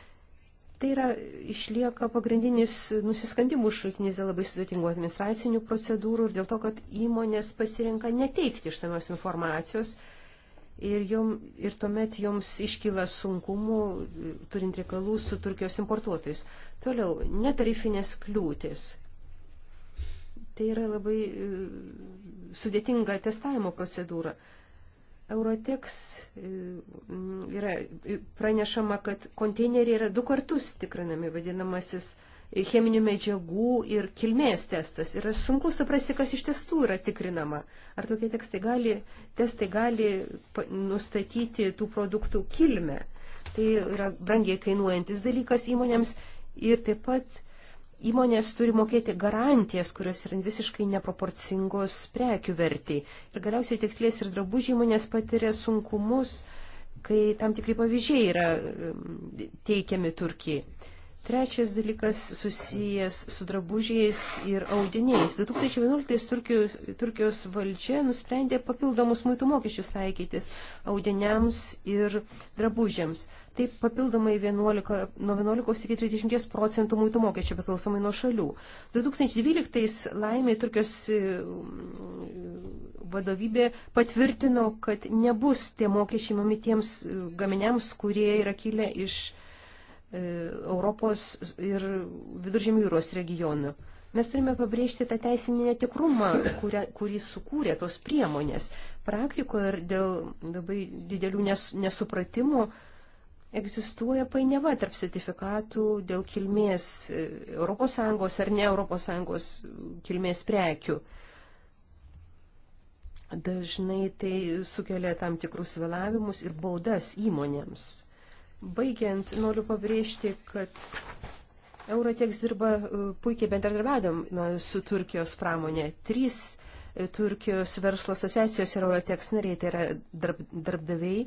Tai yra, išlieka pagrindinis nusiskandimų šaltinis dėl labai sudėtingų administracinių procedūrų ir dėl to, kad įmonės pasirinka neteikti išsamios informacijos ir, jom, ir tuomet joms iškyla sunkumų, e, turint reikalų su Turkijos importuotojais. Toliau, netarifinės kliūtis. Tai yra labai e, sudėtinga testavimo procedūra. Eurotex e, yra e, pranešama, kad konteineriai yra du kartus tikrinami vadinamasis e, cheminių medžiagų ir kilmės testas. Ir sunku suprasti, kas iš testų yra tikrinama. Ar tokie tekstai gali, testai gali nustatyti tų produktų kilmę. Tai yra brangiai kainuojantis dalykas įmonėms ir taip pat Įmonės turi mokėti garantijas, kurios yra visiškai neproporcingos prekių vertai. Ir galiausiai tekstilės ir drabužiai įmonės patiria sunkumus, kai tam tikri pavyzdžiai yra um, teikiami Turkijai. Trečias dalykas susijęs su drabužiais ir audiniais. 2011 Turkijos, Turkijos valdžia nusprendė papildomus muitų mokesčius taikytis audiniams ir drabužiams. Taip papildomai 11, nuo 11 iki 30 procentų mūtų mokesčių priklausomai nuo šalių. 2012 laimė Turkijos e, vadovybė patvirtino, kad nebus tie mokesčiai mami tiems e, gaminiams, kurie yra kilę iš e, Europos ir viduržėmių jūros regionų. Mes turime pabrėžti tą teisinį netikrumą, kurią, kurį sukūrė tos priemonės. Praktikoje ir dėl labai didelių nes, nesupratimų egzistuoja painiava tarp sertifikatų dėl kilmės ES ar ne ES kilmės prekių. Dažnai tai sukelia tam tikrus vėlavimus ir baudas įmonėms. Baigiant, noriu pabrėžti, kad Euroteks dirba e, puikiai bendradarbiavimą su Turkijos pramonė. Trys e, Turkijos verslo asociacijos ir Euroteks nariai, tai yra darb, darbdaviai,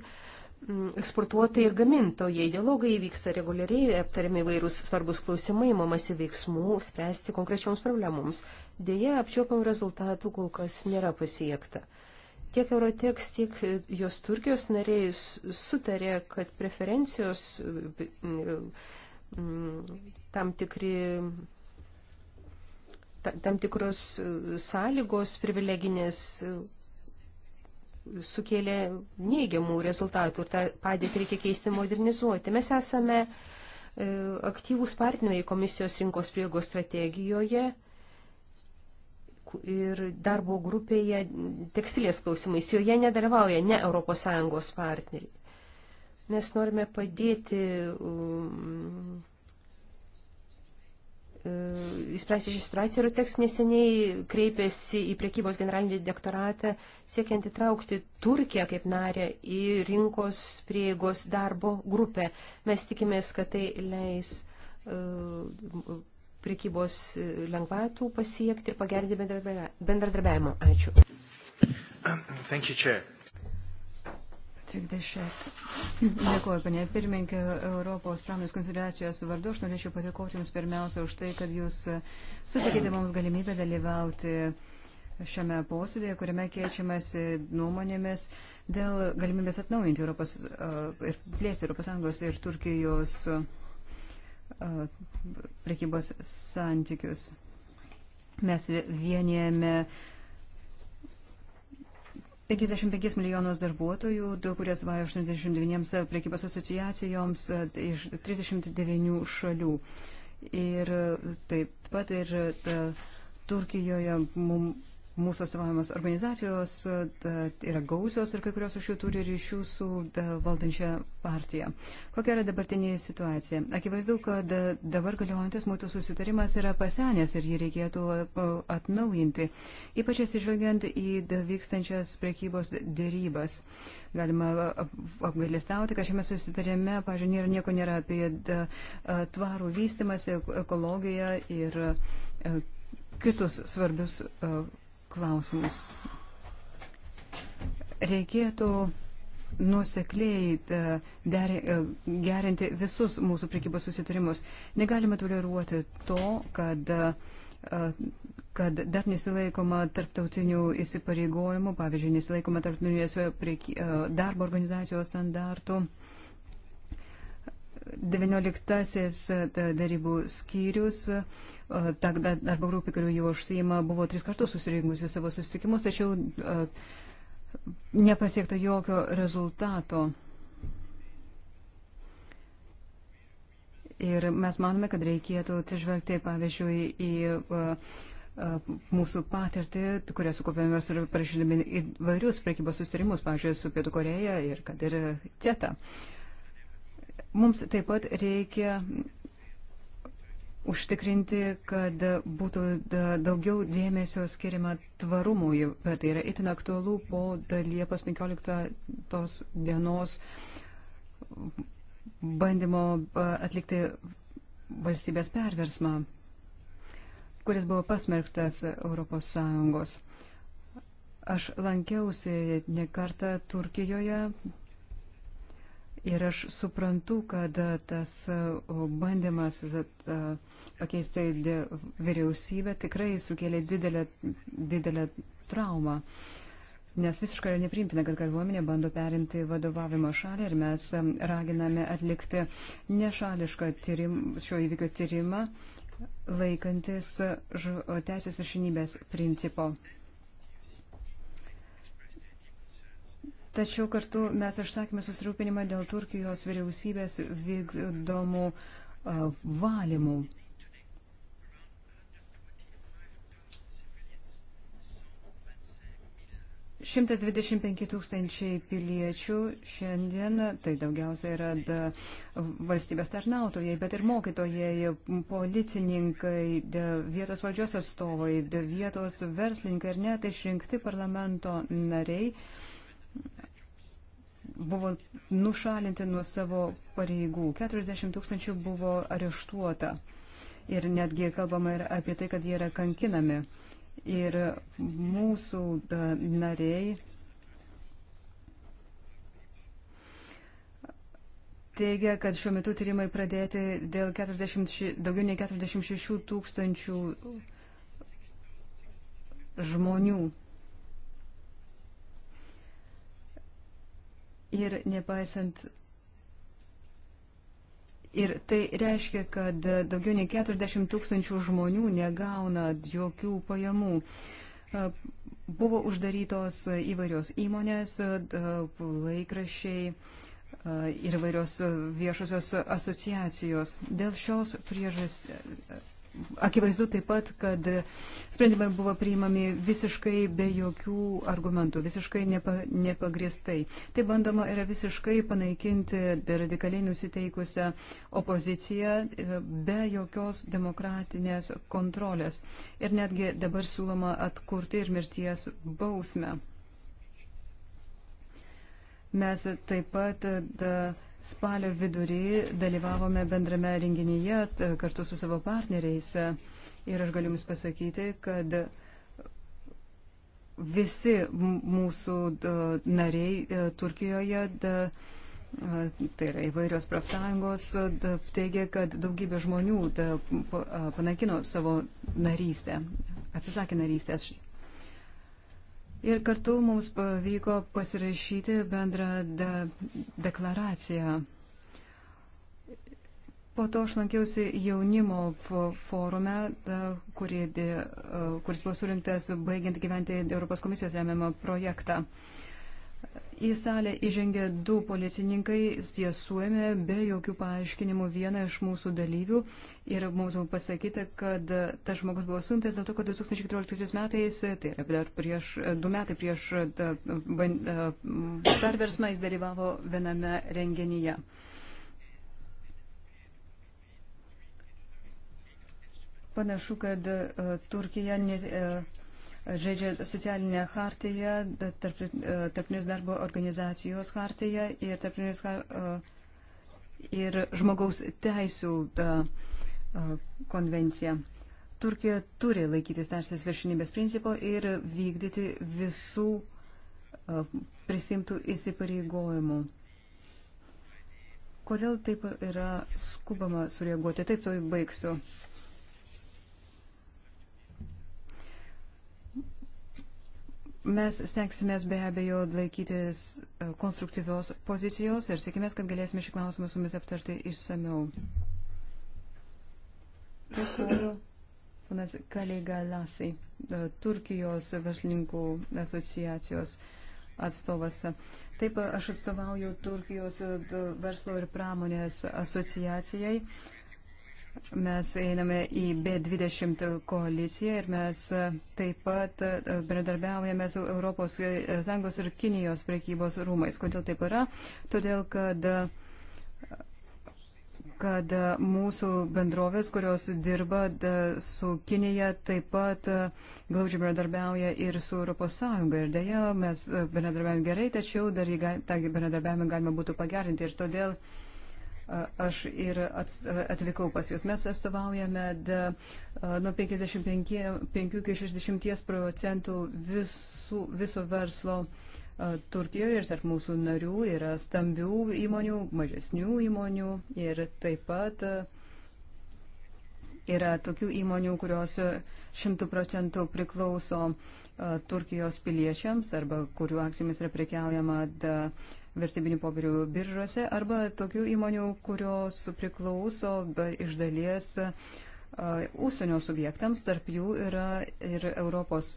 Mm, eksportuotojai ir gamintojai. Dialogai vyksta reguliariai, aptariami vairūs svarbus klausimai, mamasi veiksmų, spręsti konkrečioms problemoms. Deja, apčiopiam rezultatų kol kas nėra pasiekta. Tiek Euroteks, tiek jos Turkijos nariai sutarė, kad preferencijos mm, tam tikri tam tikros e, sąlygos privileginės sukėlė neigiamų rezultatų ir tą padėtį reikia keisti, modernizuoti. Mes esame e, aktyvūs partneriai komisijos rinkos priegos strategijoje ir darbo grupėje tekstilės klausimais. Joje nedalyvauja ne ES partneriai. Mes norime padėti um, įspręsti e, šią situaciją. Roteks neseniai kreipėsi į priekybos generalinį direktoratą, siekiant įtraukti Turkiją kaip narę į rinkos prieigos darbo grupę. Mes tikimės, kad tai leis e, priekybos lengvatų pasiekti ir pagerinti bendradarbiavimą. Ačiū. Thank you, Chair. Trikdešek. Dėkuoju, panė pirmininkė Europos pramonės konfederacijos vardu. Aš norėčiau patikoti Jums pirmiausia už tai, kad Jūs sutikite mums galimybę dalyvauti šiame posėdėje, kuriame keičiamasi nuomonėmis dėl galimybės atnaujinti Europos ir plėsti ES ir Turkijos prekybos santykius. Mes vienijame uh, 55 milijonus darbuotojų, kurie atstovauja 89 prekybos asociacijoms e, iš 39 šalių. Ir taip pat ir ta, e, Turkijoje mums Mūsų atstovavimas organizacijos yra gausios ir kai kurios iš jų turi ryšių su valdančia partija. Kokia yra dabartinė situacija? Akivaizdu, kad dabar galiojantis mūsų susitarimas yra pasenęs ir jį reikėtų atnaujinti, ypač atsižvelgiant į vykstančias priekybos dėrybas. Galima apgailestauti, kad šiame susitarime, pažiūrėjau, nieko nėra apie tvarų vystimąsi, ekologiją ir kitus svarbius klausimus. Reikėtų nusekliai e, der, e, gerinti visus mūsų prekybos susitarimus. Negalime toleruoti to, kad, e, kad dar nesilaikoma tarptautinių įsipareigojimų, pavyzdžiui, nesilaikoma tarptautinės prieky, darbo organizacijos standartų. 19 darybų skyrius E, ta darbo grupė, kuriuo jau užsijima, buvo tris kartus susirinkusi savo susitikimus, tačiau e, nepasiekta jokio rezultato. Ir mes manome, kad reikėtų atsižvelgti, pavyzdžiui, į uh, mūsų patirtį, kurią sukopėme ir prašydami įvairius prekybos sustarimus, pavyzdžiui, su Pietų Koreja ir kad ir Teta. Mums taip pat reikia užtikrinti, kad būtų daugiau dėmesio skiriama tvarumui, bet tai yra itin aktualu po Liepos 15 dienos bandymo atlikti valstybės perversmą, kuris buvo pasmerktas ES. Aš lankiausi ne kartą Turkijoje, Ir aš suprantu, kad e, tas e, bandymas e, pakeisti vyriausybę tikrai sukėlė didelę, didelę traumą. Nes visiškai yra neprimtina, kad kariuomenė bando perimti vadovavimo šalį ir mes raginame atlikti nešališką tyrim, šio įvykio tyrimą laikantis teisės viršinybės principo. Tačiau kartu mes išsakėme susirūpinimą dėl Turkijos vyriausybės vykdomų valymų. Šimtas dvidešimt penki tūkstančiai piliečių šiandien, tai daugiausia yra da, valstybės tarnautojai, bet ir mokytojai, policininkai, da, vietos valdžios atstovai, da, vietos verslininkai ir net išrinkti parlamento nariai. Uh, buvo nušalinti nuo savo pareigų. 40 tūkstančių buvo areštuota. Ir netgi kalbama ir apie tai, kad jie yra kankinami. Ir mūsų nariai teigia, kad šiuo metu tyrimai pradėti dėl 40, daugiau nei 46 tūkstančių žmonių. Ir nepaisant. Ir tai reiškia, kad daugiau nei 40 tūkstančių žmonių negauna jokių pajamų. Buvo uždarytos įvairios įmonės, laikrašiai ir įvairios viešosios asociacijos. Dėl šios priežasties akivaizdu taip pat, kad sprendimai buvo priimami visiškai be jokių argumentų, visiškai nepa, nepagristai. Tai bandoma yra visiškai panaikinti radikaliai nusiteikusią opoziciją e, be jokios demokratinės kontrolės. Ir netgi dabar siūloma atkurti ir mirties bausmę. Mes taip pat e, da, Spalio vidurį dalyvavome bendrame renginyje kartu su savo partneriais ir aš galiu Jums pasakyti, kad visi mūsų nariai e, Turkijoje, tai yra įvairios profsąjungos, teigia, kad daugybė žmonių da, panaikino savo narystę, atsisakė narystės Ir kartu mums pavyko pasirašyti bendrą de deklaraciją. Po to aš lankiausi jaunimo forume, da, kuri, de, kuris buvo surinktas baigiant gyventi Europos komisijos remiamą projektą. Uh, Į salę įžengė du policininkai, jie suėmė be jokių paaiškinimų vieną iš mūsų dalyvių ir mums buvo pasakyta, kad tas žmogus buvo suimtas dėl to, kad 2014 metais, tai yra dar prieš, du metai prieš perversmą, jis dalyvavo viename renginyje. Panašu, kad uh, Turkija. Uh, žaidžia socialinę hartiją, e, tarptautinės tarp darbo organizacijos hartiją ir, e, ir žmogaus teisų e, konvenciją. Turkija turi laikytis teisės viršinybės principo ir vykdyti visų prisimtų įsipareigojimų. Kodėl taip yra skubama sureaguoti? Taip, to įbaigsiu. Mes stengsimės be abejo laikytis e, konstruktyvios pozicijos ir sėkimės, kad galėsime šį klausimą su jumis aptarti išsameu. Dėkuoju, ponas Kaleiga Lasai, e, Turkijos verslininkų asociacijos atstovas. Taip, aš atstovauju Turkijos e, verslo ir pramonės asociacijai Mes einame į B20 koaliciją ir mes taip pat e, bendradarbiaujame su ES ir Kinijos prekybos rūmais. Kodėl taip yra? Todėl, kad kad mūsų bendrovės, kurios dirba e, su Kinija, taip pat e, glaudžiai bendradarbiauja ir su ES. Ir dėja, mes bendradarbiavame gerai, tačiau dar tą bendradarbiavimą galima būtų pagerinti. Ir todėl uh, aš ir atvykau pas jūs. Mes atstovaujame nuo 55 iki 60 procentų visų, viso verslo. Turkijoje ir tarp mūsų narių yra stambių įmonių, mažesnių įmonių ir taip pat yra tokių įmonių, kurios šimtų procentų priklauso Turkijos piliečiams arba kurių akcijomis yra prekiaujama da, uh, vertybinių popierių biržose arba tokių įmonių, kurios priklauso iš dalies ūsienio subjektams, tarp jų yra ir Europos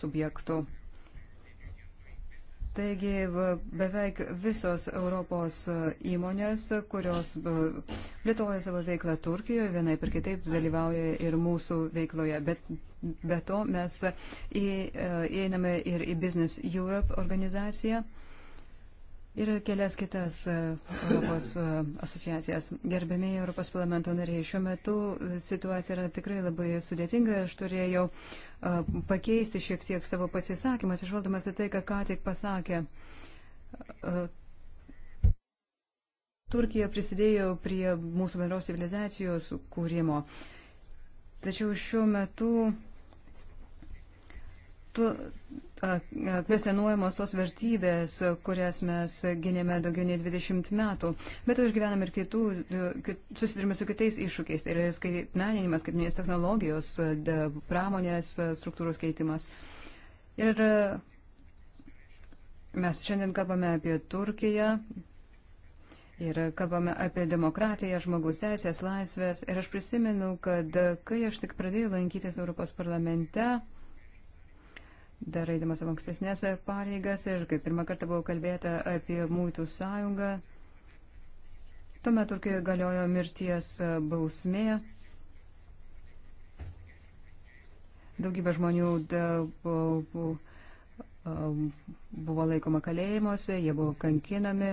subjektų. Taigi beveik visos Europos įmonės, kurios plėtoja savo veiklą Turkijoje, vienai per kitaip dalyvauja ir mūsų veikloje. Bet be to mes įeiname ir į Business Europe organizaciją. Uh, ir kelias kitas e, Europos e, asociacijas. Gerbėmiai Europos parlamento nariai, šiuo metu situacija yra tikrai labai sudėtinga. Aš turėjau e, pakeisti šiek tiek savo pasisakymą, išvaldamas į tai, ką ką tik pasakė. Turkija prisidėjo prie mūsų bendros civilizacijos kūrimo. Tačiau šiuo metu kvestionuojamos tos vertybės, kurias mes gynėme daugiau nei 20 metų. Bet to išgyvename ir kitų, e, kit, susidurime su kitais iššūkiais. Tai yra skaitmeninimas, skaitmeninės technologijos, de, pramonės e, struktūros keitimas. Ir e, mes šiandien kalbame apie Turkiją. Ir kalbame apie demokratiją, žmogus teisės, laisvės. Ir aš prisimenu, kad kai aš tik pradėjau lankytis Europos parlamente, dar eidamas savo ankstesnės pareigas ir kai pirmą kartą buvo kalbėta apie mūtų sąjungą, tuomet Turkijoje galiojo mirties bausmė. Daugybė žmonių da, buvo, buvo laikoma kalėjimuose, jie buvo kankinami.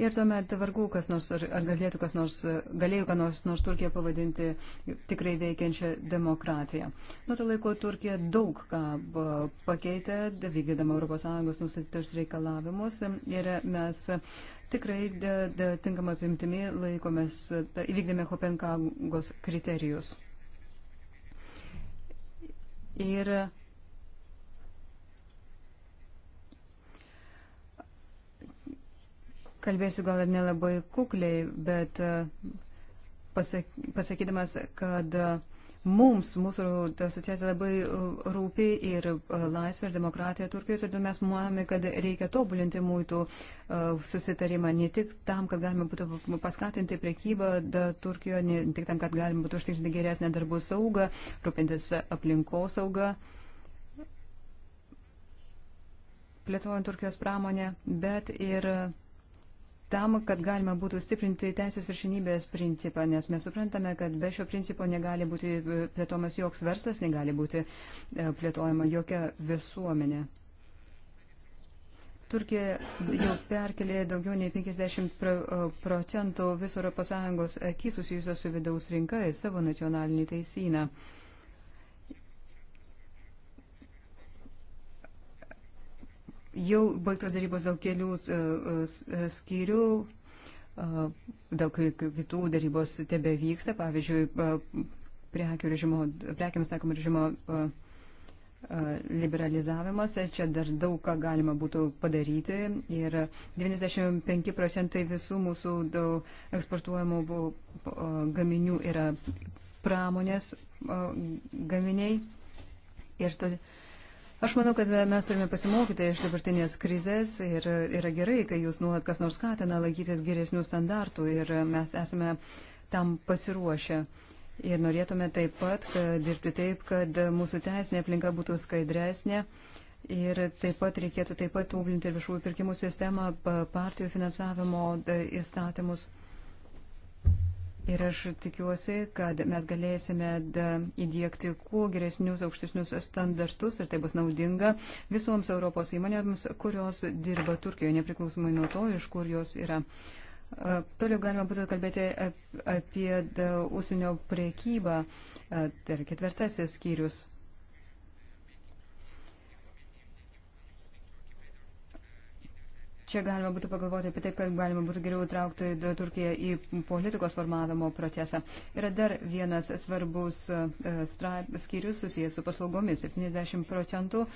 Ir tuomet vargu, kas nors, ar galėtų kas nors, galėjo ką nors, nors Turkiją pavadinti tikrai veikiančią demokratiją. Nuo to laiko Turkija daug ką pakeitė, vykdydama ES nusitytus reikalavimus. Ir mes tikrai de, de, tinkamą apimtimį laikomės, įvykdėme Kopenhagos kriterijus. Ir Kalbėsiu gal ir nelabai kukliai, bet e, pasakydamas, kad e, mums, mūsų asociacija labai e, rūpi ir laisvė ir demokratija Turkijoje, todėl mes manome, kad reikia tobulinti mūtų susitarimą ne tik tam, kad galima būtų paskatinti prekybą Turkijoje, ne tik tam, kad galima būtų užtikrinti geresnę darbų saugą, rūpintis aplinkosaugą, plėtojant Turkijos pramonę, bet ir tam, kad galima būtų stiprinti teisės viršinybės principą, nes mes suprantame, kad be šio principo negali būti e, plėtojamas joks verslas, negali būti e, plėtojama jokia visuomenė. Turkija jau perkelė daugiau nei 50 e, procentų viso ES akį susijusios su vidaus rinka į savo nacionalinį teisyną. Jau baigtos darybos dėl kelių e, e, e, skyrių, dėl kitų darybos tebe vyksta, pavyzdžiui, prekiams taikomo režimo liberalizavimas, čia dar daug ką galima būtų padaryti ir 95 procentai visų mūsų eksportuojamų gaminių yra pramonės gaminiai ir todėl Aš manau, kad mes turime pasimokyti iš dabartinės krizės ir yra gerai, kai jūs nuolat kas nors skatina laikytis geresnių standartų ir mes esame tam pasiruošę. Ir norėtume taip pat dirbti taip, kad mūsų teisinė aplinka būtų skaidresnė. Ir taip pat reikėtų taip pat tobulinti ir viešųjų pirkimų sistemą, partijų finansavimo e, įstatymus. Ir aš tikiuosi, kad mes galėsime įdėkti kuo geresnius, aukštesnius standartus ir tai bus naudinga visoms Europos įmonėms, kurios dirba Turkijoje, nepriklausomai nuo to, iš kur jos yra. Toliau galima būtų kalbėti apie užsienio priekybą. Tai yra ketvirtasis skyrius. Čia galima būtų pagalvoti apie tai, kad galima būtų geriau traukti Turkiją į politikos formavimo procesą. Yra dar vienas svarbus e, skyrius susijęs su paslaugomis. 70 procentų e,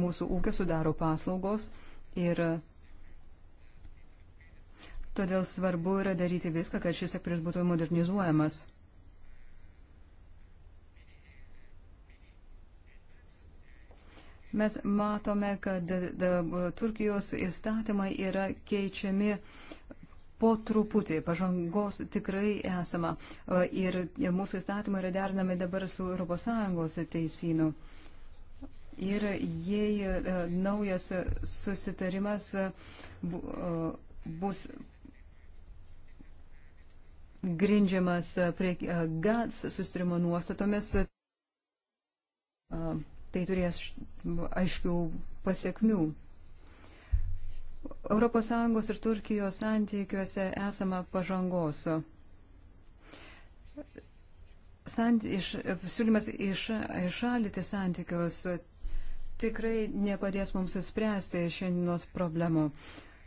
mūsų ūkio sudaro paslaugos ir todėl svarbu yra daryti viską, kad šis sektorius būtų modernizuojamas. mes matome, kad Turkijos įstatymai yra keičiami po truputį, pažangos tikrai esama e, ir mūsų įstatymai yra derinami dabar su ES teisynu. Ir jei e, naujas susitarimas e, bus grindžiamas prie GATS susitarimo nuostatomis, tai turės aiškių pasiekmių. ES ir Turkijos santykiuose esama pažangos. Sant, iš, siūlymas iš, išalyti santykius tikrai nepadės mums spręsti šiandienos problemų.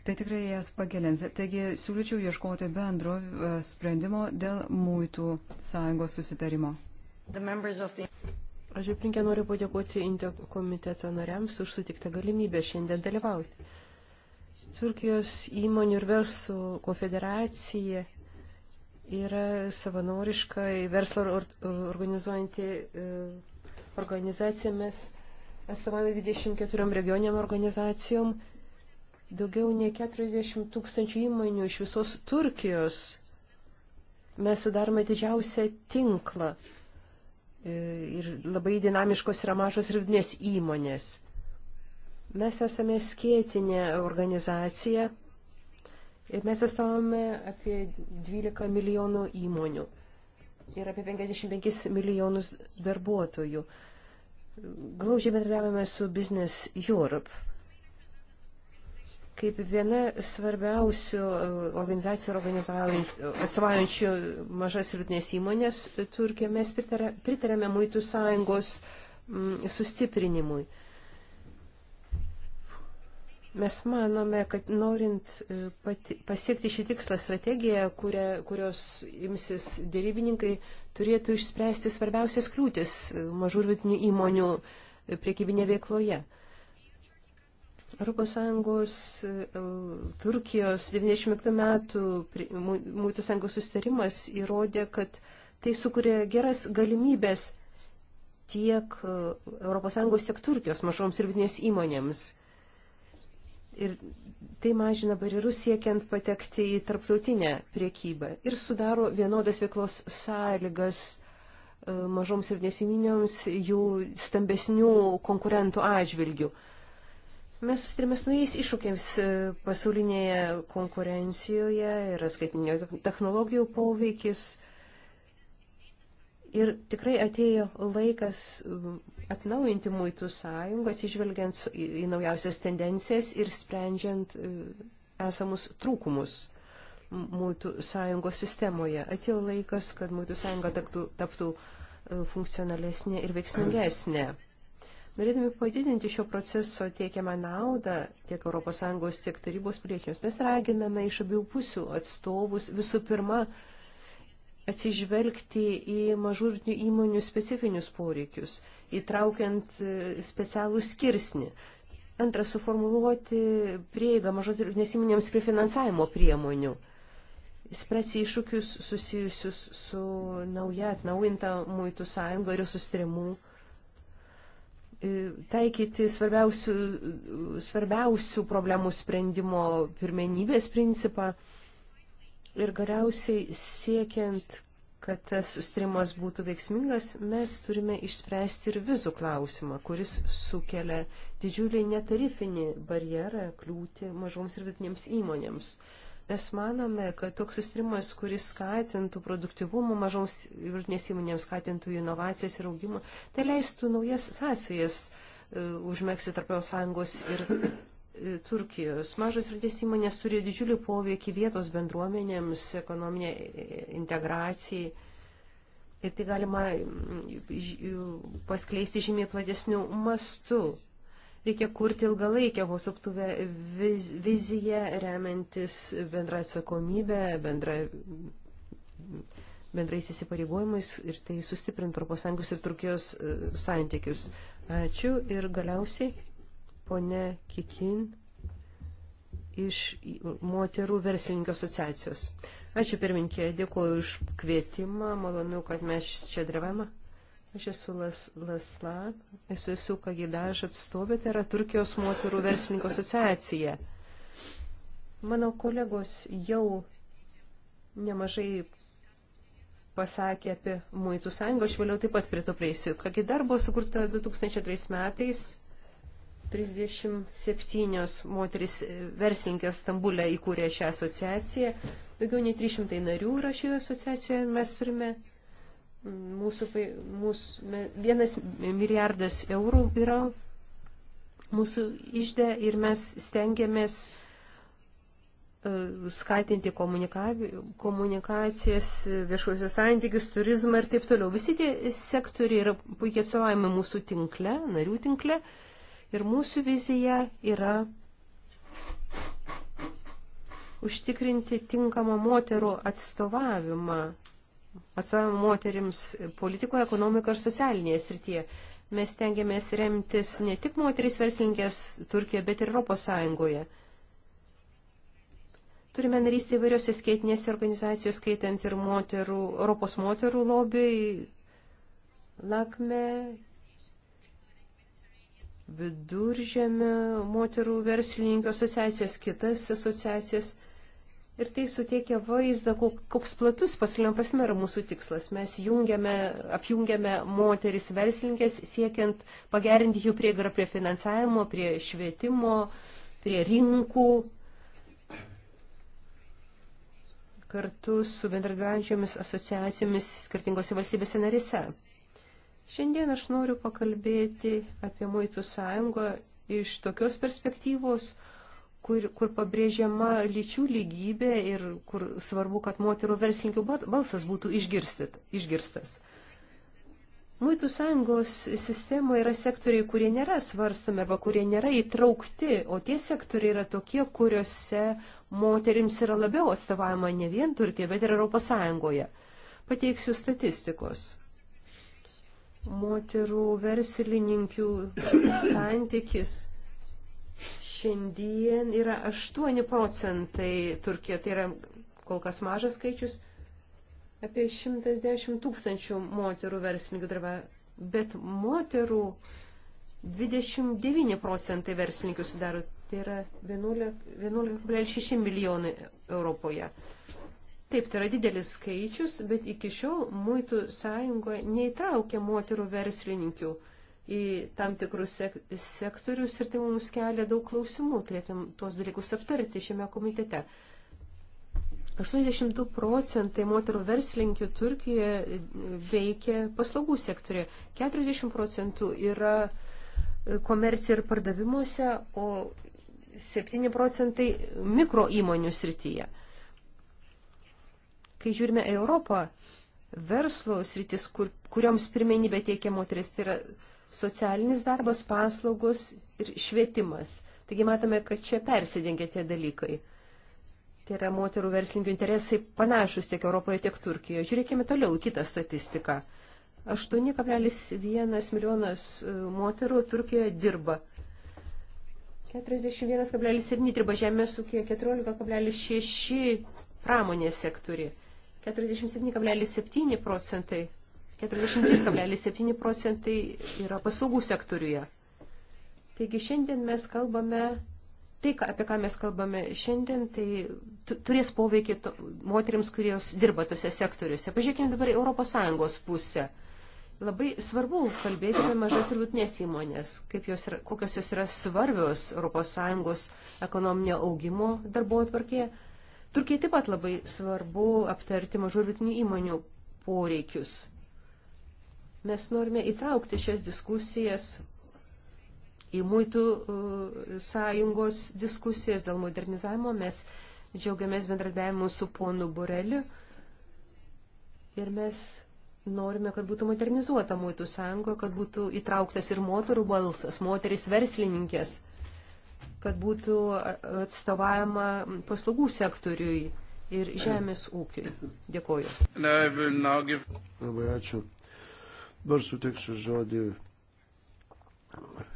Tai tikrai jas pagilins. Taigi siūlyčiau ieškoti bendro e, sprendimo dėl mūtų sąjungos susitarimo. The... Aš ir prinkė noriu padėkoti Indė komiteto nariams už sutiktą galimybę šiandien dalyvauti. Turkijos įmonių ir verslo konfederacija yra savanoriška verslą organizuojanti e, organizacija. Mes atstovavome 24 regioniam organizacijom. Daugiau nei 40 tūkstančių įmonių iš visos Turkijos. Mes sudarome didžiausią tinklą E, ir labai dinamiškos yra mažos ir vidinės įmonės. Mes esame skėtinė organizacija ir mes atstovame apie 12 milijonų įmonių ir apie 55 milijonus darbuotojų. Glaužiai bendravome su Business Europe kaip viena svarbiausių e, organizacijų atstovaujančių mažas ir vidutinės įmonės e, Turkija, mes pritarėme Muitų sąjungos sustiprinimui. Mes manome, kad norint e, pati, pasiekti šį tikslą strategiją, kuria, kurios imsis dėrybininkai, turėtų išspręsti svarbiausias kliūtis mažų ir vidutinių įmonių priekybinė veikloje. ES e, Turkijos 95 metų Mūtų sąjungos sustarimas įrodė, kad tai sukuria geras galimybės tiek ES, tiek Turkijos mažoms ir vidinės įmonėms. Ir tai mažina barjerus siekiant patekti į tarptautinę priekybą ir sudaro vienodas veiklos sąlygas e, mažoms ir vidinės įmonėms jų stambesnių konkurentų atžvilgių. Mes susirėmės su naujais iššūkiams e, pasaulinėje konkurencijoje, yra skaitinio technologijų poveikis. Ir tikrai atėjo laikas atnaujinti muitų sąjungą, atsižvelgiant į naujausias tendencijas ir sprendžiant e, esamus trūkumus muitų sąjungos sistemoje. Atėjo laikas, kad muitų sąjunga taptų, taptų e, funkcionalesnė ir veiksmingesnė. Norėdami padidinti šio proceso teikiamą naudą tiek ES, tiek tarybos piliečiams, mes raginame iš abiejų pusių atstovus visų pirma atsižvelgti į mažurtinių įmonių specifinius poreikius, įtraukiant e, specialų skirsnį. Antra, suformuluoti prieigą mažos ir įmonėms prie finansavimo priemonių spręsti iššūkius susijusius su nauja atnaujinta muitų sąjunga ir sustrimų E, taikyti svarbiausių, svarbiausių problemų sprendimo pirmenybės principą ir galiausiai siekiant, kad tas sustrimas būtų veiksmingas, mes turime išspręsti ir vizų klausimą, kuris sukelia didžiulį netarifinį barjerą kliūti mažoms ir vidutinėms įmonėms. Uh, Mes manome, kad toks sustrimas, kuris skatintų produktivumą mažoms vidutinės įmonėms, skatintų inovacijas ir augimą, tai leistų naujas sąsajas e, užmėgsti tarp sąjungos ir e, Turkijos. Mažos vidutinės įmonės turi didžiulį poveikį vietos bendruomenėms, ekonominė e, integracijai. Ir tai galima mm, paskleisti žymiai platesnių mastų. Reikia kurti ilgalaikę hosoptuvę viz, viziją, remiantis bendrą atsakomybę, bendrą, bendrais įsipareigojimais ir tai sustiprinti ES ir Turkijos e, santykius. Ačiū ir galiausiai ponė Kikin iš moterų verslininkų asociacijos. Ačiū pirminkė, dėkuoju už kvietimą, malonu, kad mes čia drevame. Aš esu Las, Lasla, esu esu Kagidaž atstovė, tai yra Turkijos moterų verslininkų asociacija. Mano kolegos jau nemažai pasakė apie Muitų sąjungą, aš vėliau taip pat prie to prieisiu. Kagidar buvo sukurta 2003 metais, 37 moteris e, verslininkės Stambulė įkūrė šią asociaciją. Daugiau nei 300 narių yra šioje asociacijoje. Mes turime Mūsų, mūsų, vienas milijardas eurų yra mūsų išdė ir mes stengiamės e, skatinti komunikacijas, viešuosius santykius, turizmą ir taip toliau. Visi tie sektoriai yra puikiai suvaimi mūsų tinkle, narių tinkle. Ir mūsų vizija yra užtikrinti tinkamą moterų atstovavimą atstovavimą moterims politikoje, ekonomikoje ir socialinėje srityje. Mes tengiamės remtis ne tik moteris verslininkės Turkijoje, bet ir Europos Sąjungoje. Turime narystę įvairiose skaitinėse organizacijose, skaitant ir moterų, Europos moterų lobby, lakme, viduržėme moterų verslininkų asociacijas, kitas asociacijas. Ir tai suteikia vaizdą, koks platus pasaulyje prasme yra mūsų tikslas. Mes jungiame, apjungiame moteris verslininkės, siekiant pagerinti jų prieigą prie finansavimo, prie švietimo, prie rinkų, kartu su bendradarbiaujančiomis asociacijomis skirtingose valstybėse narėse. Šiandien aš noriu pakalbėti apie Muitų sąjungą iš tokios perspektyvos, kur, kur pabrėžiama lyčių lygybė ir kur svarbu, kad moterų verslininkių balsas būtų išgirstas. Muitų sąjungos sistemoje yra sektoriai, kurie nėra svarstami arba kurie nėra įtraukti, o tie sektoriai yra tokie, kuriuose moterims yra labiau atstovavima ne vien Turkija, bet ir Europos Sąjungoje. Pateiksiu statistikos moterų verslininkių santykis šiandien yra 8 procentai Turkijoje, tai yra kol kas mažas skaičius, apie 110 tūkstančių moterų verslininkų dirba, bet moterų 29 procentai verslininkų sudaro, tai yra 11,6 11, milijonai Europoje. Taip, tai yra didelis skaičius, bet iki šiol Muitų sąjungoje neįtraukia moterų verslininkių į tam tikrus sek sektorius ir tai mums kelia daug klausimų, turėtum tuos dalykus aptarti šiame komitete. 82 procentai moterų verslininkių Turkijoje e, veikia paslaugų sektorė, 40 procentų yra e, komercija ir pardavimuose, o 7 procentai mikro įmonių srityje. Kai žiūrime Europą, verslo sritis, kur, kurioms pirmenybė teikia moteris, tai yra socialinis darbas, paslaugos ir švietimas. Taigi matome, kad čia persidengia tie dalykai. Tai yra moterų verslininkų interesai panašus tiek Europoje, tiek Turkijoje. Žiūrėkime toliau kitą statistiką. 8,1 milijonas e, moterų Turkijoje dirba. 41,7 dirba žemės ūkija, 14,6 pramonės sektori, 47,7 procentai 43,7 procentai yra paslaugų sektoriuje. Taigi šiandien mes kalbame, tai apie ką mes kalbame šiandien, tai turės poveikį to, moteriams, kurios dirba tose sektoriuose. Pažiūrėkime dabar ES pusę. Labai svarbu kalbėti apie mažas ir vidutinės įmonės, jos yra, kokios jos yra svarbios ES ekonominio augimo darbo atvarkėje. Turkiai taip pat labai svarbu aptarti mažų ir vidutinių įmonių poreikius. Mes norime įtraukti šias diskusijas į muitų sąjungos diskusijas dėl modernizavimo. Mes džiaugiamės bendradarbiavimu su ponu Boreliu ir mes norime, kad būtų modernizuota muitų sąjunga, kad būtų įtrauktas ir moterų balsas, moteris verslininkės, kad būtų atstovavima paslaugų sektoriui ir žemės ūkiui. Dėkoju. Labai ačiū. Dabar suteiksiu žodį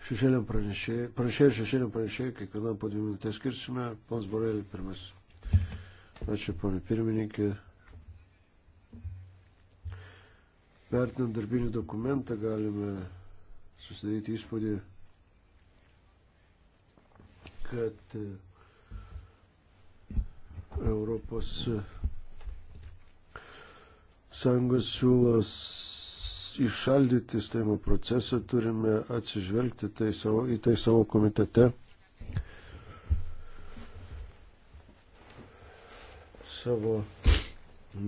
šešėliam pranešėjai, pranešėjai ir šešėliam pranešėjai, kiekvienam po dvi minutės skirsime. Pons Borelį pirmas. Ačiū, ponė pirmininkė. Vertinant darbinį dokumentą galime susidaryti įspūdį, kad e, Europos Sąjungos siūlos išaldyti įstatymo procesą, turime atsižvelgti tai savo, į tai savo komitete. Savo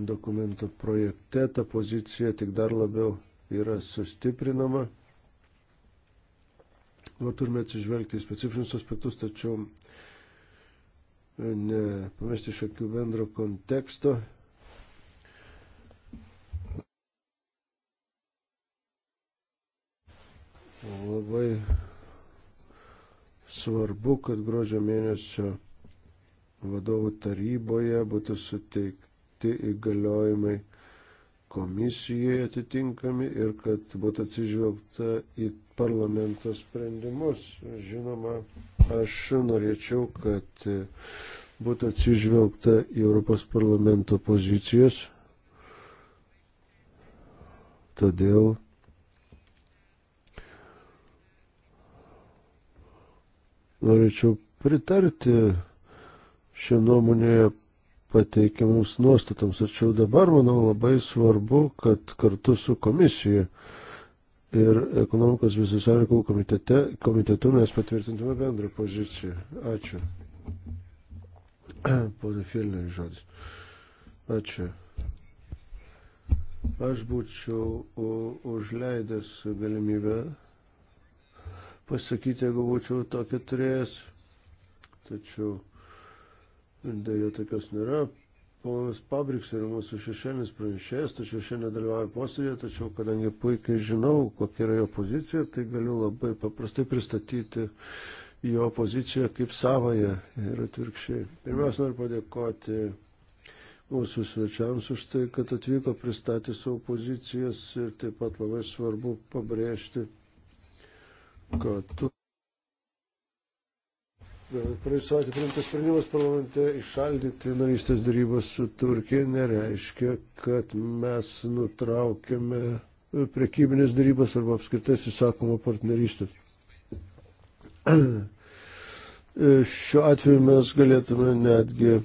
dokumento projekte ta pozicija tik dar labiau yra sustiprinama. Dabar turime atsižvelgti į specifinius aspektus, tačiau e, nepamesti iš akių bendro konteksto Labai svarbu, kad gruodžio mėnesio vadovų taryboje būtų suteikti įgaliojimai komisijai atitinkami ir kad būtų atsižvelgta į parlamento sprendimus. Žinoma, aš norėčiau, kad būtų atsižvelgta į Europos parlamento pozicijas. Todėl norėčiau pritarti šią nuomonėje pateikiamams nuostatams. Tačiau dabar, manau, labai svarbu, kad kartu su komisija ir ekonomikos visose reikalų komitete, komitetu mes patvirtintume bendrą poziciją. Ačiū. Pone Filneri žodis. Ačiū. Aš būčiau užleidęs galimybę pasakyti, jeigu būčiau tokį turėjęs. Tačiau dėja tokios nėra. Ponas Pabriks yra mūsų šešėlis pranešėjas, tačiau šiandien dalyvauja posėdėje, tačiau kadangi puikiai žinau, kokia yra jo pozicija, tai galiu labai paprastai pristatyti jo poziciją kaip savoje ir atvirkščiai. Pirmiausia, noriu padėkoti mūsų svečiams už tai, kad atvyko pristatyti savo pozicijas ir taip pat labai svarbu pabrėžti kad praėjusią savaitę priimtas sprendimas parlamente išaldyti narystės darybas su Turkija nereiškia, kad mes nutraukėme prekybinės darybas arba apskritai įsakomą partnerystę. Šiuo atveju mes galėtume netgi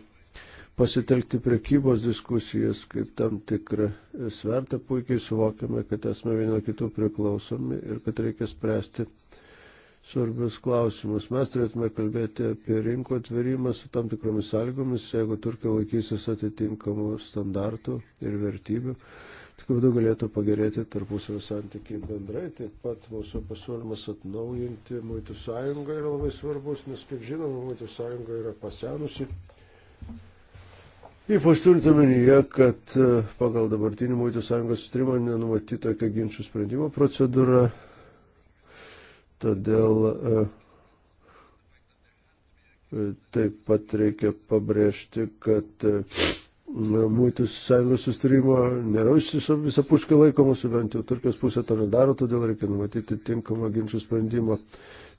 pasitelkti prekybos diskusijas kaip tam tikrą svertą, puikiai suvokiame, kad esame vieno kitų priklausomi ir kad reikia spręsti svarbius klausimus. Mes turėtume kalbėti apie rinkų atverimą su tam tikromis sąlygomis, jeigu Turkija laikysis atitinkamų standartų ir vertybių. Tik būdu galėtų pagerėti tarpusavio santykiai bendrai, taip pat mūsų pasiūlymas atnaujinti Muitų sąjungą yra labai svarbus, nes, kaip žinoma, Muitų sąjunga yra pasenusi. Ypač turint omenyje, kad e, pagal dabartinį Muitų sąjungos sustrimą nenumatyta jokia ginčių sprendimo procedūra, Todėl e, e, taip pat reikia pabrėžti, kad e, Mūtų sąjungos sustarimo nėra visapuškai laikomas, bent jau Turkijos pusė to nedaro, todėl reikia numatyti tinkamą ginčių sprendimo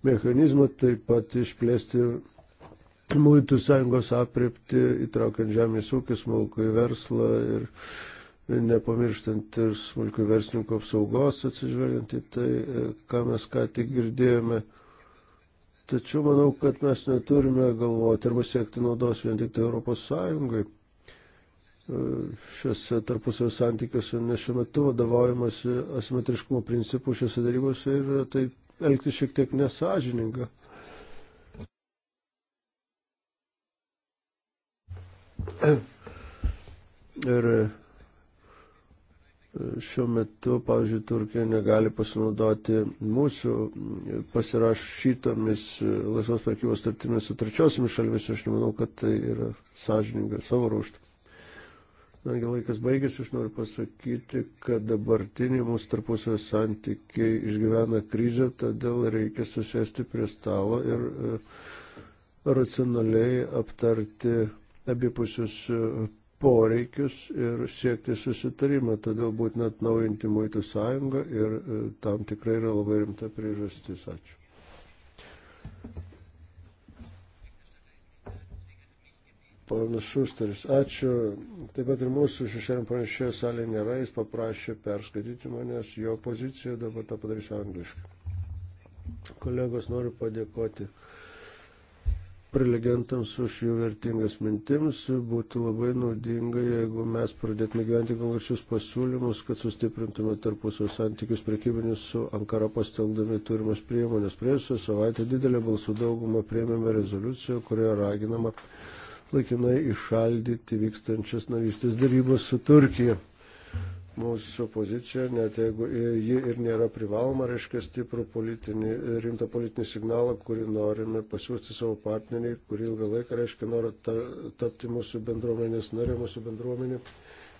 mechanizmą, taip pat išplėsti Mūtų sąjungos apriepti, įtraukiant žemės ūkį, smulkų į verslą ir uh, nepamirštant ir smulkių verslininkų apsaugos, atsižvelgiant į tai, e, ką mes ką tik girdėjome. Tačiau manau, kad mes neturime galvoti arba siekti naudos vien tik tai Europos Sąjungai. E, šiuose tarpusavio santykiuose, nes šiuo metu vadovaujamas asimetriškumo principų šiuose darybose ir tai elgti šiek tiek nesažininga. Ir šiuo metu, pavyzdžiui, Turkija negali pasinaudoti mūsų pasirašytomis laisvos prekybos tartimis su trečiosiomis šalimis. Aš nemanau, kad tai yra sąžininga savo ruoštų. Nagi laikas baigėsi, aš noriu pasakyti, kad dabartiniai mūsų tarpusavio santykiai išgyvena krizę, todėl reikia susėsti prie stalo ir e, racionaliai aptarti abipusius e, poreikius ir siekti susitarimą, todėl būtina atnaujinti muitų sąjungą ir e, tam tikrai yra labai rimta priežastis. Ačiū. Ponas Šusteris, ačiū. Taip pat ir mūsų šešėlėm pranešėjo salė nėra, jis paprašė perskaityti manęs jo poziciją, dabar tą padarysiu angliškai. Kolegos, noriu padėkoti prelegentams už jų vertingas mintims. Būtų labai naudinga, jeigu mes pradėtume gyventi konkrečius pasiūlymus, kad sustiprintume tarpusio santykius prekybinius su Ankara pasteldami turimas priemonės. Praėjusią savaitę didelę balsų daugumą priėmėme rezoliuciją, kurioje raginama laikinai išaldyti vykstančias narystės darybas su Turkija mūsų poziciją, net jeigu ir ji ir nėra privaloma, reiškia stiprų politinį, rimtą politinį signalą, kurį norime pasiūsti savo partneriai, kurį ilgą laiką, reiškia, norą ta, tapti mūsų bendruomenės narė, mūsų bendruomenė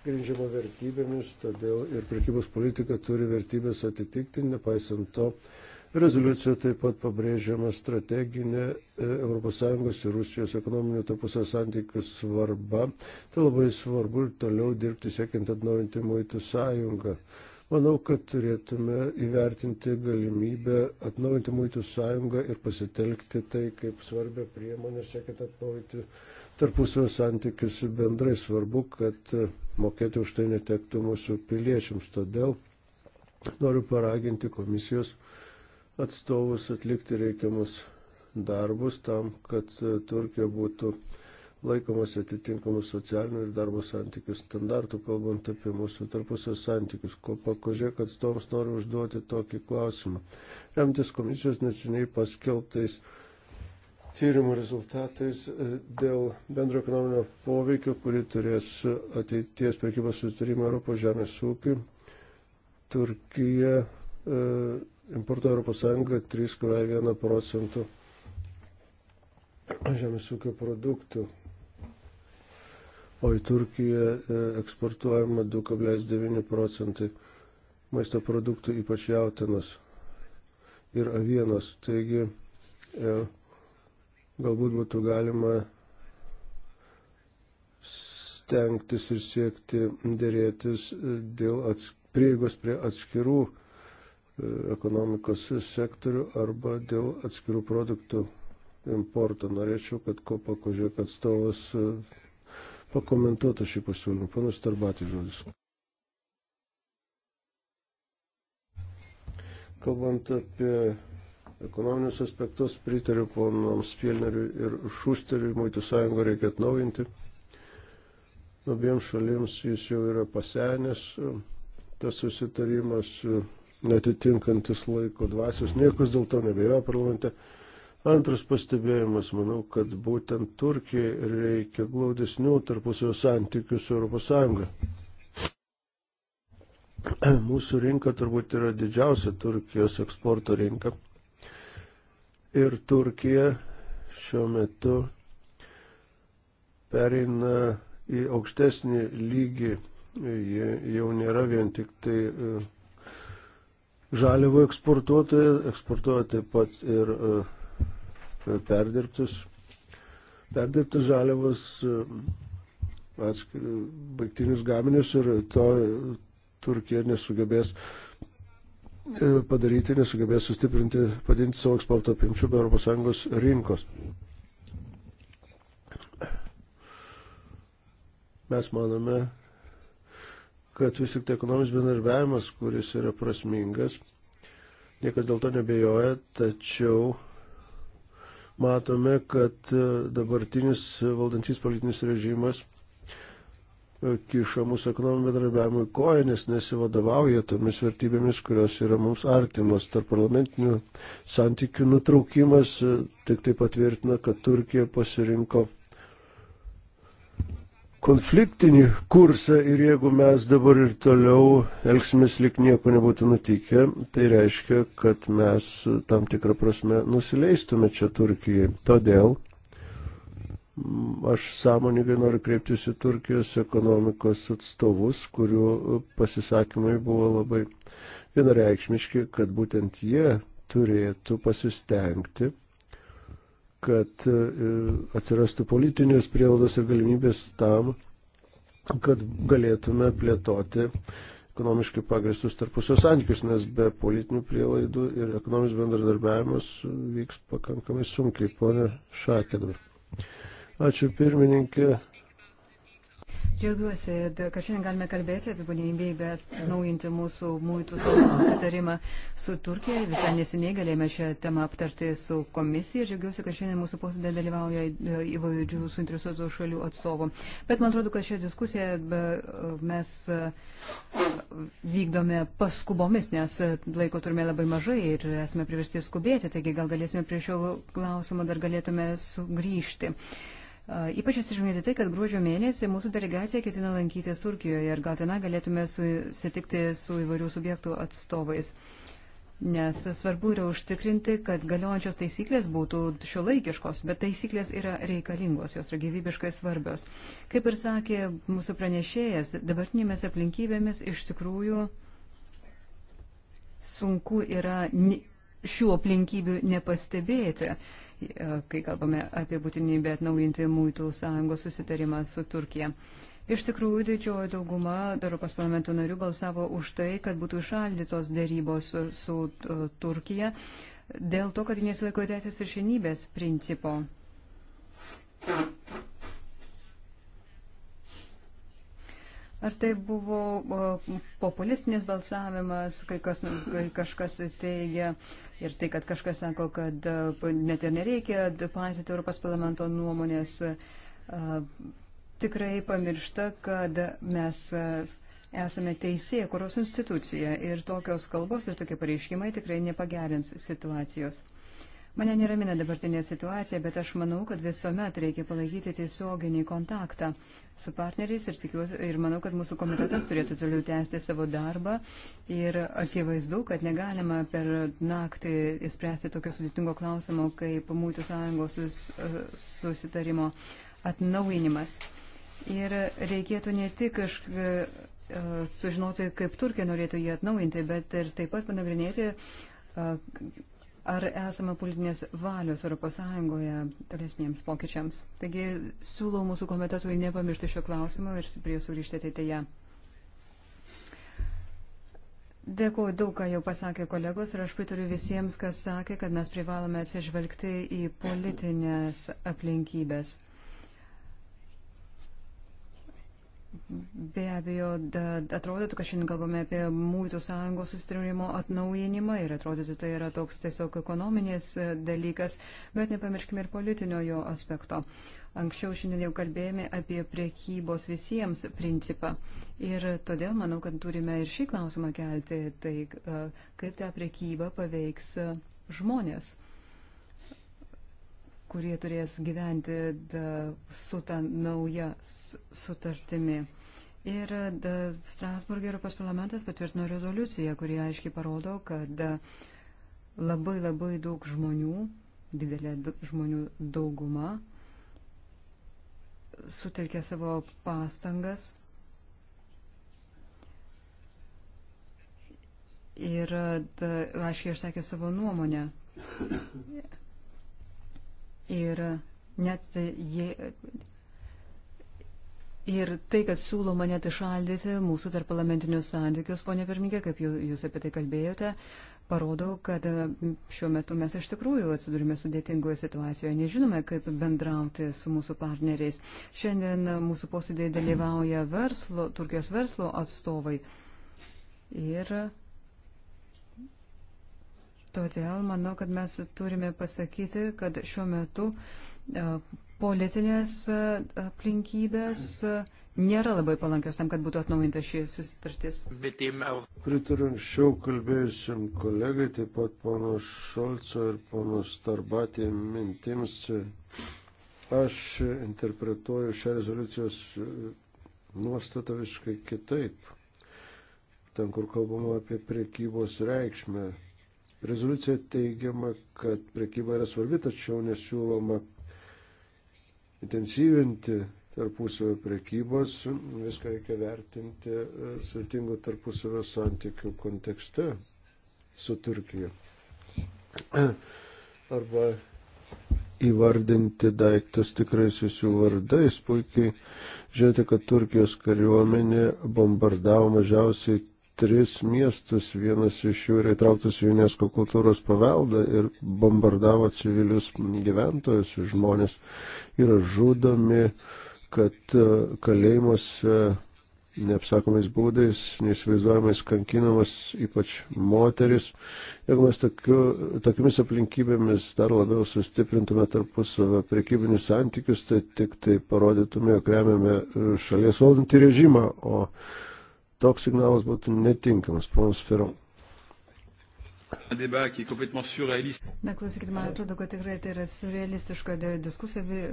grindžiama vertybėmis, todėl ir prekybos politika turi vertybės atitikti, nepaisant to, Rezoliucija taip pat pabrėžiama strateginė e, ES ir Rusijos ekonominio tarpusio santykių svarba. Tai labai svarbu ir toliau dirbti siekiant atnaujinti muitų sąjungą. Manau, kad turėtume įvertinti galimybę atnaujinti muitų sąjungą ir pasitelkti tai kaip svarbę priemonę, siekiant atnaujinti tarpusavio santykius bendrai. Svarbu, kad e, mokėti už tai netektų mūsų piliečiams. Todėl noriu paraginti komisijos atstovus atlikti reikiamus darbus tam, kad e, Turkija būtų laikomas atitinkamų socialinių ir darbo santykių standartų, kalbant apie mūsų tarpusio santykius. Ko pakožėk atstovams noriu užduoti tokį klausimą. Remtis komisijos neseniai paskelbtais tyrimų rezultatais e, dėl bendro ekonominio poveikio, kurį turės ateities prekybos susitarimą Europos žemės ūkiui, Turkija e, importo Europos Sąjunga 3,1 procentų žemės ūkio produktų, o į Turkiją e, eksportuojama 2,9 procentai maisto produktų, ypač jautinos ir avienos. Taigi e, galbūt būtų galima stengtis ir siekti dėrėtis e, dėl ats... prieigos prie atskirų E, ekonomikos sektorių arba dėl atskirų produktų importo. Norėčiau, kad Kopa Kožėk atstovas e, pakomentuotų šį pasiūlymą. Panas Tarbatį žodis. Kalbant apie ekonominius aspektus, pritariu ponams Fielneriui ir Šusteriui, Muitų sąjungą reikia atnaujinti. Abiems šalims jis jau yra pasenęs, tas susitarimas netitinkantis laiko dvasios. Niekas dėl to nebejoja parlamente. Antras pastebėjimas, manau, kad būtent Turkijai reikia glaudesnių tarpusio santykių su ES. Mūsų rinka turbūt yra didžiausia Turkijos eksporto rinka. Ir Turkija šiuo metu pereina į aukštesnį lygį. Jie jau nėra vien tik tai e, žaliavų eksportuotoja, eksportuoja taip pat ir e, perdirbtus, perdirbtus žaliavas, e, atskir, baigtinius gaminius ir to Turkija nesugebės e, padaryti, nesugebės sustiprinti, padinti savo eksporto apimčių be ES rinkos. Mes manome, kad vis tik tai ekonominis bendarbiavimas, kuris yra prasmingas, niekas dėl to nebejoja, tačiau matome, kad e, dabartinis valdantis politinis režimas e, kiša mūsų ekonominio bendradarbiavimo į koją, nes nesivadovauja tomis vertybėmis, kurios yra mums artimos. Tarp parlamentinių santykių nutraukimas e, tik tai patvirtina, kad Turkija pasirinko konfliktinį kursą ir jeigu mes dabar ir toliau elgsimės lik nieko nebūtų nutikę, tai reiškia, kad mes tam tikrą prasme nusileistume čia Turkijai. Todėl aš sąmoningai noriu kreiptis į Turkijos ekonomikos atstovus, kurių pasisakymai buvo labai vienareikšmiški, kad būtent jie turėtų pasistengti kad e, atsirastų politinės prielaidos ir galimybės tam, kad galėtume plėtoti ekonomiškai pagristus tarpusio santykius, nes be politinių prielaidų ir ekonominis bendradarbiavimas vyks pakankamai sunkiai, ponė Šakė dabar. Ačiū pirmininkė, Džiaugiuosi, kad šiandien galime kalbėti apie būnėjimybę atnaujinti mūsų muitų susitarimą su Turkija. Visai neseniai galėjome šią temą aptarti su komisija. Džiaugiuosi, kad šiandien mūsų posėdė dalyvauja e, įvairių suinteresuotų šalių atstovų. Bet man atrodo, kad šią diskusiją mes e, vykdome paskubomis, nes e, laiko turime labai mažai ir esame priversti skubėti. Taigi gal galėsime prie šio klausimo dar galėtume sugrįžti. Ypač atsižvelgiant į tai, kad gruodžio mėnesį mūsų delegacija ketina lankytis Turkijoje ir gal tenai galėtume susitikti su įvairių subjektų atstovais. Nes svarbu yra užtikrinti, kad galiojančios taisyklės būtų šiuolaikiškos, bet taisyklės yra reikalingos, jos yra gyvybiškai svarbios. Kaip ir sakė mūsų pranešėjas, dabartinėmis aplinkybėmis iš tikrųjų sunku yra šių aplinkybių nepastebėti kai kalbame apie būtinybę atnaujinti Mūtų sąjungos susitarimą su Turkija. Iš tikrųjų, didžioji dauguma Europos parlamento narių balsavo už tai, kad būtų išaldytos dėrybos su, su e, Turkija dėl to, kad nesilaiko teisės viršinybės principo. Ar tai buvo e, populistinis balsavimas, kai, kas, kai kažkas teigia, Ir tai, kad kažkas sako, kad e, net ir nereikia paisyti Europos parlamento nuomonės, e, tikrai pamiršta, kad mes e, esame teisėje, kurios institucija ir tokios kalbos ir tokie pareiškimai tikrai nepagerins situacijos. Mane neramina dabartinė situacija, bet aš manau, kad visuomet reikia palaikyti tiesioginį kontaktą su partneriais ir, tikiuosi, ir manau, kad mūsų komitetas turėtų toliau tęsti savo darbą ir akivaizdu, kad negalima per naktį įspręsti tokio sudėtingo klausimo kaip Mūtų sąjungos sus, susitarimo atnauinimas. Ir reikėtų ne tik iš e, sužinoti, kaip Turkija norėtų jį atnaujinti, bet ir taip pat panagrinėti, e, ar esame politinės valios ES tolesniems pokyčiams. Taigi siūlau mūsų komitetui nepamiršti šio klausimo ir prie surišti ateityje. Dėkuoju daug, ką jau pasakė kolegos ir aš pritariu visiems, kas sakė, kad mes privalome atsižvelgti į politinės aplinkybės. Be abejo, da, atrodytų, kad šiandien kalbame apie mūtų sąjungos susitarimo atnaujinimą ir atrodytų, tai yra toks tiesiog ekonominis e, dalykas, bet nepamirškime ir politinio jo aspekto. Anksčiau šiandien jau kalbėjome apie priekybos visiems principą ir todėl manau, kad turime ir šį klausimą kelti, tai e, kaip ta priekyba paveiks e, žmonės kurie turės gyventi da, su ta nauja sutartimi. Ir Strasburgė Europos parlamentas patvirtino rezoliuciją, kurie aiškiai parodo, kad da, labai labai daug žmonių, didelė žmonių dauguma, sutelkė savo pastangas ir da, aiškiai išsakė savo nuomonę. Ir net jie. Ir tai, kad siūloma net išaldyti mūsų tarp parlamentinius santykius, ponė pirmininkė, kaip jūs apie tai kalbėjote, parodo, kad šiuo metu mes iš tikrųjų atsidurime sudėtingoje situacijoje, nežinome, kaip bendrauti su mūsų partneriais. Šiandien mūsų posėdėje dalyvauja verslo, Turkijos verslo atstovai. Ir Todėl manau, kad mes turime pasakyti, kad šiuo metu e, politinės e, aplinkybės e, nėra labai palankios tam, kad būtų atnaujinta ši susitartis. Pritariu anksčiau kalbėjusim kolegai, taip pat pono Šolco ir pono Starbatė mintims. Aš interpretuoju šią rezoliucijos nuostatą visiškai kitaip. Ten, kur kalbama apie priekybos reikšmę, Rezoliucija teigiama, kad prekyba yra svarbi, tačiau nesiūloma intensyvinti tarpusavio prekybos, viską reikia vertinti e, sudėtingų tarpusavio santykių kontekste su Turkija. Arba įvardinti daiktus tikrais visų vardais. Puikiai žinote, kad Turkijos kariuomenė bombardavo mažiausiai tris miestus, vienas iš jų yra įtrauktas į UNESCO kultūros paveldą ir bombardavo civilius gyventojus, žmonės yra žudomi, kad e, kalėjimuose neapsakomais būdais, neįsivaizduojamais kankinamas ypač moteris. Jeigu mes tokiu, tokiamis aplinkybėmis dar labiau sustiprintume tarpusavę prekybinius santykius, tai tik tai parodytume, jog remiame šalies valdantį režimą, o Toks signalas būtų netinkamas, ponas Ferro. Na, klausykit, man atrodo, kad tikrai tai yra surrealistiška diskusija.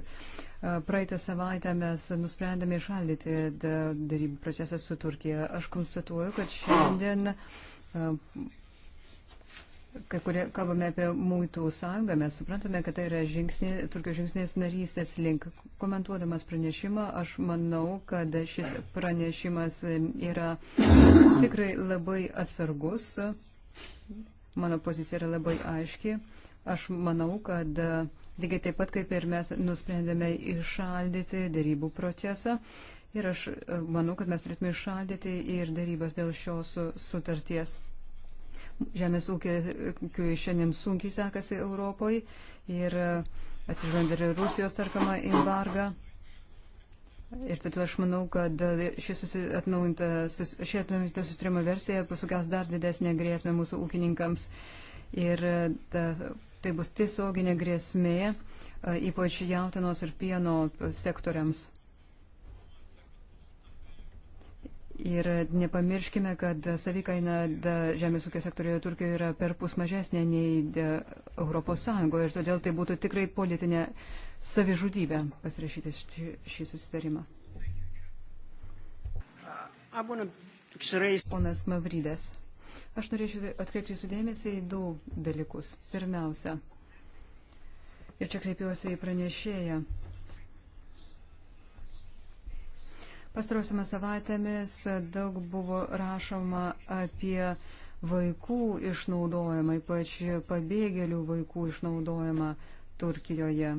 Praeitą savaitę mes nusprendėme išaldyti darybų procesą su Turkija. Aš konstatuoju, kad šiandien kai kurie, kalbame apie mūtų sąjungą, mes suprantame, kad tai yra žingsnė, Turkijos žingsnės narystės link. Komentuodamas pranešimą, aš manau, kad šis pranešimas yra tikrai labai atsargus. Mano pozicija yra labai aiški. Aš manau, kad lygiai taip pat kaip ir mes nusprendėme išaldyti darybų procesą. Ir aš e, manau, kad mes turėtume išaldyti ir darybas dėl šios sutarties. Žemės ūkiai šiandien sunkiai sekasi Europoje ir e, atsižvelgiant ir Rusijos tarkamą embargą. Ir todėl aš manau, kad e, ši atnaujinta susitrimo versija pasukęs dar didesnę grėsmę mūsų ūkininkams. Ir e, ta, tai bus tiesioginė grėsmė, ypač jautinos ir pieno sektoriams. Ir nepamirškime, kad savikaina žemės ūkio sektorijoje Turkijoje yra per pus mažesnė nei Europos Sąjungoje ir todėl tai būtų tikrai politinė savižudybė pasirašyti šį, šį susitarimą. Ponas Mavrydės. Aš norėčiau atkreipti jūsų dėmesį į du dalykus. Pirmiausia, ir čia kreipiuosi į pranešėją. Pastarosiomis savaitėmis daug buvo rašoma apie vaikų išnaudojimą, ypač pabėgėlių vaikų išnaudojimą Turkijoje.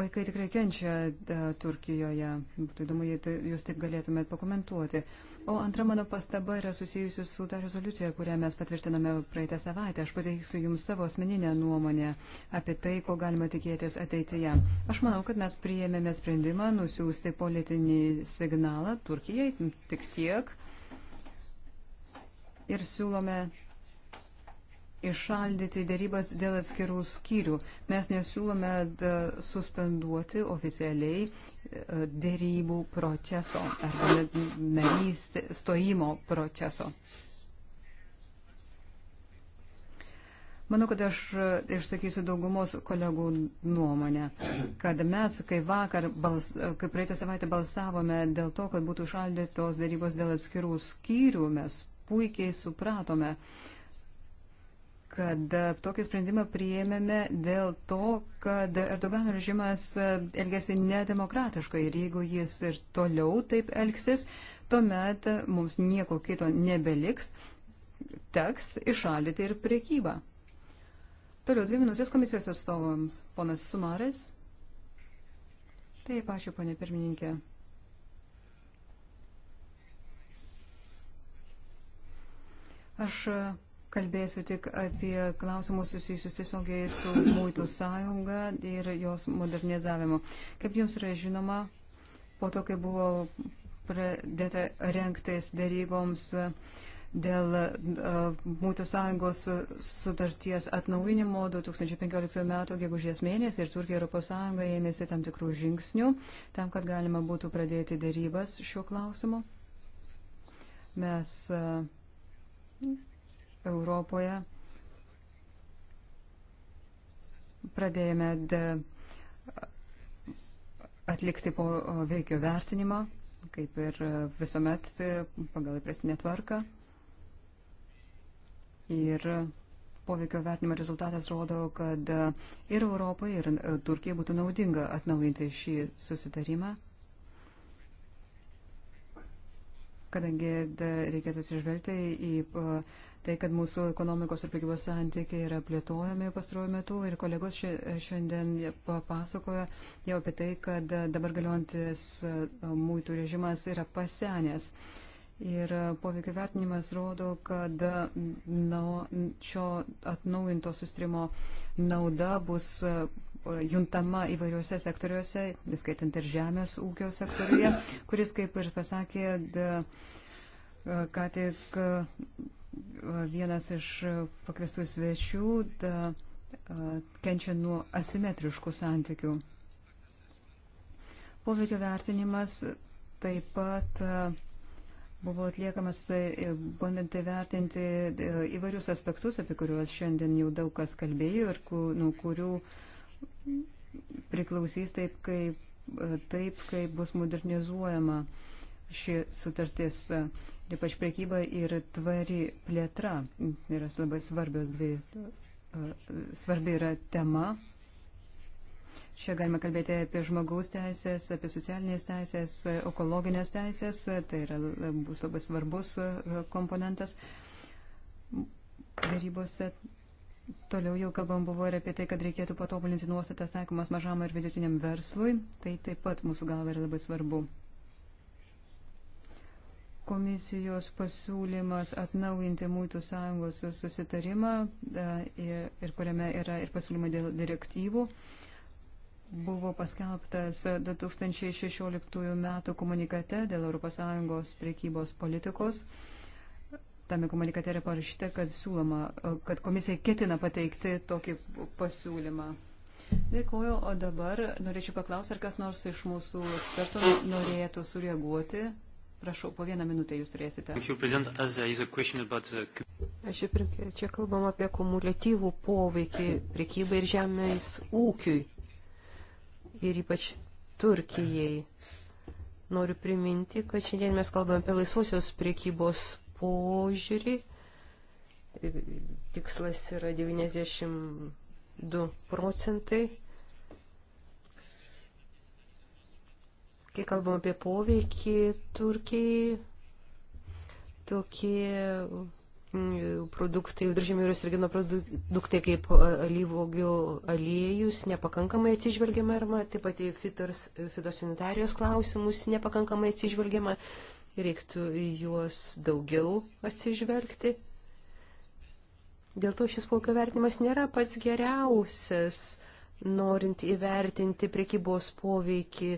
Vaikai tikrai kenčia da, e, Turkijoje. Tai įdomu, jei tai, jūs taip galėtumėt pakomentuoti. Uh, O antra mano pastaba yra susijusi su ta rezoliucija, kurią mes patvirtinome praeitą savaitę. Aš pateiksiu Jums savo asmeninę nuomonę apie tai, ko galima tikėtis ateityje. Aš manau, kad mes priėmėme sprendimą nusiųsti politinį signalą Turkijai tik tiek ir siūlome išaldyti dėrybas dėl atskirų skyrių. Mes nesiūlome suspenduoti oficialiai dėrybų proceso arba narystės stojimo proceso. Manau, kad aš išsakysiu daugumos kolegų nuomonę, kad mes, kai vakar, bals, kai praeitą savaitę balsavome dėl to, kad būtų šaldytos darybos dėl atskirų skyrių, mes puikiai supratome, uh, kad tokį sprendimą priėmėme dėl to, kad Erdogano režimas e, elgesi nedemokratiškai ir jeigu jis ir toliau taip elgsis, tuomet mums nieko kito nebeliks, teks išalyti ir priekybą. Toliau dvi minutės komisijos atstovams. Ponas Sumaris. Taip, ačiū, ponė pirmininkė. Aš kalbėsiu tik apie klausimus susijusius tiesiogiai su Mūtų sąjunga ir jos modernizavimu. Kaip jums yra žinoma, po to, kai buvo pradėta renktis daryboms dėl Mūtų sąjungos sutarties atnaujinimo 2015 m. gegužės mėnesį ir Turkija Europos sąjunga ėmėsi tam tikrų žingsnių tam, kad galima būtų pradėti darybas šiuo klausimu. Mes uh, Europoje pradėjome atlikti po veikio vertinimą, kaip ir visuomet pagal įprastinę tvarką. Ir poveikio vertinimo rezultatas rodo, kad ir Europai, ir Turkijai būtų naudinga atnaujinti šį susitarimą, kadangi reikėtų atsižvelgti į tai, kad mūsų ekonomikos ir prekybos santykiai yra plėtojami pastaruoju metu ir kolegos šiandien papasakojo jau apie tai, kad dabar galiojantis e, mūtų režimas yra pasenęs. Ir poveikio vertinimas rodo, kad na, šio atnaujinto sustrimo nauda bus e, juntama įvairiuose sektoriuose, įskaitant ir žemės ūkio sektoriuje, kuris, kaip ir pasakė, e, ką tik vienas iš pakviestų svečių da, kenčia nuo asimetriškų santykių. Poveikio vertinimas taip pat buvo atliekamas, bandant įvertinti įvairius aspektus, apie kuriuos šiandien jau daug kas kalbėjo ir nuo kurių priklausys taip, kaip, taip, kaip bus modernizuojama ši sutartis ypač priekyba ir tvari plėtra yra labai svarbios dvi, svarbi yra tema. Čia galime kalbėti apie žmogaus teisės, apie socialinės teisės, ekologinės teisės, tai yra bus labai svarbus komponentas darybose. Toliau jau kalbam buvo ir apie tai, kad reikėtų patobulinti nuostatas taikomas mažam ir vidutiniam verslui. Tai taip pat mūsų galva yra labai svarbu komisijos pasiūlymas atnaujinti Mūtų sąjungos susitarimą e, ir, ir kuriame yra ir pasiūlymai dėl direktyvų buvo paskelbtas 2016 m. komunikate dėl ES priekybos politikos. Tame komunikate yra parašyta, kad, siūloma, e, kad komisija ketina pateikti tokį pasiūlymą. Dėkuoju, o dabar norėčiau paklausti, ar kas nors iš mūsų ekspertų norėtų sureaguoti Prašau, po vieną minutę jūs turėsite. Aš jau čia kalbam apie kumuliatyvų poveikį prekybai ir žemės ūkiui ir ypač Turkijai. Noriu priminti, kad šiandien mes kalbame apie laisvosios priekybos požiūrį. Tikslas yra 92 procentai Kai kalbam apie poveikį Turkijai, tokie mm, produktai, viduržėmio jūros regiono produktai kaip alyvogių aliejus nepakankamai atsižvelgiama ir taip pat į fitos, fitosanitarijos klausimus nepakankamai atsižvelgiama, reiktų į juos daugiau atsižvelgti. Dėl to šis poveikio vertinimas nėra pats geriausias, norint įvertinti prekybos poveikį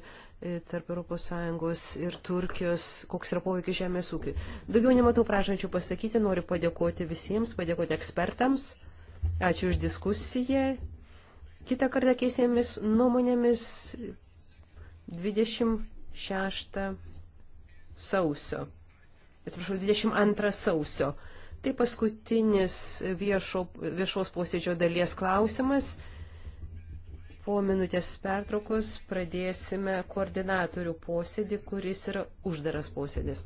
E, tarp ES ir Turkijos, koks yra poveikis žemės ūkiui. Daugiau nematau prašančių pasakyti, noriu padėkoti visiems, padėkoti ekspertams. Ačiū už diskusiją. Kita kartą keisėmis nuomonėmis 26 sausio. Atsiprašau, 22 sausio. Tai paskutinis viešo, viešos posėdžio dalies klausimas. Po minutės pertraukos pradėsime koordinatorių posėdį, kuris yra uždaras posėdis.